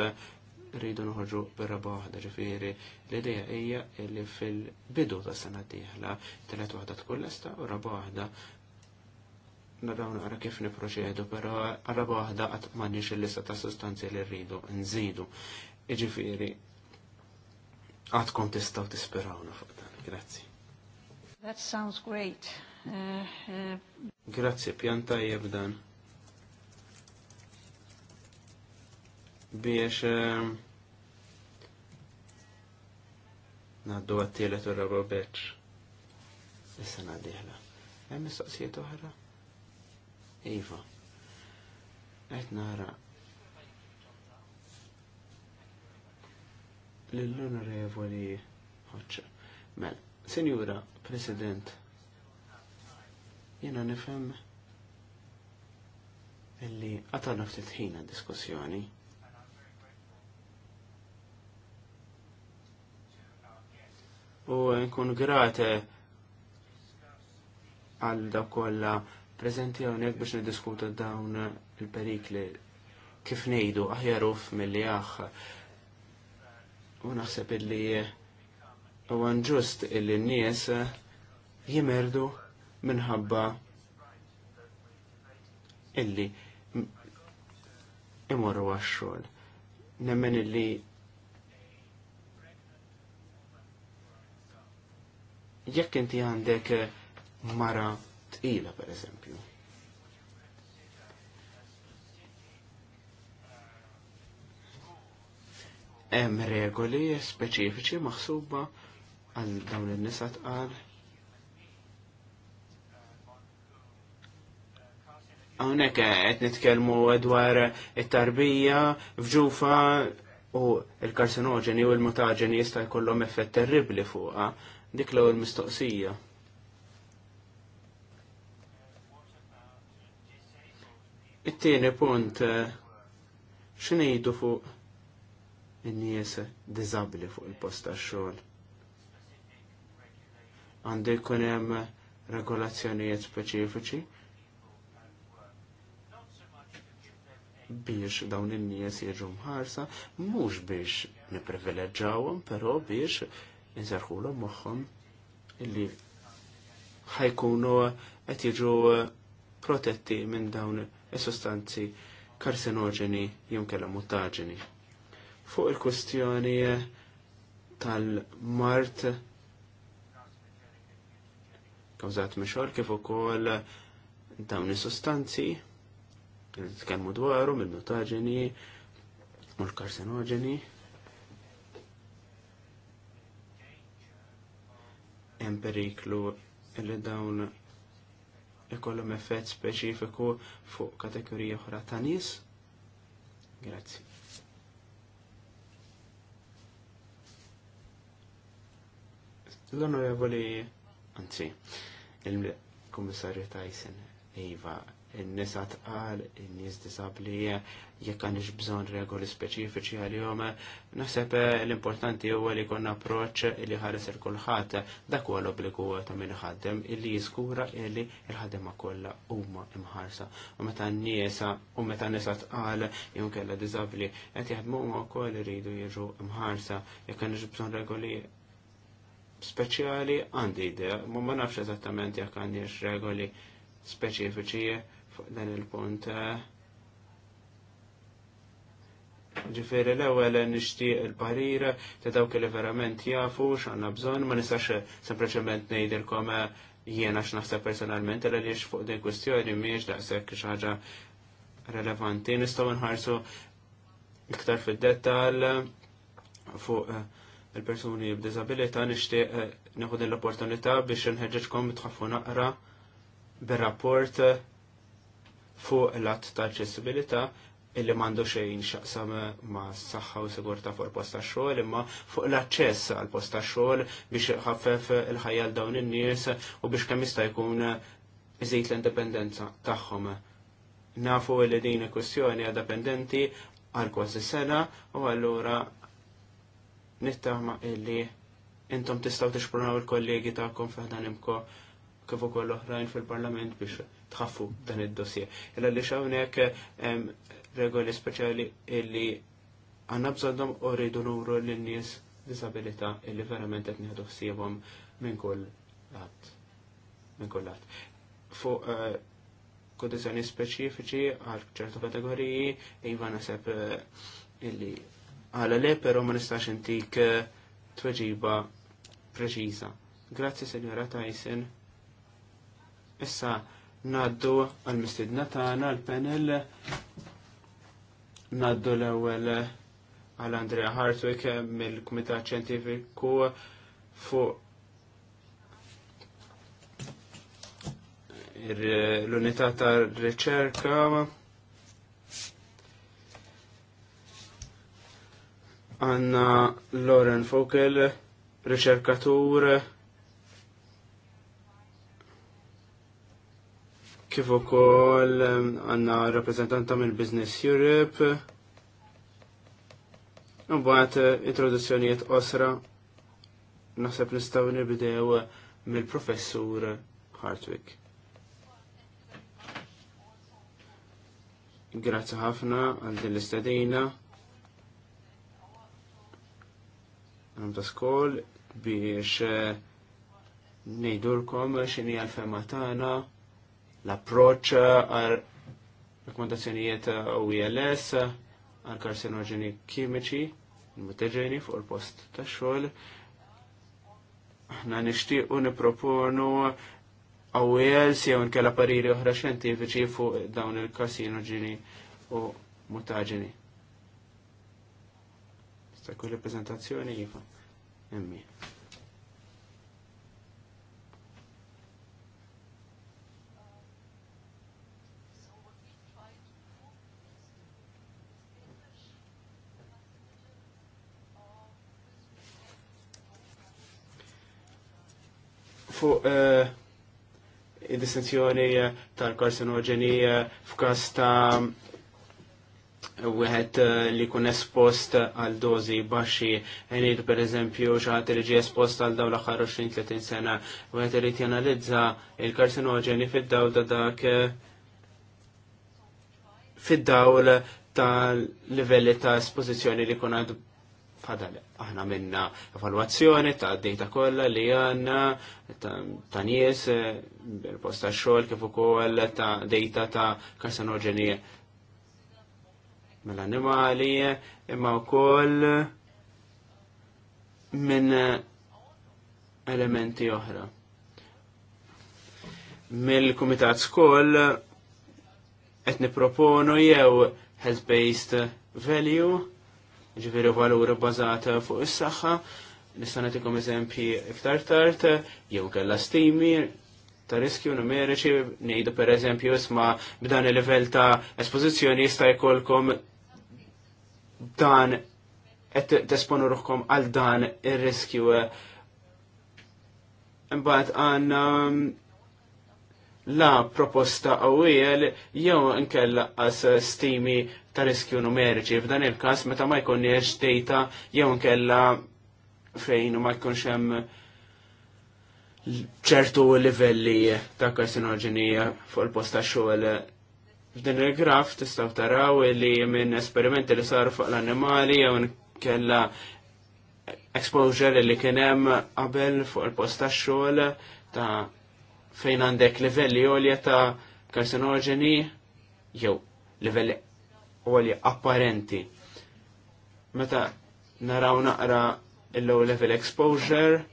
rridu noħorġu b'raba waħda ġifieri l-idea hija li fil-bidu tas sena d-dieħla telet waħda tkun lesta u raba waħda Nadawna naqra kif niproċedu, pero għarra waħda għat manniex il-lista ta' sustanzi li rridu nżidu. Iġifiri, għatkom tistaw tisperawna fuq dan. Grazzi. That sounds great. Uh, uh, Grazzi, pjanta jibdan. Biex ehm, naddu għattilet u rabu beċ. Issa naddiħla. Hemm mistoqsijiet oħra? Iva. Għet nara. L-onorevoli ħoċċa. Mel, senjura, president, jena nifem illi għata ftit ħina diskussjoni. U nkun grate għal da kolla prezenti għonek biex nidiskuta dawn il-perikli kif nejdu aħjaruf mill-li aħ. U naħseb li u għanġust illi n-nies jimerdu minħabba illi imorru għaxxol. Nemmen illi jekk inti għandek mara sent ila per eżempju. Hemm regoli speċifiċi maħsuba għal dawn in-nisa tqal Hawnhekk qed nitkellmu dwar it-tarbija fġufa u l karsinoġeni u l-mutaġeni jista' jkollhom effett terribbli fuqha dik l-ewwel mistoqsija. It-tieni punt eh, x'nejdu fuq in-nies diżabbli fuq il-post tax-xogħol. Għandu jkun hemm regolazzjonijiet speċifiċi biex dawn in-nies jiġu mħarsa, mhux biex nipprivileġġawhom, però biex inserħulhom moħħhom illi ħajkunu qed jiġu eh, protetti minn dawn sostanzi karsinogeni jew kellha mutaġeni. Fuq il-kwestjoni tal-mart kawżat mixor kif ukoll dawn is-sostanzi li tkellmu dwarhom il-mutaġeni u l-karsinogeni. Hemm periklu li dawn ikollhom effett speċifiku fuq kategorija oħra ta' nies? Grazzi. L-onorevoli, anzi, il-Kummissarju Tyson, Eva, n-nisa tqal, n-nis disabli, jekk għandix bżon regoli speċifiċi għal-jom, naħseb eh, l-importanti huwa li konna approċ li ħares il kulħadd dak huwa l-obbligu ta' minn ħaddem illi jiskura illi il-ħaddema kollha huma imħarsa. U meta n-nisa u meta n-nisa tqal jew kellha diżabbli qed jaħdmu huma wkoll iridu jiġu imħarsa jekk għandix bżon regoli speċjali għandi idea, ma nafx eżattament jekk għandix regoli speċifiċi dan il-punt. Eh. Ġifiri l-ewel nishtiq il-parir ta' dawk li verament jafu x'għandna bżonn, ma nistax sempliċement ngħidilkom eh, jiena x'naħseb personalment għaliex fuq din kwistjoni mhijiex daqshekk xi ħaġa relevanti. Nistgħu nħarsu iktar fid-dettal fuq eh, il-persuni b'diżabilità nixtieq nieħu din l-opportunità biex nħeġġeġkom tħaffu naqra bir-rapport fuq l-att ta' ċessibilita illi mandu xejn xaqsam ma' s-saxħa u sigurta fuq il-posta xogħol imma fuq l-aċċess għal posta xogħol biex ħaffef il-ħajja l dawn in-nies u biex kemm jista' jkun iżid l-indipendenza tagħhom. Nafu li din kwestjoni għad dependenti għal kważi sena u allura nittama illi intom tistaw tixpronaw il-kollegi ta' f'ħdan imko kif ukoll oħrajn fil-parlament biex tħaffu dan id-dossier. Illa li xawnek regoli speċjali illi għanna bżoddom u rridu nuru l-nies disabilita illi verament qed nieħdu ħsiebhom minn kull għat. Minn kull għat. Fuq eh, kodizjoni speċifiċi għal ċertu kategoriji, iva nasib eh, illi għala le, pero ma nistax intik eh, tweġiba preċiża. Grazzi, Senjora Tyson. Issa, naddu għal-mistidna tagħna l-panel naddu l-ewwel għal Andrea Hartwick mill-Kumitat Ċentifiku fuq l-Unità ta' ricerka għanna Lauren Fokel, ricercatore kif ukoll għandna rappreżentanta mill Business Europe. Mbagħad eh, introduzzjonijiet qosra naħseb nistgħu nibdew mill-professur Hartwick. Grazzi ħafna għal din l-istedina. Għam ta' skol biex eh, nejdurkom x'inhi għal-fema tagħna l-approċ eh, għal rekomendazzjonijiet eh, ULS e għal karsinogeni kimiċi mutaġeni fuq il-post ta' xogħol. Aħna u nipproponu e għawel si jew nkella pariri oħra xjentifiċi fuq dawn il-karsinogeni u mutaġeni. Sta' kull prezentazzjoni jifa. Emmi. fuq eh, id-distinzjoni eh, tal-karsinogeni eh, f'kas ta' wieħed li kun espost għal dozi baxxi ngħid pereżempju xi ħadd li ġie espost għal dawla aħħar 20-30 sena wieħed irid janalizza il-karsinogeni fid-dawl ta' dak fid-dawl ta' livelli ta' espożizzjoni li kun għad fadal aħna minna evalwazzjoni ta' data kollha li għandna ta' nies eh, posta xogħol kif ukoll ta' data ta' karsanogeni mill-annimali imma wkoll minn eh, elementi oħra. Mill-Kumitat Skoll qed niproponu jew health-based value ġveri valura bazata fuq is-saħħa, nista' nagħtikom eżempji iktar tard, jew kellha stimi ta' riskju numeriċi, ngħidu pereżempju isma' b'dan il-livell ta' espożizzjoni jista' jkollkom dan qed esponu ruħkom għal dan ir-riskju. Imbagħad għandna mm, la proposta għawijel jew nkella as stimi ta' riskju numeriċi. F'dan il-każ meta ma jkunniex data jew nkella fejn ma jkunx hemm ċertu livelli ta' karsinoġenija fuq il-post ta' xogħol. F'din il-graf tistgħu taraw li minn esperimenti li saru fuq l-annimali jew nkella exposure li kien hemm qabel fuq il-post ta' xogħol ta' fejn għandek livelli għolja ta' karsinoġeni jew livelli u apparenti. Meta naraw naqra il-low level exposure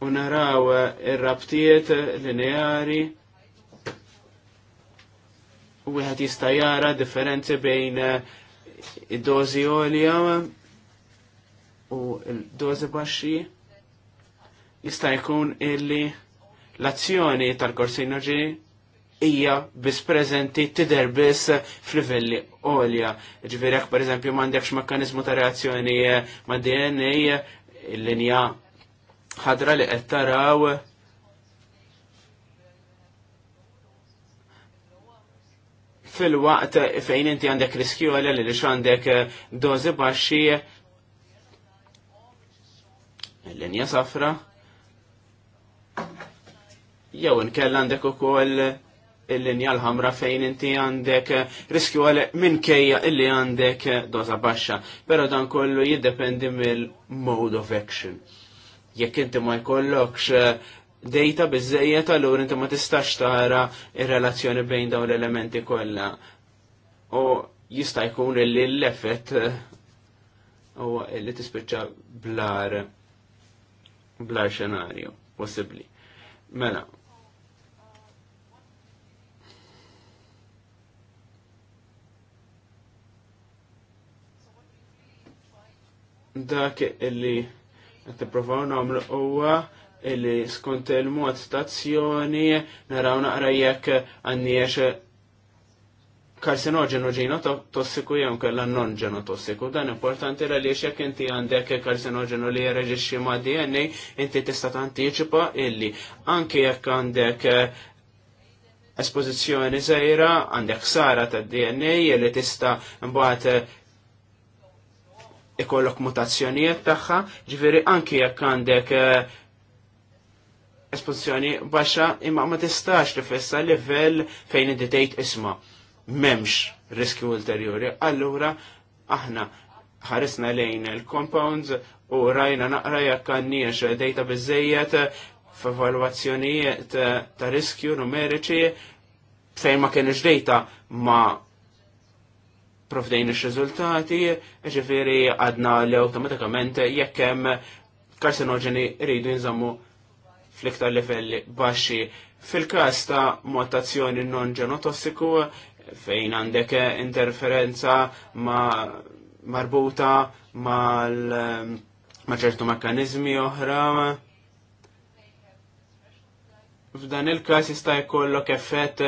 u naraw il rabtiet lineari u għed jista jara differenzi bejn id-dozi olja u il-dozi baxxi jista' jkun illi l-azzjoni tal-korsinoġi hija biss prezenti tidher biss f'livelli għolja. Ġifieri per pereżempju m'għandekx mekkanizmu ta' reazzjoni eh, ma' DNA eh, il-linja ħadra li qed taraw fil-waqt fejn inti għandek riskju għalja li lix għandek eh, dozi baxxi il linja safra jew nkella għandek ukoll il-linja l-ħamra fejn inti għandek riskju għal minn kejja illi għandek doza baxxa. Pero dan kollu jiddependi mill-mode of action. Jekk inti ma jkollokx eh, data tal allura inti ma tistax tara ir-relazzjoni bejn dawn l-elementi kollha. U jista' jkun li l-effett eh, huwa li tispiċċa blar blar xenarju possibbli. Mela, dak illi qed nippruvaw namlu uwa illi skont il-mod stazzjoni naraw naqra jekk għanniex karsinogenu ġino tossiku jew kellha non ġeno tossiku. Dan importanti għaliex jekk inti għandek karsinogenu li jereġixxi ma' DNA, inti tista' tantiċipa illi anke jekk għandek eh, espożizzjoni zejra, għandek sara ta' DNA illi tista' mbagħad eh, ikollok mutazzjonijiet tagħha, ġifieri anki jekk għandek eh, esposizjoni baxxa imma ma tistax tifissa livell fejn inti tgħid isma' m'hemmx riskju ulterjuri. Allura aħna ħarisna lejn il-compounds u rajna naqra jekk għandniex dejta biżejjed f'evalwazzjonijiet ta' riskju numeriċi fejn ma kienx dejta ma' provdejn ix-riżultati, ġifiri għadna li awtomatikament jekk hemm karsinogeni rridu jinżammu fl-iktar livelli baxxi. Fil-każ ta' mutazzjoni non ġenotossiku fejn għandek interferenza ma' marbuta mal ehm, ma' ċertu mekkanizmi oħra. F'dan il-każ jista' jkollok effett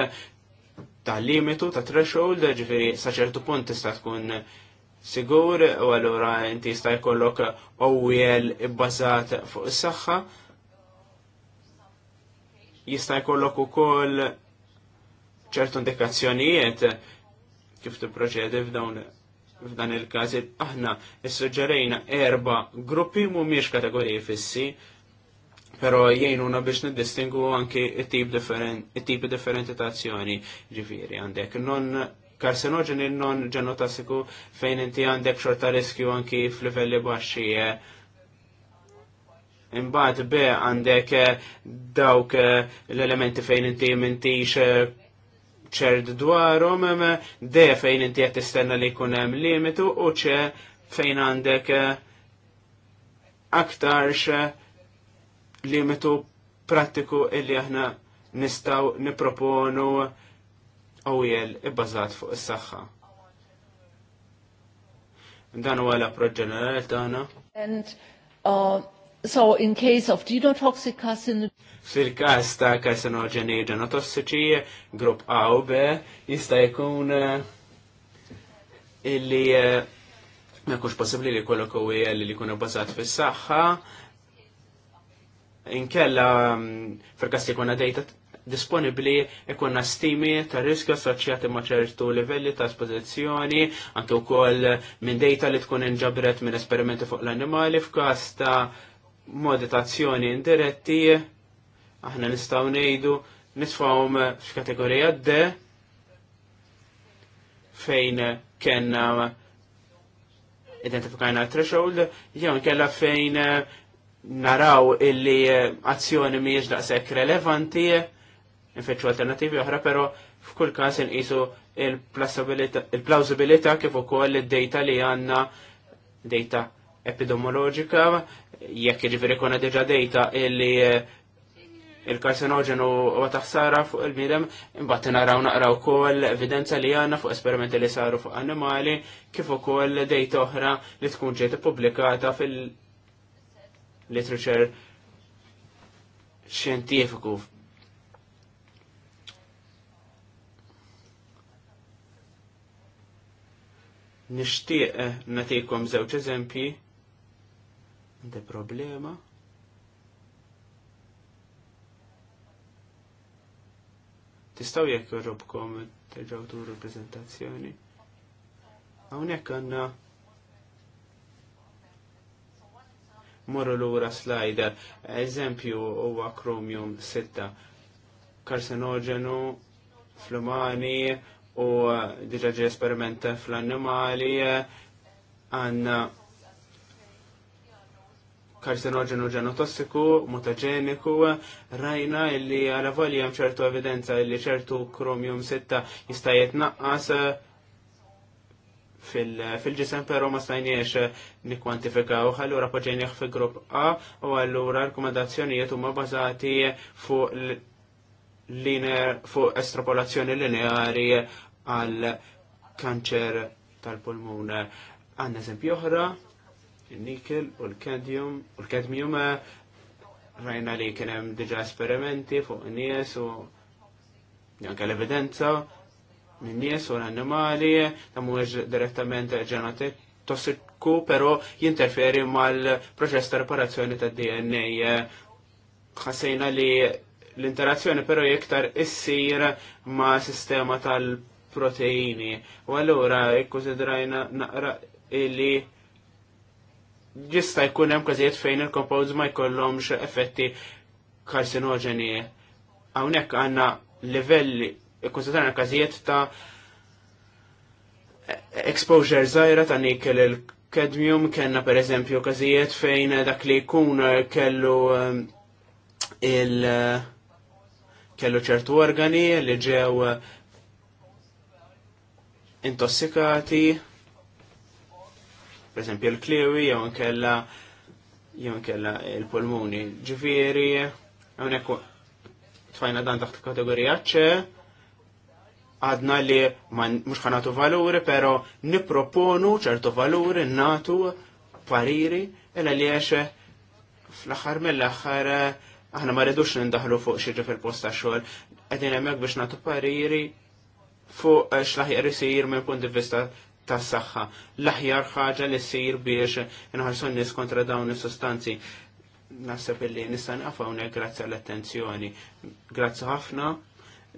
ta' limitu ta' threshold, ġifiri saċertu punt tista' tkun sigur, u għallura inti jista' jkollok OWL ibbażat fuq is-saħħa. Jista' jkollok ukoll ċertu indikazzjonijiet kif tipproċedi f'dawn f'dan il-każ aħna issuġġerejna erba' gruppi mhumiex kategoriji fissi pero jgħinuna biex niddistingu anki it-tip differenti ta' azzjoni ġifiri għandek. Non karsenogeni, non ġenotassiku fejn inti għandek xorta riskju anki f'livelli baxxi. Eh. Imbagħad be għandek eh, dawk eh, l-elementi fejn inti mintix ċerd dwarhom, de fejn inti qed tistenna li jkun hemm limitu u ċe fejn għandek aktarx limitu prattiku illi aħna nistaw niproponu għawijel ibbażat fuq is-saħħa. Dan huwa l-approċ ġenerali tagħna. And uh, so in case of genotoxic carcinogen Fil-każ ta' karsinogeni ġenotossiċi, grupp A u B jista' jkun uh, illi uh, ma jkunx possibbli li kollok u e li jkun ibbażat fis-saħħa, Inkella mm, fil li jkunna dejta disponibli ikuna stimi ta' riskju assoċjati ma' ċertu livelli ta' esposizjoni, anke wkoll minn dejta li tkun inġabret minn esperimenti fuq l-annimali f'każ ta' moditazzjoni indiretti, aħna nistgħu ngħidu nisfawhom f'kategorija D fejn kenna identifikajna threshold, jew kella fejn naraw illi eh, azzjoni miex daqshekk relevanti, nfittxu alternativi oħra, pero f'kull każ nqisu il-plausibilità kif ukoll id-data li għandna data epidemiologika, jekk jiġifieri kuna diġà data illi eh, il-karsinogenu u taħsara fuq il-bidem, imbagħad naraw naqraw ukoll evidenza li għandna fuq esperimenti li saru fuq annimali, kif ukoll dejta oħra li tkun ġiet ippubblikata fil- literature xjentifiku. Nishtiq eh, natikom żewġ eżempji għandi problema. Tistaw jekk jorobkom terġaw turu reprezentazzjoni. Hawnhekk għandna morru lura slajda. Eżempju huwa Chromium 6 karsenogenu fl-umani u diġa ġi esperimenta fl-annimali għanna karsenogenu ġenotossiku, mutageniku, rajna illi għala voljem ċertu evidenza illi ċertu kromjum 6 jista' naqqas fil-ġisem pero ma stajniex nikwantifikaw, għallura poġenjaħ fi grupp A u għallura rekomendazzjonijiet huma bazati fuq liner estrapolazzjoni lineari għal kanċer tal-pulmun. Għanna eżempju oħra, il-nikel u l-kadmium, u l-kadmium eh, rajna li kienem diġa esperimenti fuq nies u anke l-evidenza n-nies u l-annimali, ta' mhuwiex direttament ġenetik tossiku, però jinterferi mal-proċess ta' reparazzjoni ta' DNA. Ħassejna li l-interazzjoni pero jiktar issir ma' sistema tal-proteini. U allura ikkonsidrajna naqra illi ġista jkun hemm każijiet fejn il-compounds ma jkollhomx effetti karsinogeni. Hawnhekk għandna livelli ikkonsidrana każijiet ta' exposure żgħira ta' nikel il kadmium kellna pereżempju każijiet fejn dak li jkun kellu um, il kellu ċertu organi li ġew intossikati per eżempju il-kliwi jew nkella jew nkella il-pulmuni ġifieri hawnhekk tfajna dan taħt kategorija ċe għadna li mux ħanatu valuri, pero niproponu ċertu valuri, natu pariri, illa li għaxe fl-axar mill-axar eh, aħna ma ridux nindaħlu fuq xieġi fil posta xol, xogħol. Qegħdin hemmhekk biex nagħtu pariri fuq eh, x'laħjar isir minn punti vista tas saħħa. L-aħjar ħaġa li s-sir biex inħarsu nies kontra dawn is sustanzi Naħseb illi nista' għafawne grazzi għall-attenzjoni. Grazzi ħafna.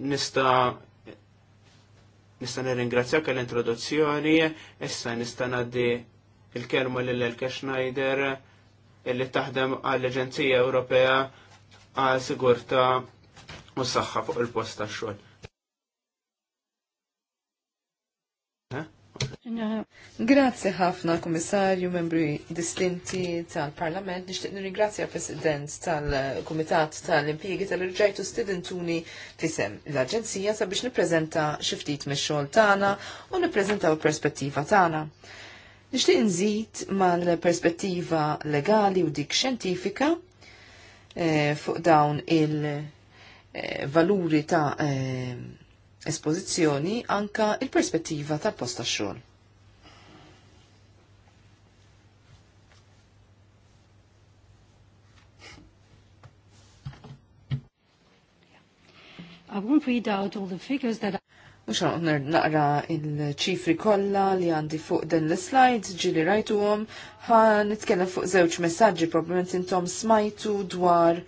Nista' Nista' nirringrazzjak għall-introduzzjoni, issa nista' ngħaddi il-kelma l Elke Schneider illi taħdem għall-Aġenzija Ewropea għal Sigurta u s-saħħa fuq il-post tax-xogħol. Grazzi ħafna komissarju, membri distinti tal-Parlament, nixtieq nirringrazzja President tal-Kumitat tal-Impjiegi tal-Irġajtu Studentuni fisem l-Aġenzija sabiex nippreżenta xi ftit mix-xogħol tagħna u nippreżentaw il-perspettiva tagħna. Nixtieq nżid mal-perspettiva legali u dik xjentifika eh, fuq dawn il-valuri eh, ta' eh, espożizzjoni anka il-perspettiva tal posta tax-xogħol. I won't read out all the figures that naqra il-ċifri kolla li għandi fuq din l-slides ġili rajtu għom, ħan nitkellem fuq zewċ messagġi probabilment intom smajtu dwar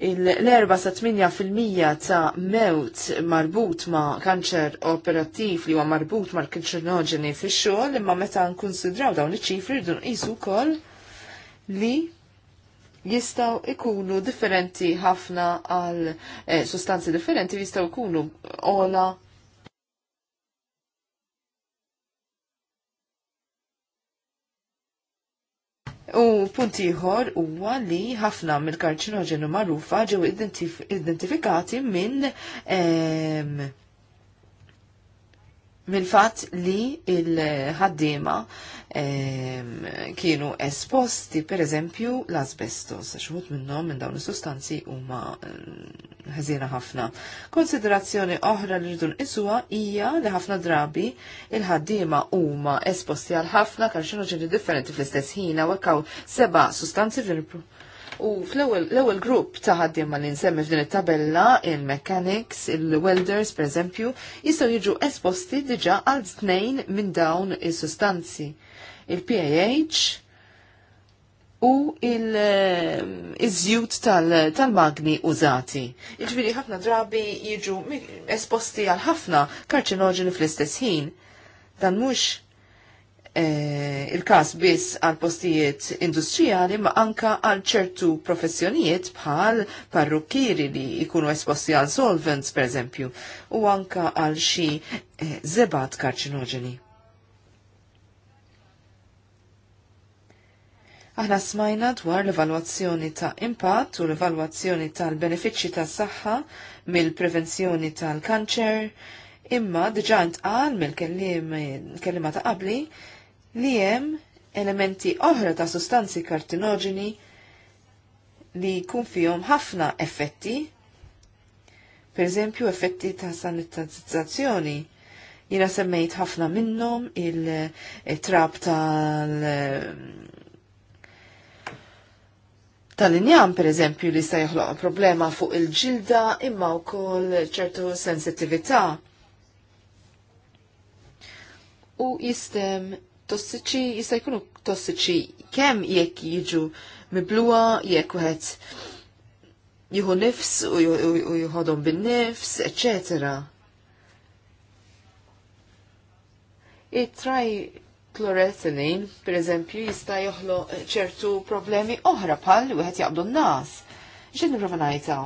l-4 sa 8% ta' mewt marbut ma' kanċer operattiv li huwa marbut l kanċernoġeni fix xogħol imma meta nkunsidraw dawn iċ-ċifri rridu nqisu wkoll li jistaw ikunu differenti ħafna għal sustanzi eh, sostanzi differenti jistaw ikunu ola U punti ħor huwa li ħafna mill-karċinoġenu magħrufa ġew identif identifikati minn mill-fat li il-ħaddima ehm, kienu esposti per eżempju l-asbestos, xħut minnom minn dawn is-sustanzi huma mm, ħazina ħafna. Konsiderazzjoni oħra li rridu isuwa hija li ħafna drabi il-ħaddiema huma esposti għal ħafna karċinoġeni differenti fl-istess ħina hawn seba' sustanzi fl U fl-ewwel grupp ta' ħaddiema li nsemmi f'din it-tabella il-mechanics, il-welders pereżempju, jistgħu jiġu esposti diġà għal tnejn minn dawn is-sustanzi. Il-PAH, u il-żjut eh, tal-magni użati. Iġviri ħafna drabi jiġu esposti għal ħafna karċinogeni fl-istess ħin. Dan mhux Eh, il-kas biss għal postijiet industrijali ma anka għal ċertu professjonijiet bħal parrukkieri li jkunu esposti għal solvents per eżempju u anka għal xi eh, zebat karċinoġeni. Aħna smajna dwar l-evalwazzjoni ta' impatt u l-evalwazzjoni tal-benefiċċji tas saħħa mill-prevenzjoni tal-kanċer, imma diġant ntqal mill-kellima ta' qabli li hemm elementi oħra ta' sostanzi kartinoġeni li jkun fihom ħafna effetti, per eżempju effetti ta' sanitizzazzjoni. Jina semmejt ħafna minnom il-trab eh, tal eh, tal-injam per eżempju li sta joħloq problema fuq il-ġilda imma wkoll ċertu sensittività. U jistem tossiċi jista' jkunu tossiċi kemm jekk jiġu mibluwa jekk wieħed jieħu nifs u jħodhom bin-nifs, eċetera. It-traj chlorethylene, per eżempju, jista' joħlo ċertu problemi oħra bħal wieħed jaqbdu n-nas. X'in nipprova ngħid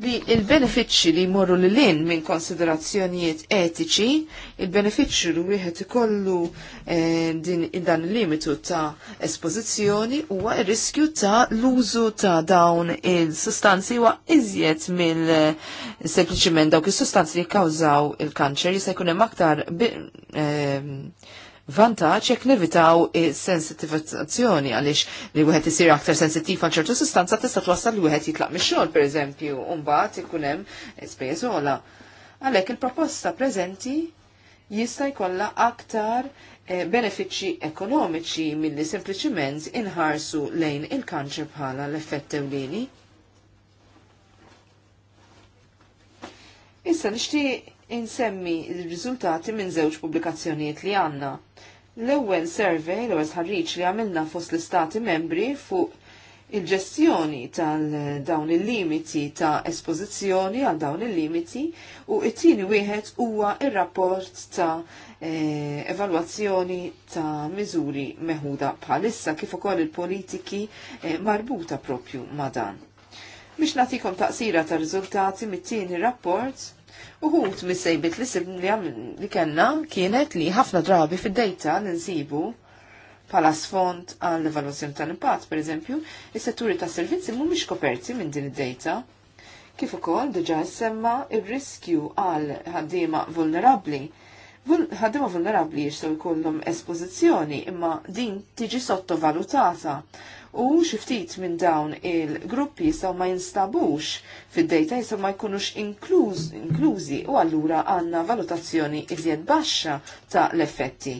li il-benefiċċji li jmorru l lin minn konsiderazzjonijiet etiċi, il-benefiċċju li wieħed ikollu eh, din dan il-limitu ta' espożizzjoni huwa r-riskju ta' l-użu ta' dawn il-sustanzi huwa iżjed mill eh, sempliċiment dawk is-sustanzi li kkawżaw il-kanċer jista' jkun hemm aktar eh, vantaġġ jekk nevitaw sensitivizzazzjoni għaliex li wieħed isir aktar sensittiv għal ċertu sustanza tista' twassal li wieħed jitlaq mix-xogħol pereżempju u mbagħad ikun hemm spejjeż ogħla. Għalhekk il-proposta preżenti jista' jkollha aktar eh, benefiċċji ekonomiċi milli sempliċiment inħarsu lejn il-kanċer bħala l-effett ewlieni. Issa nixtieq insemmi r-riżultati minn żewġ pubblikazzjonijiet li għandna. L-ewwel survey, l-ewwel ħarriġ li għamilna fost l-istati membri fuq il-ġestjoni tal-dawn il-limiti ta' espożizzjoni għal dawn il-limiti u it-tieni wieħed huwa ir-rapport ta' eh, evalwazzjoni ta' miżuri meħuda bħalissa kif ukoll il-politiki eh, marbuta propju ma' dan. Biex natikom taqsira ta' riżultati mit-tieni rapport, Uħut mis-sejbit li sibni li kellna kienet li ħafna drabi fid-dejta li nsibu pala sfond għall evalwazzjoni tal-impatt, per eżempju, is-setturi ta' servizzi mhumiex koperti minn din id-dejta. Kif ukoll diġà semma il riskju għal ħaddiema vulnerabbli. Ħaddiema vulnerabbli jistgħu jkollhom espożizzjoni imma din tiġi sottovalutata u xiftit minn dawn il-gruppi jistaw ma jinstabux fid-dejta jistaw ma jkunux inklużi u allura għanna valutazzjoni iżjed baxxa ta' l-effetti.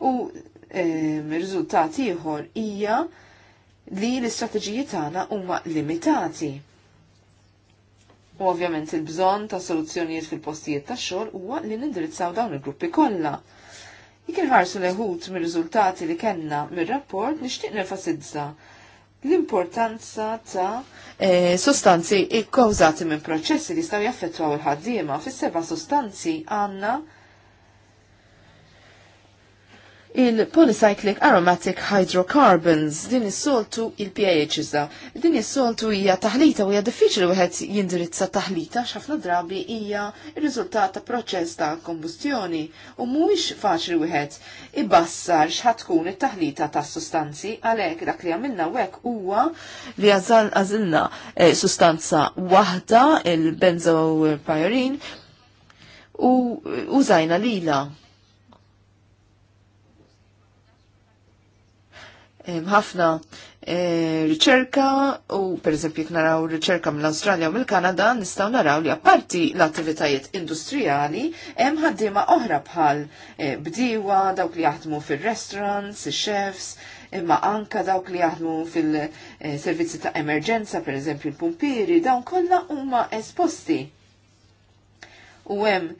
U r-riżultat ieħor hija li l-istrateġiji tagħna huma limitati. U ovvjament il-bżonn ta' soluzzjonijiet fil-postijiet tax-xogħol huwa li nindirizzaw dawn il-gruppi kollha Jek ħarsu leħut mir-riżultati li kellna mir-rapport nixtieq nefasizza l-importanza ta' e, sostanzi ikkawżati minn proċessi li staw jaffettwaw il-ħaddiema fis-seba' sostanzi għandna il-polycyclic aromatic hydrocarbons, din is-soltu il-pH iżda. Din is-soltu hija taħlita u hija diffiċli wieħed jindirizza taħlita x'ħafna drabi hija r-riżultat ta' proċess ta' kombustjoni u mhuwiex faċli wieħed ibassar x'ħad tkun it-taħlita ta' sustanzi għalhekk dak li għamilna hekk huwa li għażilna eh, sustanza waħda il-benzo u użajna lila ħafna eh, riċerka u per eżempju jek naraw riċerka mill-Awstralja u mill-Kanada nistgħu naraw li apparti l-attivitajiet industrijali hemm ħaddiema oħra bħal eh, bdiewa dawk li jaħdmu fir-restaurants, ix-chefs, imma anka dawk li jaħdmu fil-servizzi eh, ta' emerġenza, per eżempju l pumpiri dawn kollha huma esposti. U hemm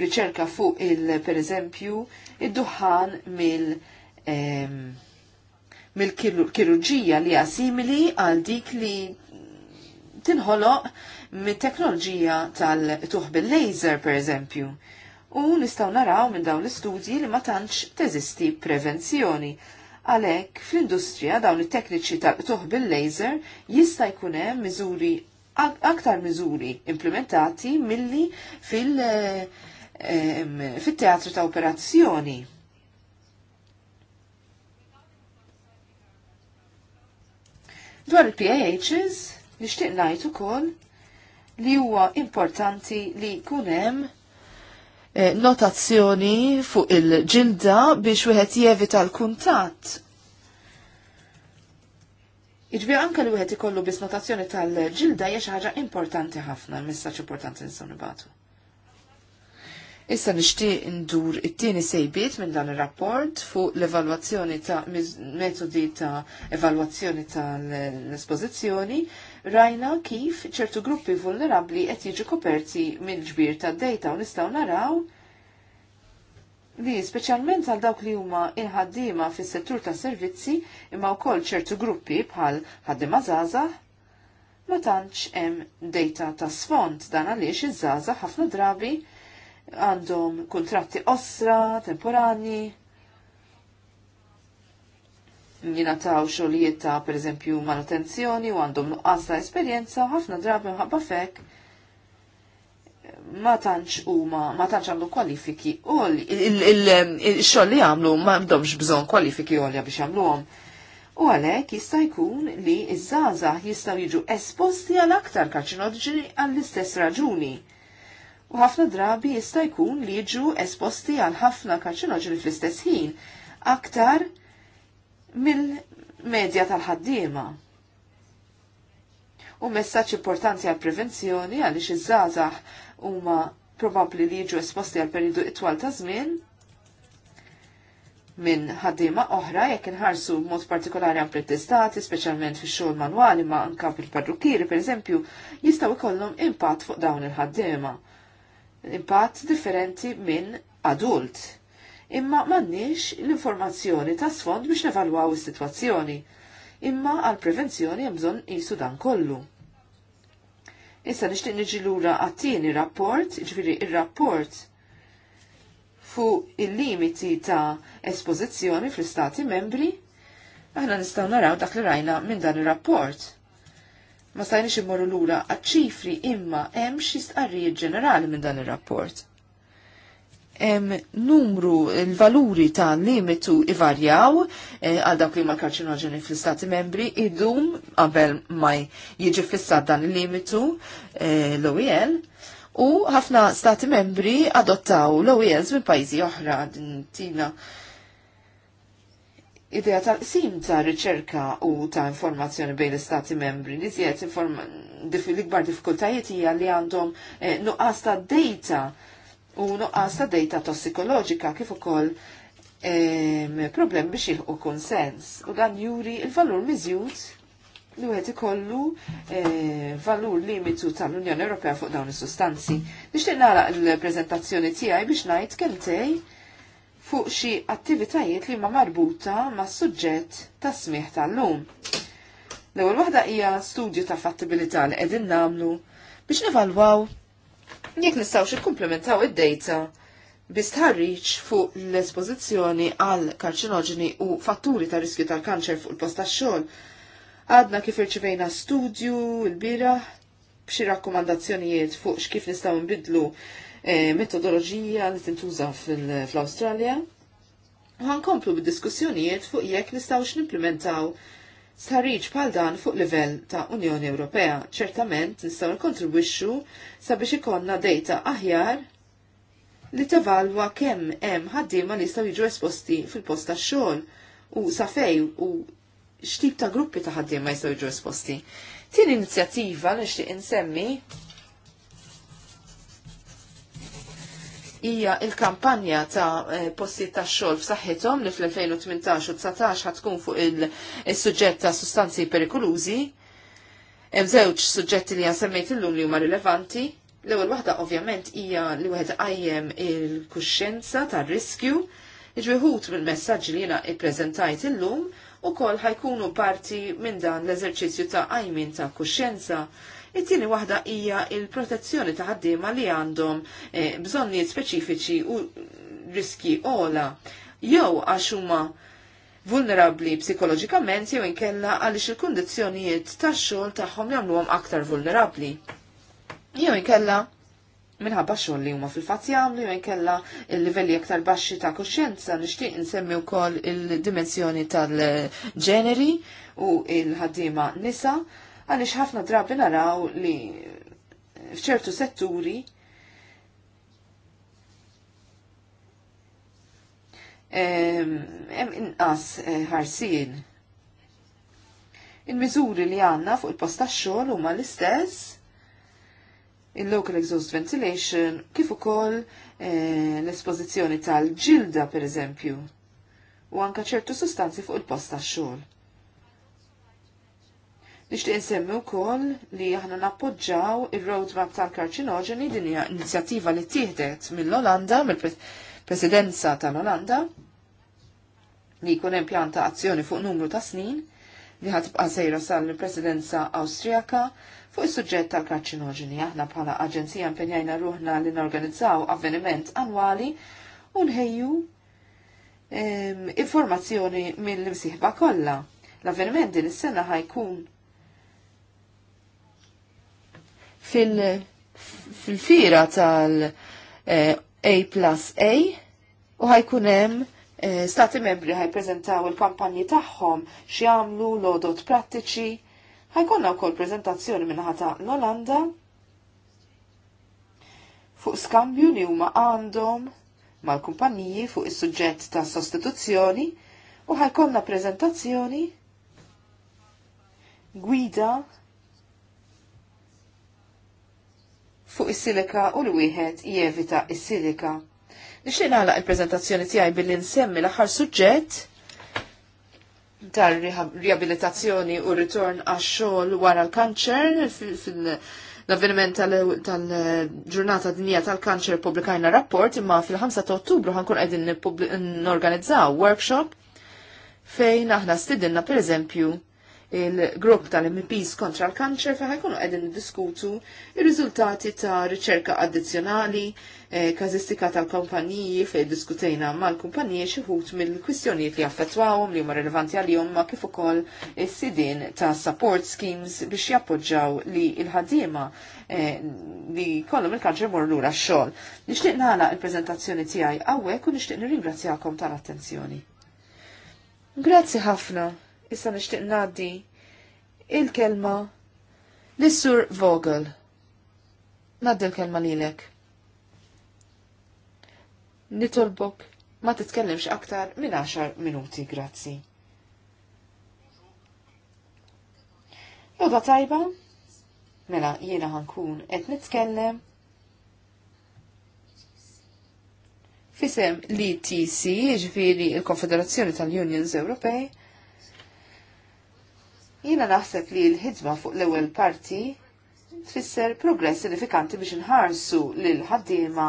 riċerka fuq il per eżempju id-duħan mill mill-kirurġija li simili għal dik li tinħoloq mit-teknoloġija tal-tuħ bil-laser, per eżempju. U nistaw naraw minn dawn l-istudji li ma tantx teżisti prevenzjoni. Għalek, fl-industrija dawn it-tekniċi tal-tuħ bil-laser jista' jkunem miżuri aktar miżuri implementati milli fil- eh, fit-teatru ta' operazzjoni Dwar il-PAHs, nixtieq ngħid ukoll li huwa importanti li jkun hemm eh, notazzjoni fuq il-ġilda biex wieħed jevita l-kuntatt. Iġbi anke li wieħed ikollu biss notazzjoni tal-ġilda hija xi ħaġa importanti ħafna, messaġġ importanti nistgħu nibatu. Issa nixtieq ndur it-tieni sejbiet minn dan ir-rapport fuq l-evalwazzjoni ta' metodi ta' evalwazzjoni tal-espożizzjoni rajna kif ċertu gruppi vulnerabbli qed jiġu koperti mill-ġbir tad-dejta u nistgħu naraw li speċjalment għal dawk li huma inħaddiema fis-settur ta' servizzi imma wkoll ċertu gruppi bħal ħaddiema żgħażagħ ma tantx hemm data ta' sfond dan għaliex iż-żgħażagħ ħafna drabi għandhom kontratti osra, temporani, jina taw xolijiet ta' per eżempju manutenzjoni u għandhom nuqqas ta' esperienza ħafna drabi mħabba fek ma tantx huma ma tantx għamlu kwalifiki u il xol li għamlu ma għamdomx bżonn kwalifiki għolja biex jagħmluhom. U għalhekk jista' jkun li ż-żgħażagħ jistgħu jiġu esposti għal aktar karċinoġeni għall-istess raġuni u ħafna drabi jista' jkun li jiġu esposti għal ħafna karċinoġeni fl-istess ħin aktar mill-medja tal-ħaddiema. U messaċ importanti għal prevenzjoni għaliex iż-żgħażagħ huma probabbli li jiġu esposti għal periodu itwal ta' żmien minn ħaddiema oħra jekk inħarsu mod partikolari għan pretestati, speċjalment fi xogħol manwali ma' anka fil-parrukkieri pereżempju, jistgħu jkollhom impatt fuq dawn il-ħaddiema impatt differenti minn adult. Imma m'għandniex l-informazzjoni ta' sfond biex nevalwaw is-sitwazzjoni. Imma għal prevenzjoni hemm bżonn qisu dan kollu. Issa nixtieq niġi lura għat-tieni rapport, ġifieri ir-rapport fu il-limiti ta' espożizzjoni fl-istati membri, aħna nistgħu naraw dak li rajna minn dan ir-rapport ma stajniex immorru lura għaċ-ċifri imma hemm xi stqarrijiet ġenerali minn dan ir-rapport. Hemm numru l-valuri ta' limitu ivarjaw eh, għal dawk li ma karċinoġeni fl-istati membri idum qabel ma jiġi fissat dan il-limitu eh, l-OEL u ħafna stati membri adottaw l oel minn pajjiżi oħra din tina idea tal-qsim ta' riċerka u ta' informazzjoni bejn l-istati membri li tiegħed l-ikbar diffikultajiet hija li għandhom eh, nuqqas ta' data u nuqqas ta' data tossikoloġika kif ukoll ehm, problem biex jilħu konsens u dan juri il-valur miżjud li wieħed ikollu eh, valur limitu tal-Unjoni Ewropea fuq dawn is-sustanzi. Nixtieq nara l-preżentazzjoni tiegħi biex ngħid kemm tej fuq xi attivitajiet li ma marbuta mas suġġett ta' smieħ tal-lum. L-ewwel waħda hija studju ta' fattibilità li qegħdin nagħmlu biex nivalwaw jekk xi ikkumplementaw id-data biex tħarriġ fuq l-espożizzjoni għal karċinoġeni u fatturi ta' riskju tal-kanċer fuq il-post tax-xogħol. Għadna kif irċivejna studju l-bira b'xi rakkomandazzjonijiet fuq x'kif nistgħu nbidlu Eh, metodoloġija li tintuża fl-Awstralja. Ħankomplu bid-diskussjonijiet fuq jekk nistgħux nimplementaw Sarriġ pal dan fuq livell ta' Unjoni Ewropea ċertament nistgħu kontribwixxu sabiex ikonna data aħjar li tevalwa kemm hemm ħaddiema li jistgħu jiġu esposti fil-post tax-xogħol u sa fej u x'tip ta' gruppi ta' ħaddiema jistgħu jiġu esposti. Tieni inizjattiva li nixtieq insemmi hija il-kampanja ta' eh, postijiet ta' xogħol f'saħħithom li fl-2018 u 19 ħatkun fuq il-suġġett ta' sustanzi perikolużi. Hemm żewġ suġġetti li semmejt illum li huma rilevanti. L-ewwel waħda ovvjament hija li wieħed qajjem il-kuxjenza tar-riskju Iġbiħut mill-messagġ li jiena i-prezentajt illum u kol ħajkunu parti minn dan l-eżerċizzju ta' għajmin ta' kuxjenza It-tieni waħda hija il-protezzjoni ta' ħaddiema li għandhom eh, bżonnijiet speċifiċi u riski ola jew għax huma vulnerabli psikoloġikament jew inkella għaliex il-kundizzjonijiet tax-xogħol tagħhom jagħmluhom aktar vulnerabbli. Jew inkella minħabba xogħol li huma fil-fatt jagħmlu jew inkella livelli aktar baxxi ta' kuxjenza nixtieq insemmi wkoll il-dimensjoni tal-ġeneri u il-ħaddiema nisa għaliex ħafna drabi naraw li f'ċertu setturi hemm inqas eh, ħarsien. Il-miżuri li għandna fuq il-post tax-xogħol huma l-istess il-local exhaust ventilation kif ukoll eh, l-espożizzjoni tal-ġilda pereżempju u anka ċertu sustanzi fuq il-post tax-xogħol. Nixtieq insemmi wkoll li aħna nappoġġaw ir-roadmap tal-karċinoġeni din hija inizjattiva li tieħdet mill-Olanda, mill-Presidenza tal-Olanda, li jkun hemm pjanta azzjoni fuq numru ta' snin li ħatibqa' sejra sal-Presidenza Awstrijaka fuq is-suġġett tal-karċinoġeni. Aħna bħala aġenzija impenjajna ruħna li norganizzaw avveniment annwali u nħejju informazzjoni mill-imsieħba kollha. L-avveniment din is-sena ħajkun fil-fira tal-A eh, plus A u ħajkunem eh, stati membri prezentaw il-kampanji tagħhom x'jagħmlu lodot prattiċi. Ħajkonna wkoll prezentazzjoni ħata l-Olanda fuq skambju li huma għandhom mal kumpanniji fuq is-suġġett ta' sostituzzjoni u ħajkollna prezentazzjoni gwida fuq is-silika u l-wieħed jevita is-silika. Nixtieq nagħlaq il-preżentazzjoni tiegħi billi nsemmi l-aħħar suġġett tar-riabilitazzjoni u ritorn għax-xogħol wara l-kanċer fil-avveniment tal-ġurnata dinja tal-kanċer publikajna rapport imma fil-5 ta' Ottubru ħankun qegħdin organizzaw workshop fejn aħna stidilna pereżempju il-grupp tal-MPs kontra l-kanċer fejn ħajkunu qegħdin diskutu il riżultati ta' riċerka addizzjonali, eh, kazistika każistika tal-kumpaniji fejn diskutejna mal-kumpaniji xi wħud mill-kwistjonijiet li affettwawhom li huma rilevanti għalihom ma kif ukoll is-sidin ta' support schemes biex jappoġġaw li l-ħaddiema eh, li kollhom il-kanċer mor lura x-xogħol. Nixtieq nagħlaq il-preżentazzjoni tiegħi hawnhekk u nixtieq nirringrazzjakom tal-attenzjoni. Grazzi ħafna issa nixtieq ngħaddi il-kelma lis-Sur Vogel. Ngħaddi l-kelma lilek. Nitolbok ma titkellimx aktar minn 10 minuti, grazzi. Loda iva, tajba, mela jiena ħankun qed nitkellem fisem li TC, ġifiri il-Konfederazzjoni tal-Unions Ewropej, Jiena naħseb li l-ħidma fuq l-ewwel parti tfisser progress sinifikanti biex nħarsu lil ħaddiema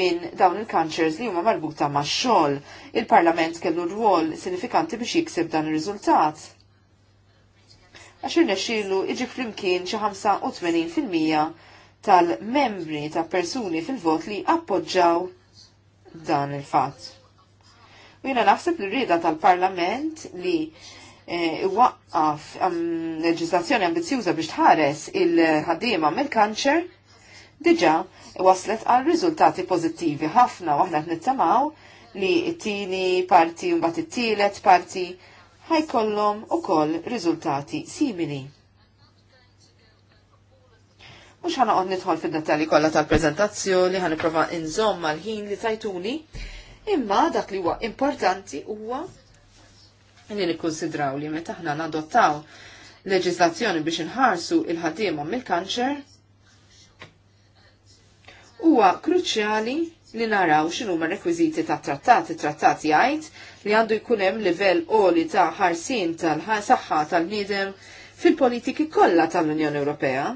minn dawn il-kanċers li huma marbuta ma' xogħol. Il-Parlament kellu rwol sinifikanti biex jikseb dan ir-riżultat. Għax irnexxielu iġi flimkien xi 85% tal-membri ta' persuni fil-vot li appoġġaw dan il-fatt. U jiena naħseb li rieda tal-Parlament li Eh, iwaqqaf leġislazzjoni ambizjuża biex tħares il-ħaddiema mill-kanċer diġa waslet għal riżultati pożittivi ħafna u aħna nittamaw li t-tini parti u mbagħad it-tielet parti ħajkollhom ukoll riżultati simili. Mux ħana għod nidħol fil-dettali kolla tal-prezentazzjoni, ħana prova inżomma l-ħin li tajtuni, imma dak li huwa importanti huwa li nikkonsidraw li meta aħna nadottaw leġislazzjoni biex inħarsu il-ħaddiema mill-kanċer huwa kruċjali li naraw x'inhu rekwiżiti ta' trattati trattati jgħid li għandu jkun hemm livell qoli ta' ħarsin tal-saħħa tal-bniedem fil-politiki kollha tal-Unjoni Ewropea.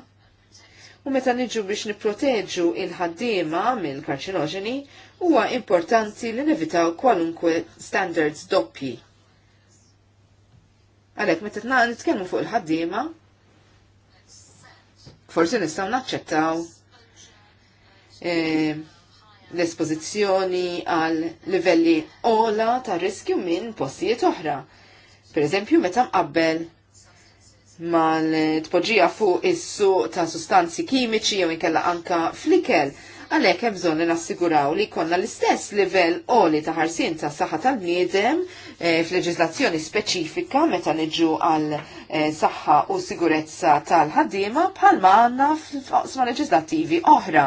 U meta niġu biex nipproteġu il-ħaddiema mill-karċinoġeni, huwa importanti li nevitaw kwalunkwe standards doppji Għalek, meta tna nitkellmu fuq il-ħaddiema, forsi nistgħu naċċettaw eh, l-espożizzjoni għal livelli ola ta' riskju minn postijiet oħra. Per eżempju, meta mqabbel mal-tpoġija fuq is-suq ta' sustanzi kimiċi jew inkella anka flikel. Għalhekk hemm bżonn nassiguraw li jkollna l-istess livell oli ta' ħarsien ta' saħħa tal-bniedem Eh, f'leġislazzjoni speċifika meta niġu għal eh, saħħa u sigurezza tal-ħaddiema bħalma għandna f'qosma leġislattivi oħra.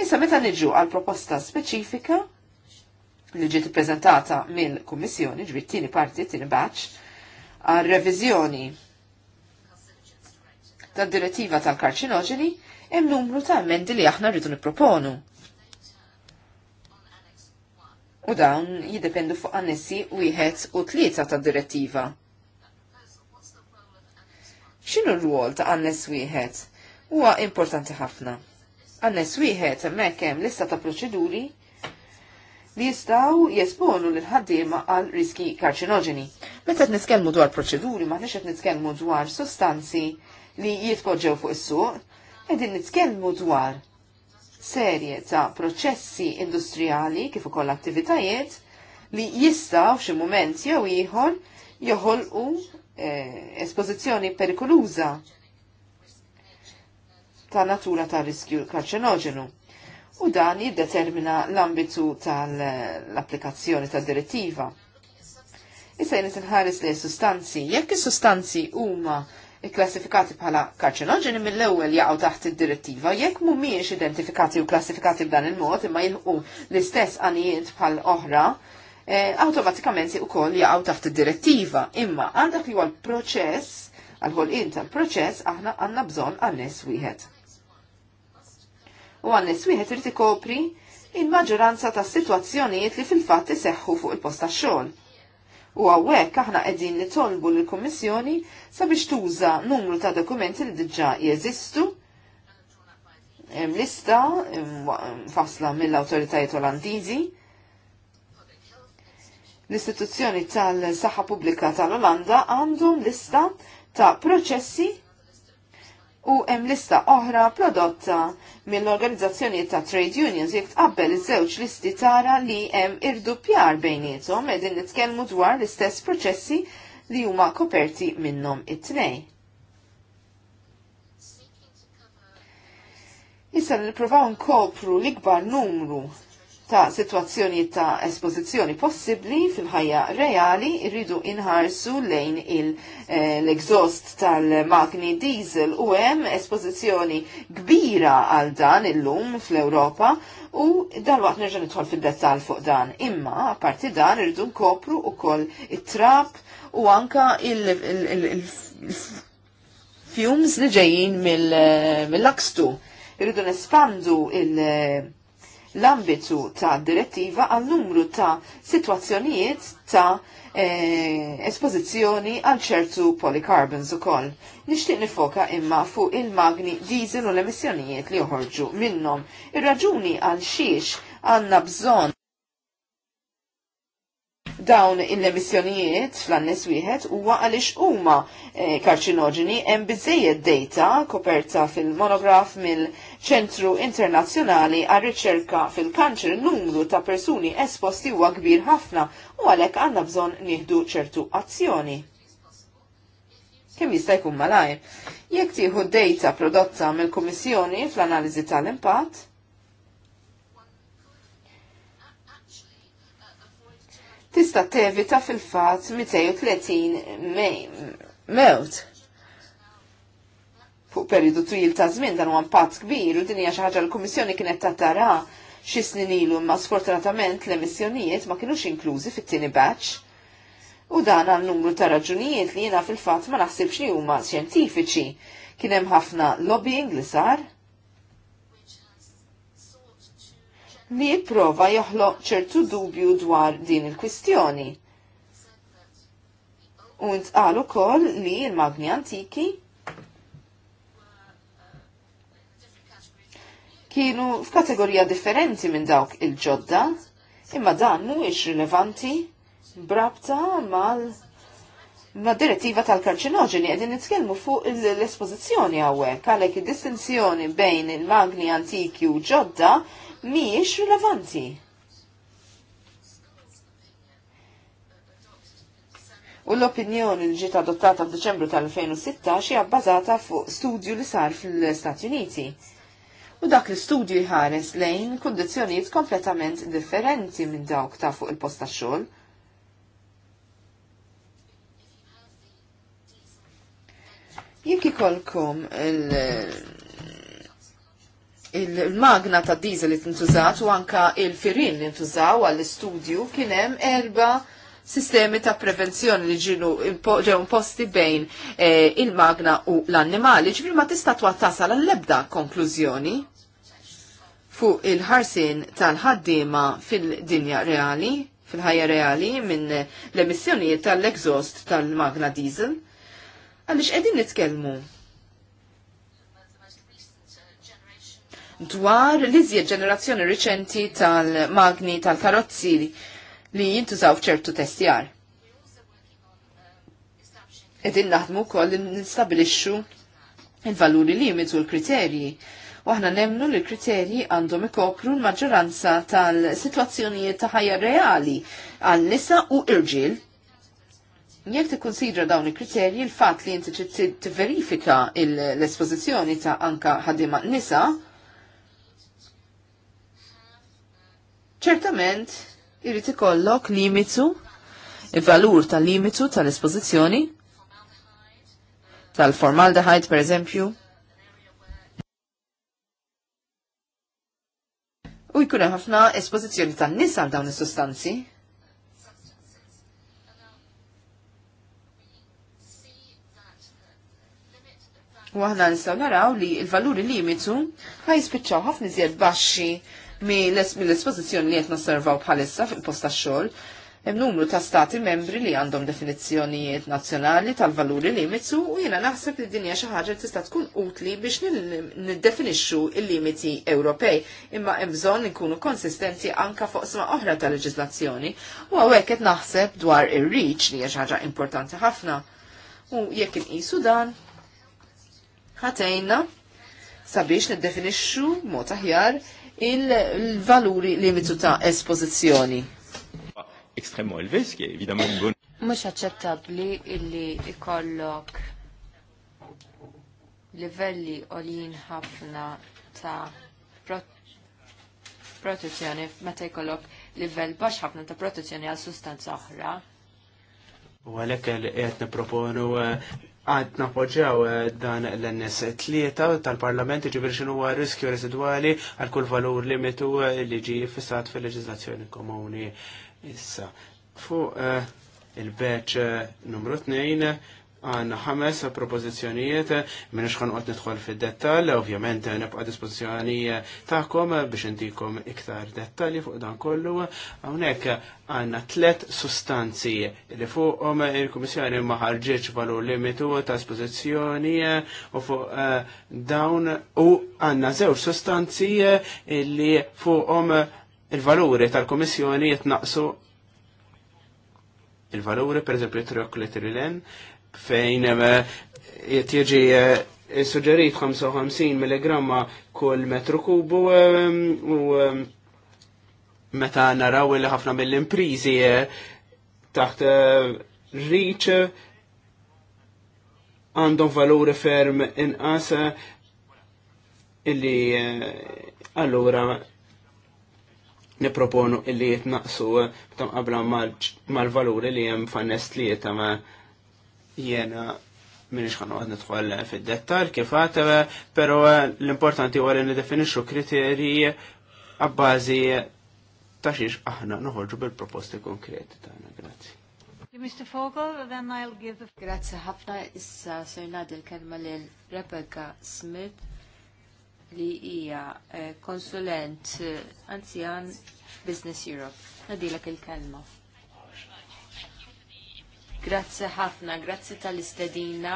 Issa meta niġu għal proposta speċifika li ġiet ippreżentata mill-Kummissjoni, ġbi tieni parti, tieni batch, għal reviżjoni tad-direttiva tal-karċinoġeni, hemm numru ta' emendi li aħna rridu nipproponu u dawn jiddependu fuq annessi wieħed u tlieta ta' direttiva. X'inhu r-rwol ta' annes wieħed? Huwa importanti ħafna. Annes wieħed hemmhekk hemm lista ta' proċeduri li jistgħu jesponu lil ħaddiema għal riski karċinoġeni. Meta qed nitkellmu dwar proċeduri ma qed nitkellmu dwar sostanzi li jitpoġġew fuq is-suq, qegħdin nitkellmu dwar serje ta' proċessi industrijali kif ukoll attivitajiet li jista' f'xi mument jew ieħor joħolqu eh, espożizzjoni perikoluża ta' natura ta' riskju karċenogenu. U dan jiddetermina l-ambitu tal-applikazzjoni tad-direttiva. Issa jenis nħares li sustanzi, jekk is-sustanzi huma klassifikati bħala karċinoġeni mill-ewwel jaqgħu taħt id-direttiva jekk mhumiex identifikati u klassifikati b'dan il-mod imma jilħu l-istess għanijiet bħal oħra, eh, awtomatikament ukoll jaqgħu taħt id-direttiva. Imma għandak li huwa l-proċess għal-ħolqien tal-proċess aħna għandna bżonn għan-nies wieħed. U għan-nies wieħed irid ikopri il-maġġoranza tas-sitwazzjonijiet li fil-fatt iseħħu fuq il-post tax-xogħol U għawek aħna qegħdin nitolbu lill-Kummissjoni sabiex tuża numru ta' dokumenti li diġà jeżistu lista fasla mill-awtoritajiet Olandiżi l-istituzzjoni tal-saħħa pubblika tal-Olanda għandhom lista ta' proċessi u hemm lista oħra prodotta mill-organizzazzjoni ta' trade unions jekk tqabbel iż-żewġ listi tara li hemm irdupjar bejniethom qegħdin nitkellmu dwar l-istess proċessi li huma koperti minnhom it tnejn Issa nippruvaw nkopru l-ikbar numru ta' situazzjoni ta' espożizzjoni possibbli fil-ħajja reali irridu inħarsu lejn eh, l-exhaust tal-magni diesel u hemm espożizzjoni kbira għal dan illum fl-Ewropa u dal-waqt nerġa' nidħol fid-dettall fuq dan. Imma apparti dan irridu nkopru wkoll it-trap u anka il-fumes li ġejjin mill-akstu. Eh, irridu nespandu il-, eh, l-ambitu ta' direttiva għal numru ta' situazzjonijiet ta' eh, espożizzjoni għal ċertu polycarbons ukoll. Nixtieq nifoka imma fuq il-magni diesel u l-emissjonijiet li joħorġu minnhom. Ir-raġuni għal xiex għandna bżonn dawn il emissjonijiet fl-annes wieħed huwa għaliex huma eh, karċinoġeni hemm biżejjed data koperta fil-monograf mill ċentru internazzjonali għar riċerka fil-kanċer numru ta' persuni esposti huwa kbir ħafna u għalhekk għandna bżonn nieħdu ċertu azzjoni. Kemm jista' jkun malajr? Jekk tieħu data prodotta mill-Kummissjoni fl-analiżi tal-impatt, tista' tevita fil-fatt 230 mewt. Me fuq periodu twil ta' żmien dan huwa impatt kbir u din hija xi ħaġa l-Kummissjoni kienet tattara xi snin ilu imma sfortunatament l-emissjonijiet ma kinux inklużi fit-tieni batch. U dan għal numru ta' raġunijiet li jiena fil-fatt ma naħsibx li huma xjentifiċi. Kien hemm ħafna lobbying li sar li jipprova joħloq ċertu dubju dwar din il-kwistjoni. U ntqal ukoll li l-magni antiki kienu f'kategorija differenti minn dawk il-ġodda, imma dan mhuwiex rilevanti brabta mal ma direttiva tal-karċinoġeni qegħdin nitkellmu fuq l-espożizzjoni hawnhekk għalhekk id-distinzjoni bejn il-magni antiki u ġodda mhijiex rilevanti. U l-opinjoni li ġiet adottata f'Diċembru tal-2016 hija bbażata fuq studju li sar fl istati Uniti u dak l-istudju jħares lejn kundizzjonijiet kompletament differenti minn dawk ta' fuq il posta xogħol. Jekk ikolkom il-magna ta' diesel li tintużat u anka il-firin li ntużaw għall-istudju kien hemm erba' sistemi ta' prevenzjoni li ġinu ġew imposti bejn eh, il-magna u l-annimali, ġifri ma tista' twattasal l ebda konklużjoni fuq il-ħarsin tal-ħaddiema fil-dinja reali, fil-ħajja reali minn l-emissjonijiet tal-exhaust tal-magna diesel. Għaliex qegħdin nitkellmu dwar l-iżjed ġenerazzjoni riċenti tal-magni tal-karozzi li jintużaw ċertu testjar. Edin naħdmu koll li nistabilixxu il-valuri limitu u l-kriterji. U aħna nemnu li l-kriterji għandhom ikopru l-maġġoranza tal-sitwazzjonijiet ta' ħajja reali għal nisa u irġil. Jekk tikkunsidra dawn il-kriterji l-fatt li inti tiverifika l-espożizzjoni ta' anka ħaddiema nisa, ċertament irrid ikollok limitu, il-valur tal-limitu tal-espożizzjoni tal-formaldehyde per eżempju. U jkun hemm ħafna espożizzjoni tan-nies għal dawn is-sustanzi. U aħna nistgħu naraw li l-valuri limitu ħaj ħajspiċċaw ħafna iżjed baxxi mill-esposizjoni li qed nosservaw bħalissa fil posta tax-xogħol, hemm numru ta' stati membri li għandhom definizzjonijiet nazzjonali tal-valuri limitsu u jiena naħseb li dinja xi ħaġa tista' tkun utli biex niddefinixxu il-limiti Ewropej, imma hemm bżonn inkunu konsistenti anka fuq sma oħra ta' leġiżlazzjoni u hawnhekk qed naħseb dwar ir-reach li hija xi ħaġa importanti ħafna. U jekk inqisu dan, ħatejna sabiex niddefinixxu mod aħjar il-valuri limitu ta' espożizzjoni. Ekstremo il-veski, evidament bon. Mux aċċettabli illi ikollok livelli olin ħafna ta' protezzjoni meta jkollok livell bax ħafna ta' protezzjoni għal sustanza oħra. U għalhekk li qed għad napoġġaw eh, dan l-NS tlieta tal-Parlament ġibir xinu huwa riskju residwali għal kull valur limitu eh, li ġi fissat fil-leġizlazzjoni komuni issa. Fuq eh, il-beċ numru 2 għanna ħames propozizjonijiet minn xħan għot nidħol fi dettal ovvjament nibqa dispozizjoni taħkom biex intikom iktar dettali fuq dan kollu. Hawnhekk għanna tlet sustanzi li fuqhom il-Kummissjoni ma ħarġitx valur limitu ta' espożizzjoni u fuq eh, dawn u għanna żewġ sustanzi li fuqhom il-valuri tal-Kummissjoni jitnaqsu il-valuri, per eżempju, triokletrilen, fejn jtieġi suġerit 55 mg kull metru kubu eh, u eh, meta naraw li ħafna mill-imprizi eh, taħt riċ għandhom valuri ferm inqas illi allura niproponu illi jitnaqsu tam qabla mal-valuri li jem fannest li jitama jena minix ħan għad nitħol fil-dettal kif għatebe, pero l-importanti għal li definixu kriteri għabbazi ta' xiex aħna noħorġu bil-proposti konkreti tagħna. Grazzi. Mr. Fogel, then I'll give the... Grazie ħafna issa sernad il-kelma lil Rebecca Smith li hija eh, konsulent eh, anzjan Business Europe. Nadilek il-kelma. Grazzi ħafna, grazzi tal-istedina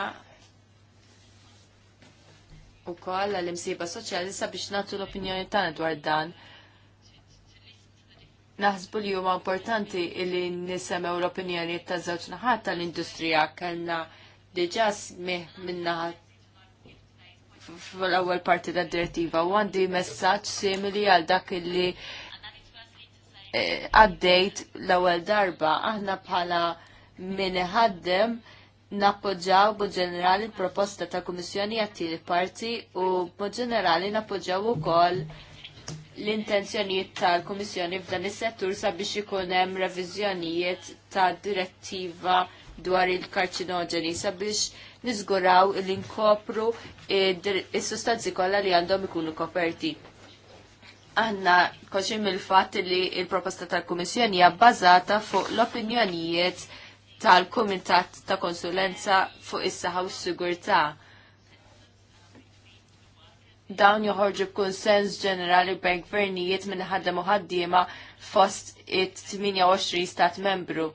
u koll għal-imsiba soċjali sabiex natu l-opinjoni tagħna dwar dan. Naħsbu li huma importanti li nisemew l-opinjoni ta' żewġ naħat tal-industrija kellna diġà smih minna fl-ewwel parti tad direttiva u għandi messaġġ simili għal dak li eh, għaddejt l-ewwel darba aħna bħala min ħaddem nappoġġaw bu ġenerali l-proposta ta' Kummissjoni għattili parti u bu ġenerali nappoġġaw ukoll l-intenzjonijiet tal-Kummissjoni f'dan is-settur sabiex ikun hemm reviżjonijiet ta' direttiva dwar il-karċinoġeni sabiex niżguraw li nkopru il sustanzi kollha li għandhom ikunu koperti. Għanna koxim il-fatt li il-proposta tal-Kummissjoni hija bbażata fuq l-opinjonijiet tal-Kumitat ta' Konsulenza fuq is saħħa u s-Sigurtà. Dawn joħorġu konsens ġenerali bejn gvernijiet minn u ħaddiema fost it-28 stat membru.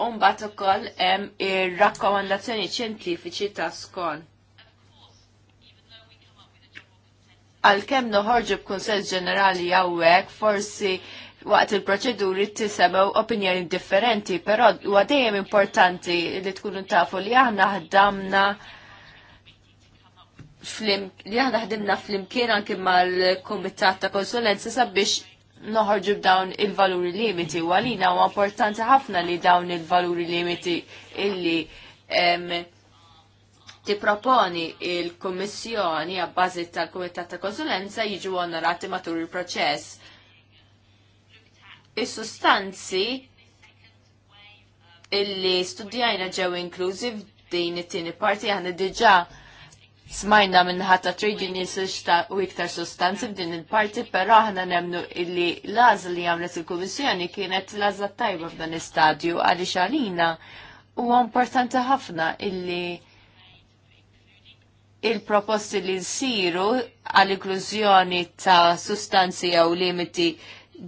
Umbat ukoll hemm ir-rakkomandazzjoni ċientifiċi ta' skon. Għalkemm noħorġu b'kunsens ġenerali hawnhekk forsi waqt il-proċeduri tisebew opinjoni differenti, però huwa dejjem importanti li tkun tafu li aħna ħdamna li aħna ħdimna fl-imkien anke mal-Kumitat ta' Konsulenza sabiex noħorġu b'dawn il-valuri limiti u għalina huwa importanti ħafna li dawn il-valuri limiti illi tipproponi il-Kummissjoni għabbażi tal-Kumitat ta' Konsulenza jiġu onorati matul il-proċess Is-sustanzi illi studjajna ġew inklużi f'din it-tieni parti aħna diġà smajna minnħat ta' trade unions u iktar sustanzi f'din il-parti, però aħna nemnu illi l-għażla li għamlet il-Kummissjoni kienet l-għażla tajba f'dan istadju għaliex għalina huwa importanti ħafna illi il-proposti li nsiru għall-inklużjoni ta' sustanzi jew limiti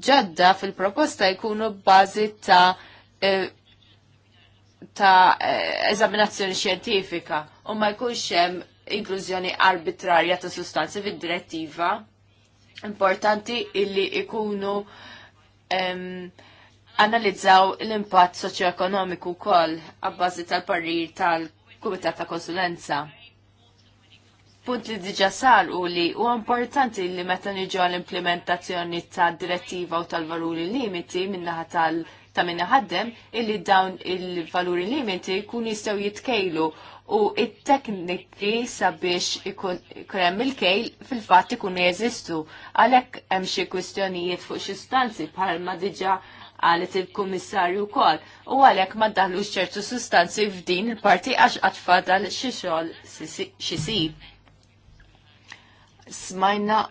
Ġadda fil-proposta jkunu bbażi ta' e, ta' e, eżaminazzjoni xjentifika u ma jkunx hemm inklużjoni arbitrarja ta' sustanzi fid-direttiva. Importanti illi ikunu um, analizzaw l-impatt soċjoekonomiku wkoll għabbażi tal-parir tal-Kumitat ta' Konsulenza punt li diġa sar u li u importanti li meta niġu għal implementazzjoni ta' direttiva u tal-valuri limiti minnaħa tal- ta' minna ħaddem illi dawn il-valuri limiti kun jistaw jitkejlu u it-tekniki sabiex ikun il-kejl fil-fatt ikun jeżistu. Għalhekk hemm xi kwistjonijiet fuq xi stanzi ma diġà għalet il-komissarju kol u għalek ma daħlux ċertu sustanzi f'din il-parti għax għatfadal xie xol xie smajna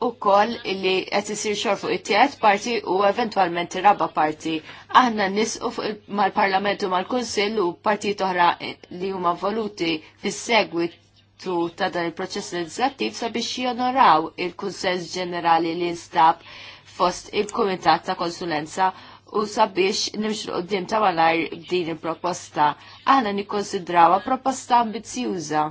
u kol li qed isir xor fuq it-tiet parti u eventualment raba parti. Aħna nisqu mal-Parlament u mal-Kunsill u partit oħra li huma voluti fis-segwitu ta' dan il-proċess leġislattiv sabiex jonoraw il-kunsens ġenerali li nstab fost il-Kumitat ta' Konsulenza u sabiex nimxru qoddim ta' malar din il-proposta. Aħna nikkonsidrawha proposta ambizjuża.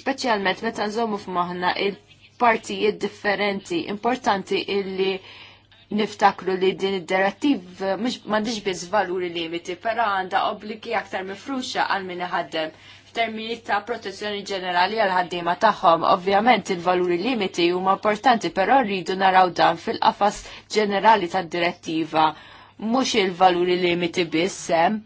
speċjalment meta nżommu f'moħħna il-partijiet differenti importanti illi niftakru li din id derattiv m'għandix biss valuri limiti, però għandha obbligi aktar mifruxa għal min iħaddem f'termini ta' protezzjoni ġenerali għal ħaddiema tagħhom. Ovvjament il-valuri limiti huma importanti, però rridu naraw dan fil-qafas ġenerali tad-direttiva mhux il-valuri limiti biss hemm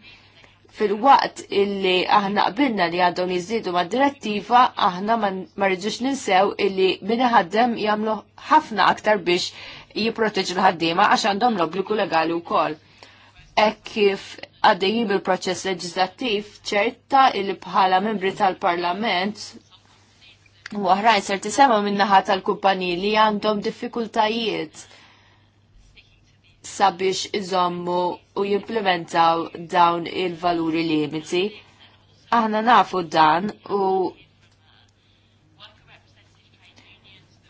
fil-waqt illi aħna qbilna li għadhom jiżdiedu ma' direttiva aħna ma rridux ninsew illi minna ħaddem jagħmlu ħafna aktar biex jipproteġu l-ħaddiema għax għandhom l-obbligu legali wkoll. Hekk kif għaddejjim bil-proċess leġislattiv ċerta illi bħala membri tal-Parlament u oħrajn ser tisema minnaħa tal-kumpaniji li għandhom diffikultajiet sabiex iżommu u jimplementaw dawn il-valuri limiti. Aħna nafu dan u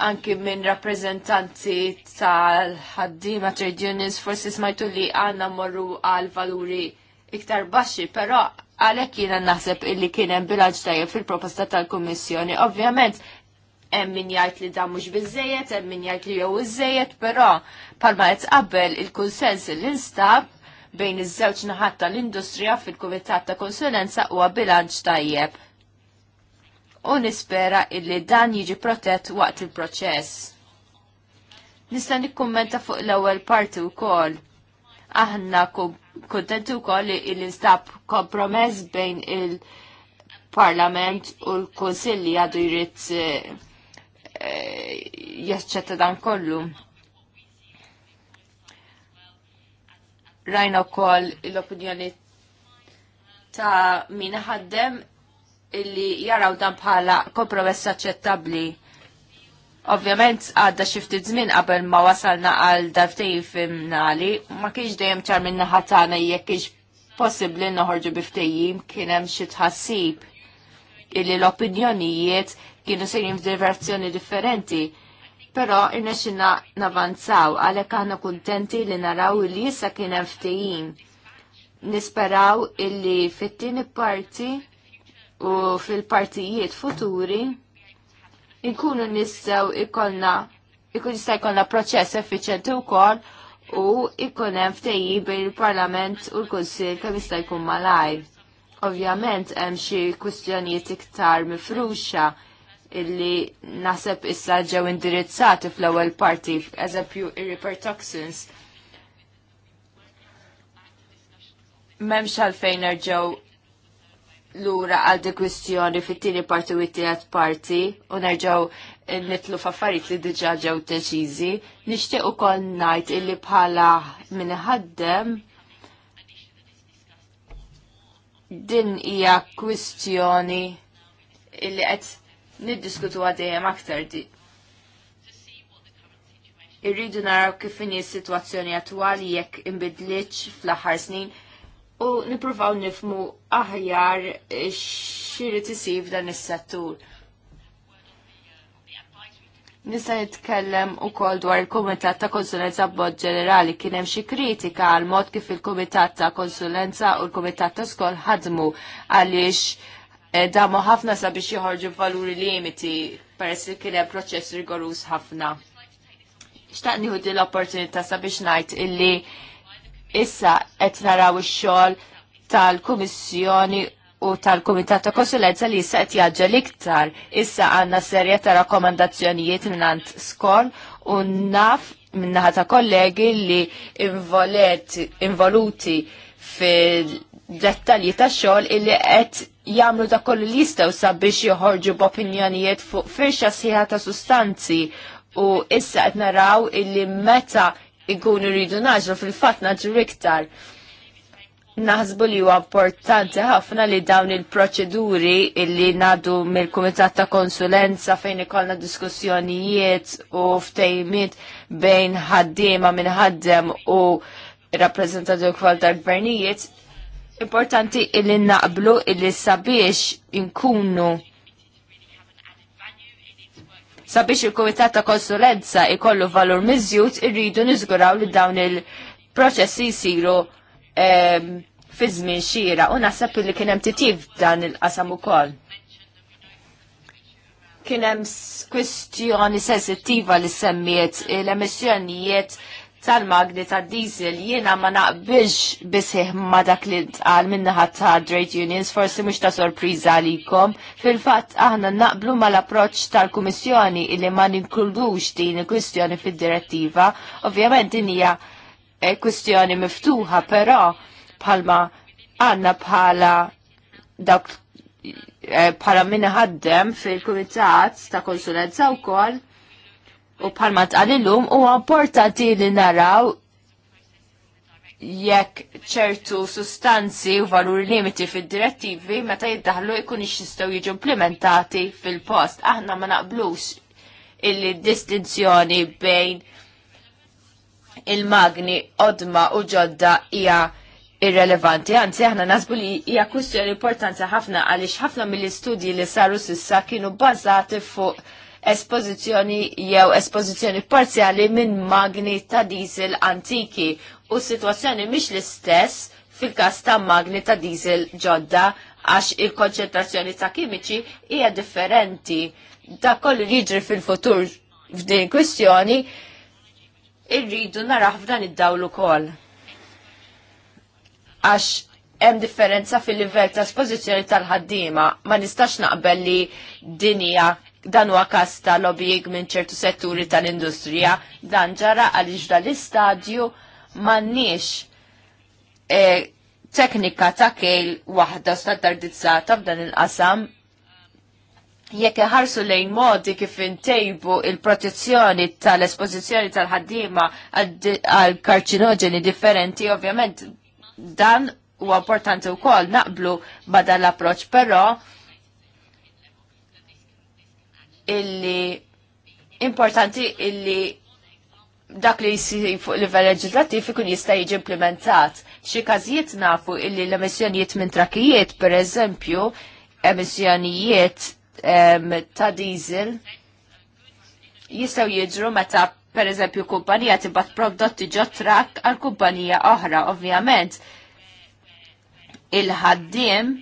anki minn rappresentanti tal-ħaddima trade unions forsi smajtu li għanna morru għal valuri iktar baxxi, però għalhekk jiena naħseb illi kien hemm bilanċ tajjeb fil-proposta tal-Kummissjoni. Ovvjament hemm min jgħid li dan mhux biżejjed, hemm min jgħid li jew iżejjed, però Palma qed qabel il-kunsens li instab bejn iż-żewġ naħat tal-industrija fil-Kumitat ta' Konsulenza huwa bilanċ tajjeb. U nispera illi dan jiġi protett waqt il-proċess. Nista' nikkummenta fuq l-ewwel parti wkoll. Aħna kuntenti wkoll li nstab kompromess bejn il-Parlament u l-Kunsilli għadu jrid eh, eh, jaċċetta dan kollu. rajna wkoll l-opinjoni ta' min ħaddem illi jaraw dan bħala kompromess aċċettabbli. Ovvjament għadda xifti żmien qabel ma wasalna għal daftej fimnali, ma kienx dejjem ċar minn ħatana jekk kienx possibbli noħorġu biftejjim kien hemm xi tħassib illi l-opinjonijiet kienu sejrin f'direzzjoni differenti Però irnexxina navanzaw għalhekk aħna kuntenti li naraw li issa kien hemm Nisperaw illi fit-tieni parti u fil-partijiet futuri inkunu nistgħu ikolna ikun jista' jkollna proċess effiċjenti wkoll u ikun hemm bejn il parlament u l-Kunsill kemm jista' jkun malajr. Ovvjament hemm xi kwistjonijiet iktar mifruxa illi nasab issa ġew indirizzati fl-ewwel parti, eżempju ir-repertoxins. M'hemmx għalfejn nerġgħu lura għal di kwistjoni fit-tieni parti u t-tielet parti u nerġgħu nitlu f'affarijiet li diġà ġew deċiżi, nixtieq ukoll ngħid illi bħala minħaddem din hija kwistjoni illi qed niddiskutu għadejjem aktar di. Irridu naraw kif inhi s-sitwazzjoni attwali jekk inbidlitx fl-aħħar snin u nippruvaw nifmu aħjar x'irid isir f'dan is-settur. Nista' nitkellem ukoll dwar il-Kumitat ta' Konsulenza b'mod ġenerali kien hemm xi kritika għal mod kif il-Kumitat ta' Konsulenza u l-Kumitat ta' Skol ħadmu għaliex Eh, damu ħafna sabiex joħorġu valuri limiti peress li kien hemm proċess rigorus ħafna. Xtaqt nieħu l-opportunità sabiex ngħid illi issa qed naraw ix-xogħol tal-Kummissjoni u tal-Kumitat ta' Konsulenza li issa qed l iktar. Issa għandna serje ta' rakkomandazzjonijiet mingħand skon u naf minnaħa ta' kollegi li involuti fil-dettalji ta' xogħol illi qed Jamlu dak kollu li jistgħu sabiex joħorġu b'opinjonijiet fuq firxa siħa ta' sustanzi u issa qed naraw illi meta ikunu rridu naġru fil-fatt naġru iktar. Naħsbu li huwa importanti ħafna li dawn il-proċeduri illi nadu mill-Kumitat ta' Konsulenza fejn ikollna diskussjonijiet u ftejmiet bejn ħaddiema minn ħaddem u rappresentanti kwal tal-gvernijiet importanti illi naqblu illi sabiex inkunu sabiex il-Kumitat ta' Konsulenza ikollu valur miżjut irridu niżguraw li dawn il-proċessi jisiru ehm, fi żmien xira u naħseb li kien hemm titjib dan il-qasam ukoll. Kien hemm kwistjoni sensittiva li semmiet l-emissjonijiet tal-magni tad-diesel jiena ma naqbilx bisih ma dak li tqal minnaħa ta' trade unions forsi mhux ta' sorpriża għalikom. Fil-fatt aħna naqblu mal-approċċ tal-Kummissjoni li ma ninkludux din il-kwistjoni fid-direttiva. Ovvjament din hija eh, kwistjoni miftuħa, però bħalma għandna bħala dak eh, bħala minna ħaddem fil-kumitat ta' konsulenza wkoll U bħalma tqalilum u importanti li naraw jekk ċertu sustanzi u valuri limiti fil-direttivi meta jiddaħlu jkun jistgħu jiġu implementati fil-post. Aħna ma naqblux illi distinzjoni bejn il-magni odma u ġodda hija irrelevanti. Anzi, aħna nasbu li hija kwistjoni importanti ħafna għaliex ħafna mill-istudji li saru sissa kienu bbażati fuq espożizzjoni jew espożizzjoni parzjali minn magni ta' diesel antiki u s-sitwazzjoni mhix l-istess fil-każ ta' magni ta' diesel ġodda għax il-konċentrazzjoni ta' kimiċi hija differenti. Da' koll jiġri fil-futur f'din kwistjoni irridu nara f'dan id-dawl ukoll. Għax hemm differenza fil-livell ta' espożizzjoni tal-ħaddiema, ma nistax naqbel li dinija dan huwa kas ta' lobbying minn ċertu setturi tal-industrija, dan ġara għaliex dal-istadju m'għandniex e, teknika ta' kejl waħda standardizzata f'dan il-qasam jekk ħarsu lejn modi kif intejbu il-protezzjoni tal-espożizzjoni tal-ħaddiema għal karċinoġeni differenti, ovvjament dan u importanti wkoll naqblu badal l approċċ però illi importanti illi dak li jisir fuq livell leġislattiv ikun jista' jiġi implementat. Xi każijiet nafu illi l-emissjonijiet minn trakijiet, pereżempju, emissjonijiet ta' diesel jistgħu jiġru meta pereżempju kumpanija tibgħat prodotti ġo trakk għal kumpanija oħra, ovvjament il-ħaddiem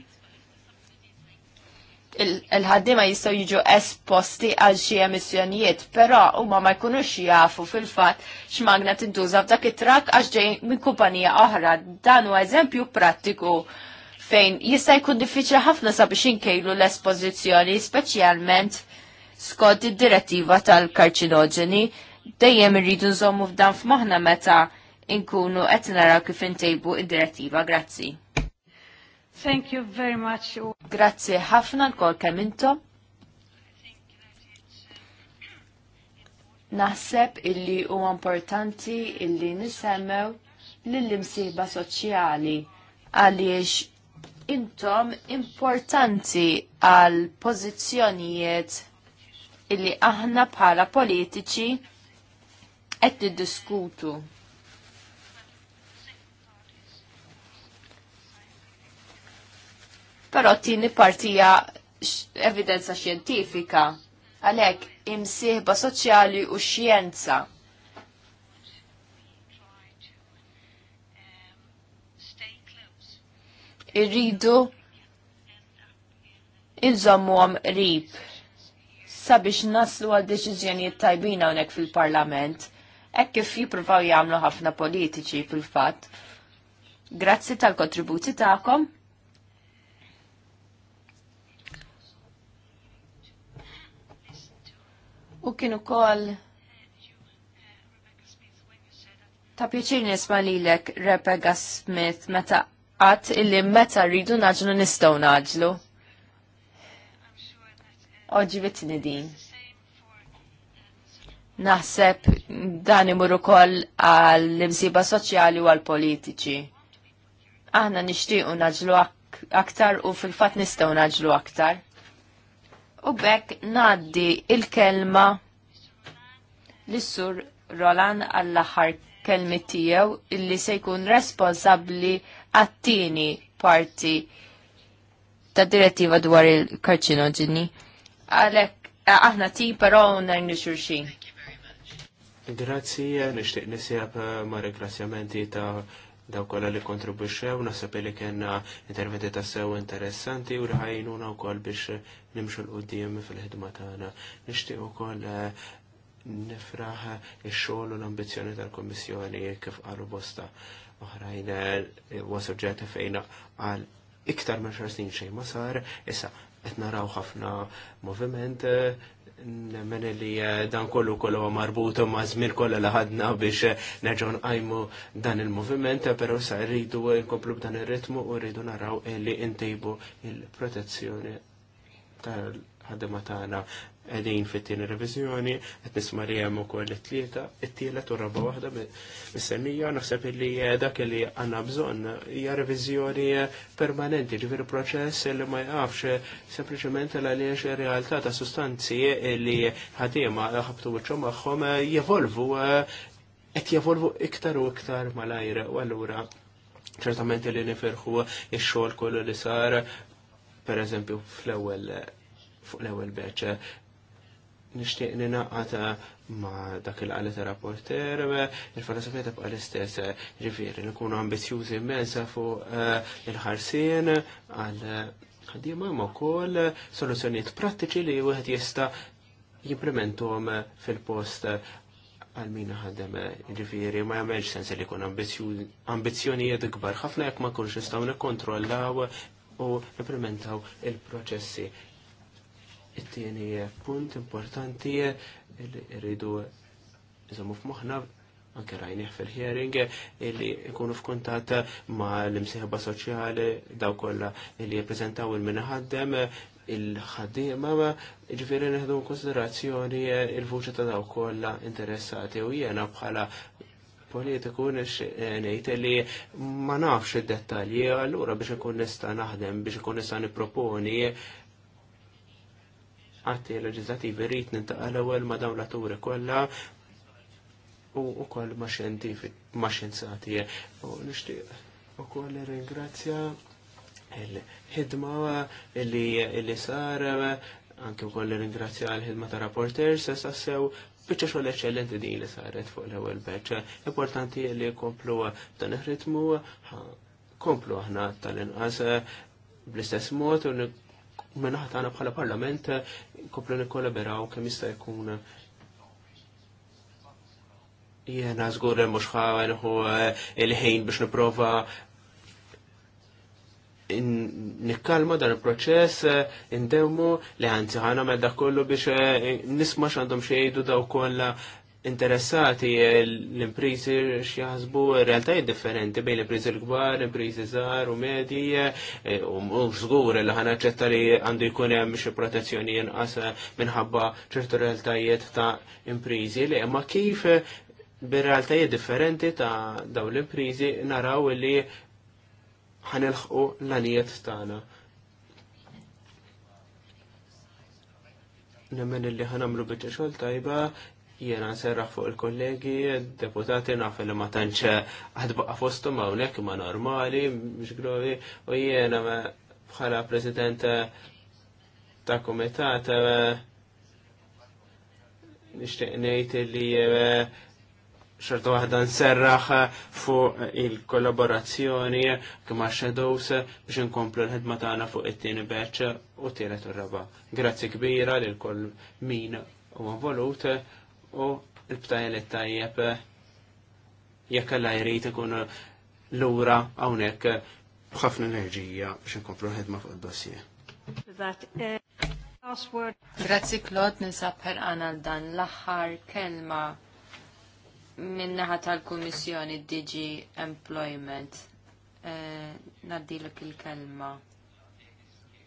il-ħaddima jistaw jiġu esposti għal xie emissjonijiet, pero huma ma jkunux jafu fil-fat x'magna tintuża f'dak it-trak għax ġej minn kumpanija oħra. Dan huwa eżempju prattiku fejn jista' jkun diffiċli ħafna sabiex inkejlu l-espożizzjoni, speċjalment skont id-direttiva tal-karċinoġeni, dejjem irridu nżommu f'dan f'moħħna meta nkunu qed naraw kif intejbu id-direttiva. Grazzi. Thank you very much. Grazie ħafna l-kol kemm intom. Naħseb illi huwa importanti illi nisemmew l imsieba soċjali għaliex intom importanti għal pożizzjonijiet illi aħna bħala politiċi qed diskutu. però t-tieni partija evidenza xjentifika għalhekk imsieħba soċjali u xjenza. Irridu inżommu għom rib sabiex naslu għal deċiżjonijiet tajbina unek fil-parlament, ekk kif jipruvaw jagħmlu ħafna politiċi fil-fatt. Grazzi tal-kontributi tagħkom. U kienu kol ta' pjaċir nisma lilek Rebecca Smith meta għat illi meta rridu naġlu nistaw naġlu. vittini din. Naħseb dan imur ukoll għall-imsiba soċjali u għall-politiċi. Aħna nixtiequ naġlu aktar u fil-fatt nistgħu naġlu aktar. U bekk naddi il-kelma l-sur Roland għall axar kelmi tiegħu illi se jkun responsabbli għat-tieni parti ta' direttiva dwar il karċinoġini Għalek, eh, aħna ti però nerni xurxin. Grazzi, eh, nishtiq nisjab eh, ma' reklasjamenti ta' daw kolla li kontribuxew, nasab li kena interventi ta' sew interessanti u rħajnuna u koll biex nimxu l-qoddim fil-ħidma tagħna. Eh, u koll nifraħ il xogħol u l ambizjoni tal komissjoni kif għalu bosta oħrajn eh, huwa suġġett fejna għal iktar minn xarsin xejn ma sar, issa qed naraw ħafna moviment eh, Nemmen li eh, dan kollu kollu marbut ma żmien kollha li ħadna biex eh, nerġgħu għajmu dan il-moviment, però sa rridu nkomplu b'dan ir-ritmu u rridu naraw li ntejbu il-protezzjoni tal-ħadema tagħna għedin fit-tieni revizjoni, qed nisma' rihem ukoll it-tlieta, it-tielet u raba waħda mis-semija, naħseb li eh, dak li għandna bżonn hija revizjoni eh, permanenti, ġivir proċess li ma sempliciment eh, sempliċement għaliex ir-realtà ta' sustanzi li ħadiema ħabtu wiċċhom magħhom jevolvu qed jevolvu iktar u iktar malajr u allura ċertament li nifirħu ix-xogħol kollu li sar per eżempju fl-ewwel fuq l-ewwel beċ nishtiq ninaqat eh, ma dak il-qalet rapporter, eh, il-filosofija tibqa l-istess, eh, ġifiri, nkunu ambizjużi mezza fuq il-ħarsien għal ħaddima ma kol soluzzjonijiet prattiċi li wieħed jista' jimplementom fil-post għal min ħadem ġifiri ma jagħmelx sens li jkun ambizzjonijiet kbar ħafna jekk ma kunx nistgħu nikkontrollaw u implementaw il-proċessi it-tieni punt importanti li rridu nżommu f'moħħna anke rajnieh fil-hearing li jkunu f'kuntat ma l-imsieħba soċjali daw kollha li jippreżentaw il-minħaddem il-ħaddiema ġifieri neħdu konsiderazzjoni il-vuċi ta' daw kollha interessati u jiena bħala politiku nix ngħid li ma nafx id-dettalji allura biex ikun nista' naħdem biex ikun nista' nipproponi atti leġislativi rrit nintaqa l ewel ma' dawn turi kolla kollha u koll ma' xjentifik ma' xjenzati. U nixtieq ringrazzja il-ħidma li sar anke koll ringrazzja l-ħidma ta' rapporters se sew Bicċa xoll eccellenti din li saret fuq l-ewel beċa. Importanti li komplu dan il ritmu komplu aħna tal-inqas bl-istess mod u minnaħat għana bħala parlament eh, koplu nikollaboraw kemm jista' jkun jena żgur mhux hu eh, il-ħin biex nipprova nikkalma dan il-proċess eh, indemmu li għanzi ħana medda kollu biex nisma x'għandhom xejdu daw kolla interessati l-imprizi xjaħsbu realtajiet differenti bejn l-imprizi l-kbar, l-imprizi zar u medji e, u zgur li ħana ċetta li għandu jkun hemm xi protezzjoni inqas minħabba ċertu realtajiet ta' imprizi li ma' kif bir-realtajiet differenti ta' dawn l-imprizi naraw li ħanilħqu l-anijiet tagħna. nemmen illi ħanamlu bieċa xol tajba, Jena nserraħ fuq il-kollegi, deputati naf li ma tantx għadbaqa ma hawnhekk ma normali, mx glovi, u jiena bħala president ta' komitat nixtieq ngħid li xorta waħda nserraħ fuq il-kollaborazzjoni kima shadows biex nkomplu l-ħedma tagħna fuq it-tieni beċ u tielet u raba. Grazzi kbira lil kol min u involut u il-btajlet tajjeb eh, jekk alla jrid ikun eh, lura hawnhekk eh, b'ħafna enerġija biex inkomplu l-ħedma fuq id-dossier. Grazzi Klod ninsab ħerqan għal dan l-aħħar kelma minnaħa tal-Kummissjoni DG Employment. Naddilek il-kelma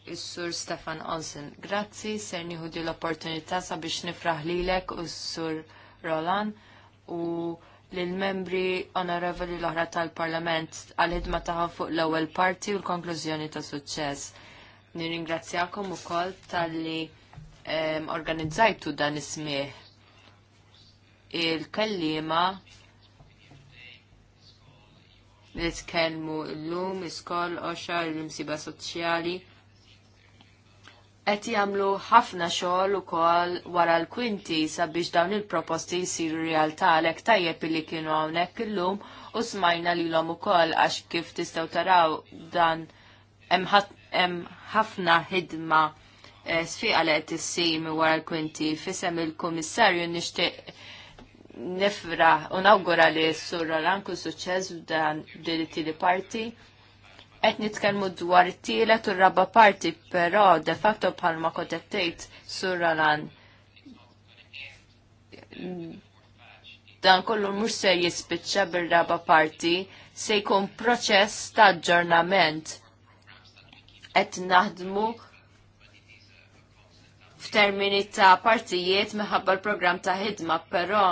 is-sur Stefan Olsen. Grazzi, ser nieħu di l-opportunità sabiex nifraħ lilek u s-sur Roland u lill-membri onorevoli l-oħra tal-Parlament għal-ħidma taħħa fuq l-ewwel parti u l-konklużjoni ta' suċċess. Nirringrazzjakom ukoll tal-li ehm, organizzajtu dan ismih il-kellima nitkellmu llum, l-lum, iskoll, oxa, l-imsiba soċjali qed jagħmlu ħafna xogħol ukoll wara l-kwinti sabiex dawn il-proposti jsiru realtà għalhekk tajjeb li kienu hawnhekk illum u smajna lilhom ukoll għax kif tistgħu taraw dan hemm ħafna ħidma eh, sfiqa li qed issir wara l-kwinti fisem il-kummissarju nixtieq nifra nawgura li s-surra l-anku suċċess dan din it-tieni parti qed nitkellmu dwar it-tielet u r-raba parti, però de facto bħalma kont qed tgħid dan kollu mhux se jispiċċa bir-raba parti se jkun proċess ta' aġġornament qed naħdmu f'termini ta' partijiet minħabba l-programm ta' ħidma, però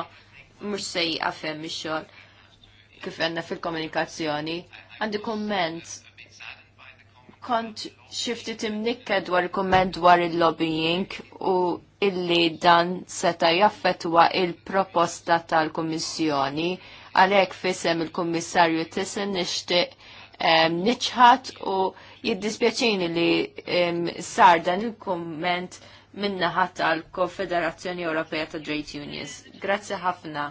mhux se jaqfem ix-xogħol kif għandna fil-komunikazzjoni. Għandi komment kont xifti timnikke dwar il-komment dwar il-lobbying u illi dan seta jaffetwa il-proposta tal-Kommissjoni għalek fisem il-Kommissarju Tissen nishti um, u jiddispjaċini li um, sar dan il-komment minnaħat tal-Konfederazzjoni Ewropea ta' Trade Unions. Grazzi ħafna.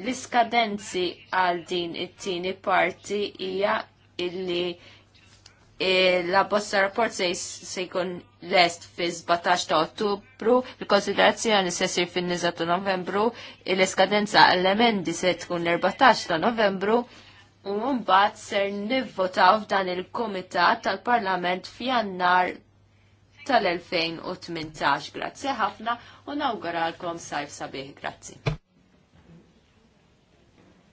L-iskadenzi għal din it-tieni parti hija illi la bossa rapport se jkun lest fi 17 ta' ottubru, il-konsiderazzjoni se sir fin ta' novembru, l-eskadenza għall-emendi se tkun l-14 ta' novembru, u mbagħad ser nivvotaw f'dan il-Kumitat tal-Parlament f'Jannar tal-2018. Grazzi ħafna u nawguralkom sajf sabiħ. Grazzi.